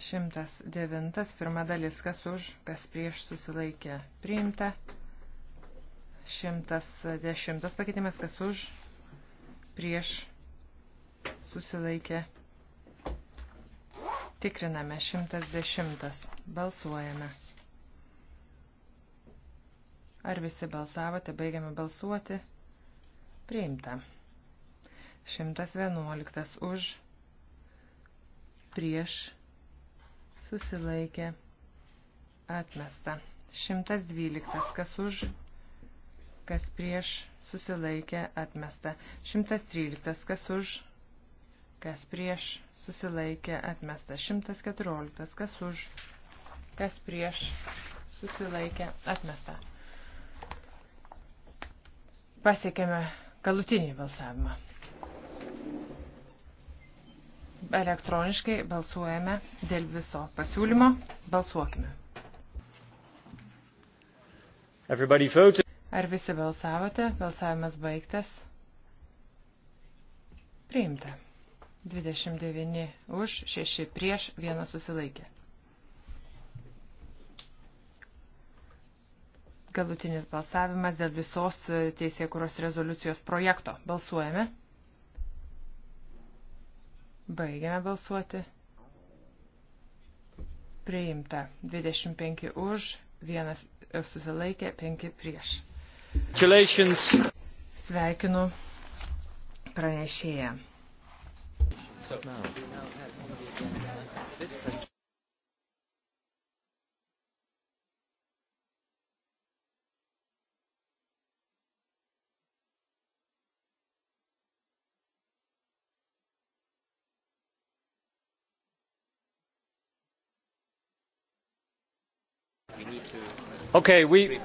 Šimtas devintas, pirma dalis, kas už, kas prieš susilaikė, priimta. 110 pakeitimas, kas už, prieš, susilaikė. Tikriname 110. Balsuojame. Ar visi balsavote? Baigiame balsuoti. Priimta. 111 už, prieš, susilaikė, atmesta. 112 kas už, prieš kas prieš susilaikė atmesta. 113, kas už, kas prieš susilaikė atmesta. 114, kas už, kas prieš susilaikė atmesta. Pasiekėme galutinį balsavimą. Elektroniškai balsuojame dėl viso pasiūlymo. Balsuokime. Everybody voted. Ar visi balsavote? Balsavimas baigtas. Priimta. 29 už, 6 prieš, 1 susilaikė. Galutinis balsavimas dėl visos teisėkuros rezoliucijos projekto. Balsuojame. Baigiame balsuoti. Priimta. 25 už, 1 susilaikė, 5 prieš. Sveikinu pranešėją. So, no. No, okay we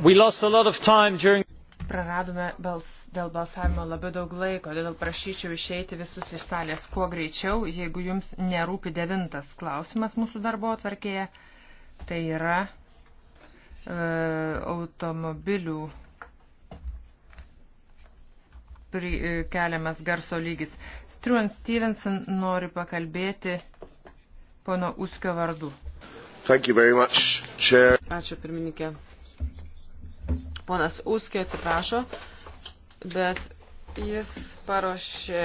During... Praradome bals, dėl balsavimo labai daug laiko, todėl prašyčiau išeiti visus iš salės kuo greičiau, jeigu jums nerūpi devintas klausimas mūsų darbo atvarkėje, tai yra e, automobilių pri, e, keliamas garso lygis. Struan Stevenson nori pakalbėti pono Uskio vardu. Much, Ačiū pirmininkė ponas Uskė atsiprašo, bet jis paruošė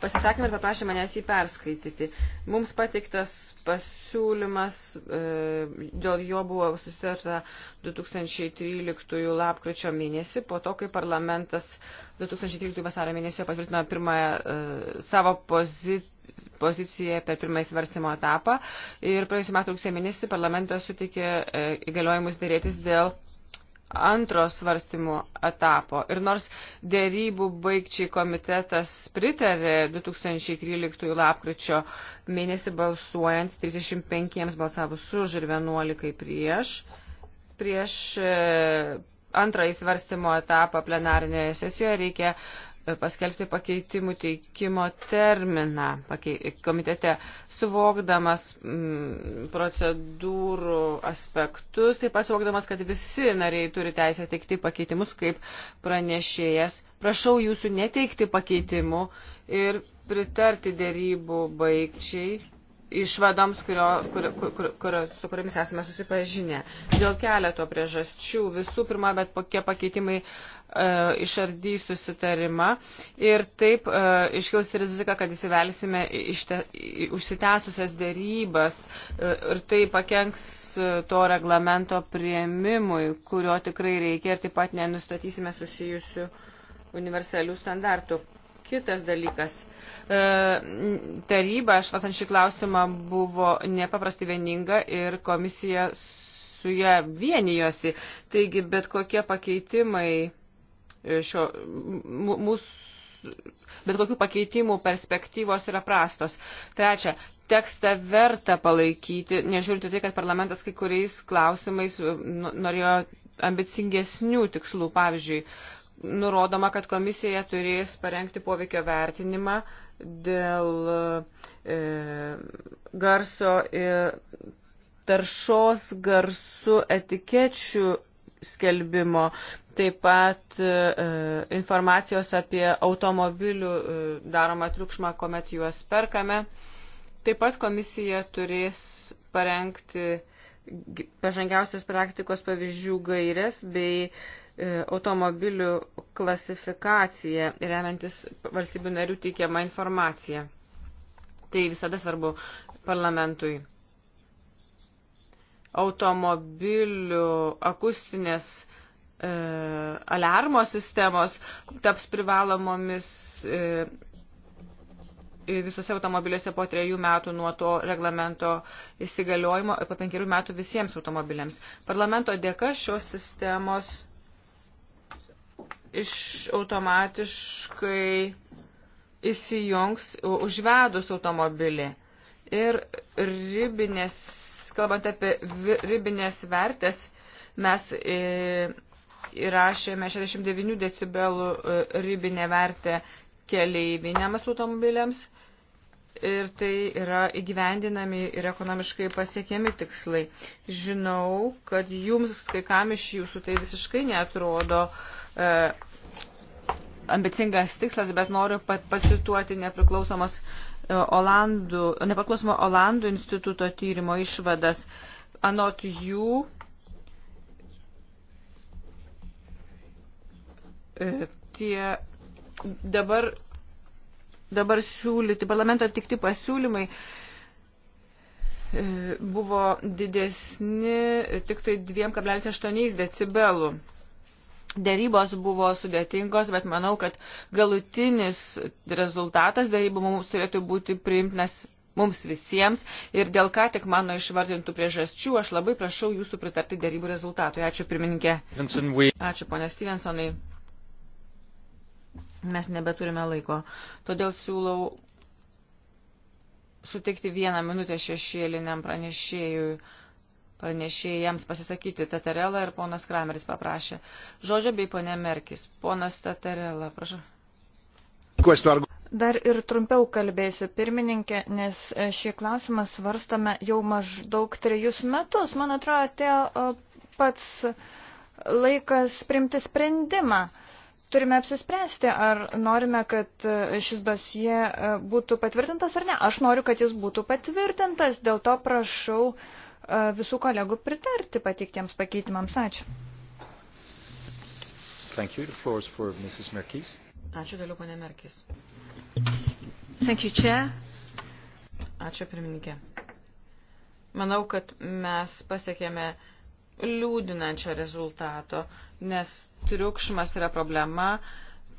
pasisakymą ir paprašė manęs jį perskaityti. Mums pateiktas pasiūlymas, e, dėl jo buvo susitarta 2013 lapkričio mėnesį, po to, kai parlamentas 2013 vasario mėnesį patvirtino pirmąją e, savo poziciją poziciją per pirmąjį svarstymo etapą ir praėjusiu metu rugsėjo mėnesį parlamentas sutikė e, įgaliojimus dėrėtis dėl antro svarstymo etapo. Ir nors dėrybų baigčiai komitetas pritarė 2013 lapkričio mėnesį balsuojant 35 balsavus už ir 11 prieš, prieš e, antrąjį svarstymo etapą plenarinėje sesijoje reikia paskelbti pakeitimų teikimo terminą komitete, suvokdamas m, mm, procedūrų aspektus, taip pat suvokdamas, kad visi nariai turi teisę teikti pakeitimus kaip pranešėjas. Prašau jūsų neteikti pakeitimų ir pritarti dėrybų baigčiai išvadoms, kurio, kur, kur, kur, su kuriamis esame susipažinę. Dėl keleto priežasčių. Visų pirma, bet kokie pakeitimai e, išardys susitarimą ir taip e, iškils rizika, kad įsivelsime ište, užsitęsusias dėrybas e, ir tai pakenks e, to reglamento prieimimui, kurio tikrai reikia ir taip pat nenustatysime susijusių universalių standartų. Kitas dalykas. E, taryba, aš vatant šį klausimą, buvo nepaprastai vieninga ir komisija su ją vienijosi. Taigi, bet kokie pakeitimai e, šio mūsų bet kokių pakeitimų perspektyvos yra prastos. Trečia, tekstą verta palaikyti, nežiūrinti tai, kad parlamentas kai kuriais klausimais norėjo ambicingesnių tikslų, pavyzdžiui, nurodoma, kad komisija turės parengti poveikio vertinimą dėl e, garso ir taršos garsų etikečių skelbimo, taip pat e, informacijos apie automobilių e, daromą triukšmą, kuomet juos perkame. Taip pat komisija turės parengti pažangiausios praktikos pavyzdžių gairias bei e, E, automobilių klasifikacija remiantis valstybių narių teikiamą informaciją. Tai visada svarbu parlamentui. Automobilių akustinės e, aliarmo sistemos taps privalomomis e, visose automobiliuose po trejų metų nuo to reglamento įsigaliojimo ir po penkerių metų visiems automobiliams. Parlamento dėka šios sistemos iš automatiškai įsijungs užvedus automobilį. Ir ribinės, kalbant apie ribinės vertės, mes e, įrašėme 69 decibelų e, ribinę vertę keleiviniams automobiliams. Ir tai yra įgyvendinami ir ekonomiškai pasiekiami tikslai. Žinau, kad jums, kai kam iš jūsų tai visiškai netrodo uh, E, ambicingas tikslas, bet noriu pacituoti nepriklausomos e, Olandų, nepriklausomo Olandų instituto tyrimo išvadas. Anot jų e, tie dabar, dabar siūlyti, parlamento tikti pasiūlymai buvo didesni tik tai 2,8 decibelų. Dėrybos buvo sudėtingos, bet manau, kad galutinis rezultatas dėrybų mums turėtų būti priimtinas mums visiems ir dėl ką tik mano išvardintų priežasčių aš labai prašau jūsų pritarti dėrybų rezultatui. Ačiū pirmininkė. Ačiū ponė Stevensonai. Mes nebeturime laiko. Todėl siūlau sutikti vieną minutę šešėliniam pranešėjui pranešėjams pasisakyti. Tatarela ir ponas Krameris paprašė. Žodžio bei ponė Merkis. Ponas Tatarela, prašau. Dar ir trumpiau kalbėsiu, pirmininkė, nes e, šį klausimą svarstome jau maždaug trejus metus. Man atrodo, atėjo e, pats laikas primti sprendimą turime apsispręsti, ar norime, kad e, šis dosie būtų patvirtintas ar ne. Aš noriu, kad jis būtų patvirtintas, dėl to prašau visų kolegų pritarti pateiktiems pakeitimams. Ačiū. Thank you. The floor is for Mrs. Merkis. Ačiū galiu, ponė Merkis. Thank you, Chair. Ačiū, pirmininkė. Manau, kad mes pasiekėme liūdinančio rezultato, nes triukšmas yra problema,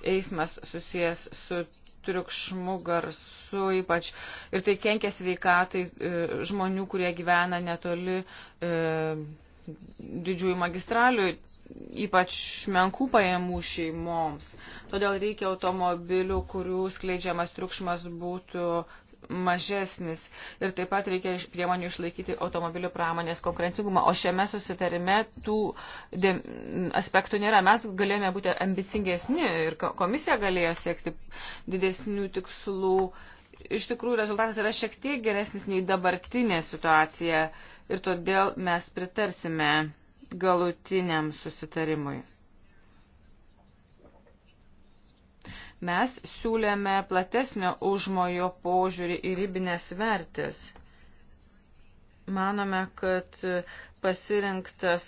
eismas susijęs su triukšmu, garsu ypač. Ir tai kenkia sveikatai e, žmonių, kurie gyvena netoli e, didžiųjų magistralių, ypač menkų pajamų šeimoms. Todėl reikia automobilių, kurių skleidžiamas triukšmas būtų mažesnis ir taip pat reikia iš priemonių išlaikyti automobilių pramonės konkurencingumą. O šiame susitarime tų aspektų nėra. Mes galėjome būti ambicingesni ir komisija galėjo siekti didesnių tikslų. Iš tikrųjų, rezultatas yra šiek tiek geresnis nei dabartinė situacija ir todėl mes pritarsime galutiniam susitarimui. Mes siūlėme platesnio užmojo požiūrį į ribinės vertės. Manome, kad pasirinktas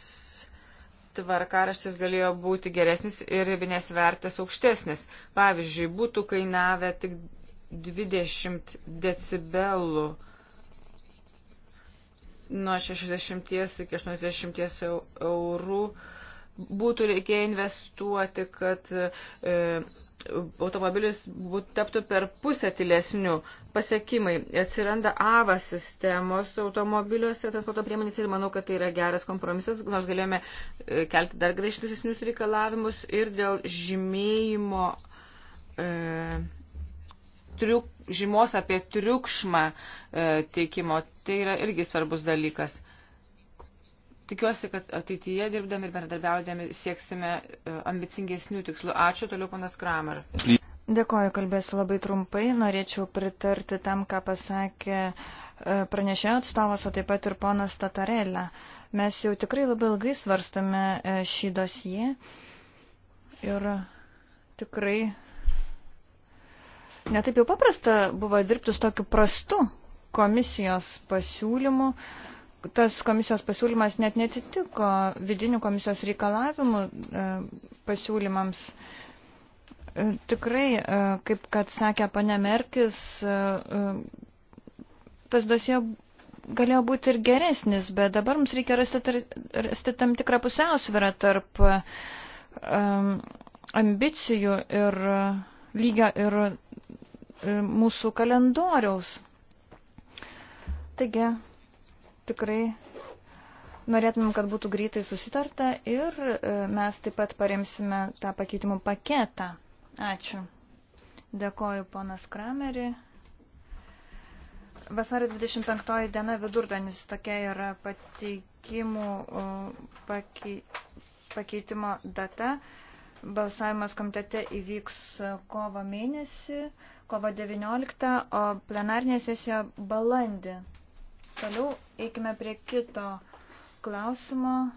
tvarkaraštis galėjo būti geresnis ir ribinės vertės aukštesnis. Pavyzdžiui, būtų kainavę tik 20 decibelų nuo 60 iki 80 eurų būtų reikėję investuoti, kad e, automobilis būt, taptų per pusę tylesnių pasiekimai. Atsiranda AVA sistemos automobiliuose, transporto priemonės ir manau, kad tai yra geras kompromisas, nors galėjome e, kelti dar graižtusnius reikalavimus ir dėl žymėjimo. E, Triuk, žymos apie triukšmą e, teikimo, tai yra irgi svarbus dalykas. Tikiuosi, kad ateityje dirbdami ir bendradarbiaudami sieksime e, ambicingesnių tikslų. Ačiū, toliau panas Kramer. Dėkoju, kalbėsiu labai trumpai. Norėčiau pritarti tam, ką pasakė e, pranešėjo atstovas, o taip pat ir ponas Tatarelė. Mes jau tikrai labai ilgai svarstame e, šį dosiją ir tikrai netaip jau paprasta buvo dirbti su tokiu prastu komisijos pasiūlymu. Uh, tas komisijos pasiūlymas net netitiko vidinių komisijos reikalavimų e, pasiūlymams. E, tikrai, e, kaip kad sakė pane Merkis, tas dosie galėjo būti ir geresnis, bet dabar mums reikia rasti, tar, rasti tam tikrą pusiausvyrą tarp um, ambicijų ir lygio ir, ir mūsų kalendoriaus. Taigi, tikrai norėtumėm, kad būtų greitai susitarta ir e, mes taip pat paremsime tą pakeitimų paketą. Ačiū. Dėkoju, ponas Krameri. Vasario 25 diena vidurdienis tokia yra pateikimų e, pakei, pakeitimo data. Balsavimas komitete įvyks kovo mėnesį, kovo 19, o plenarnė sesija balandį. Toliau eikime prie kito klausimo.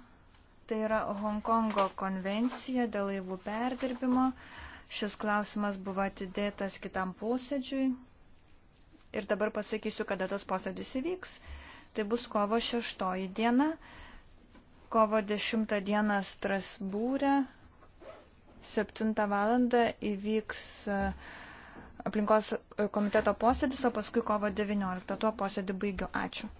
Tai yra Hongkongo konvencija dėl laivų perdirbimo. Šis klausimas buvo atidėtas kitam posėdžiui. Ir dabar pasakysiu, kada tas posėdis įvyks. Tai bus kovo 6 diena, kovo 10 diena Strasbūrė, 7 val. įvyks uh, aplinkos e, komiteto posėdis, o paskui kovo 19. Tuo posėdį baigiu. Ačiū.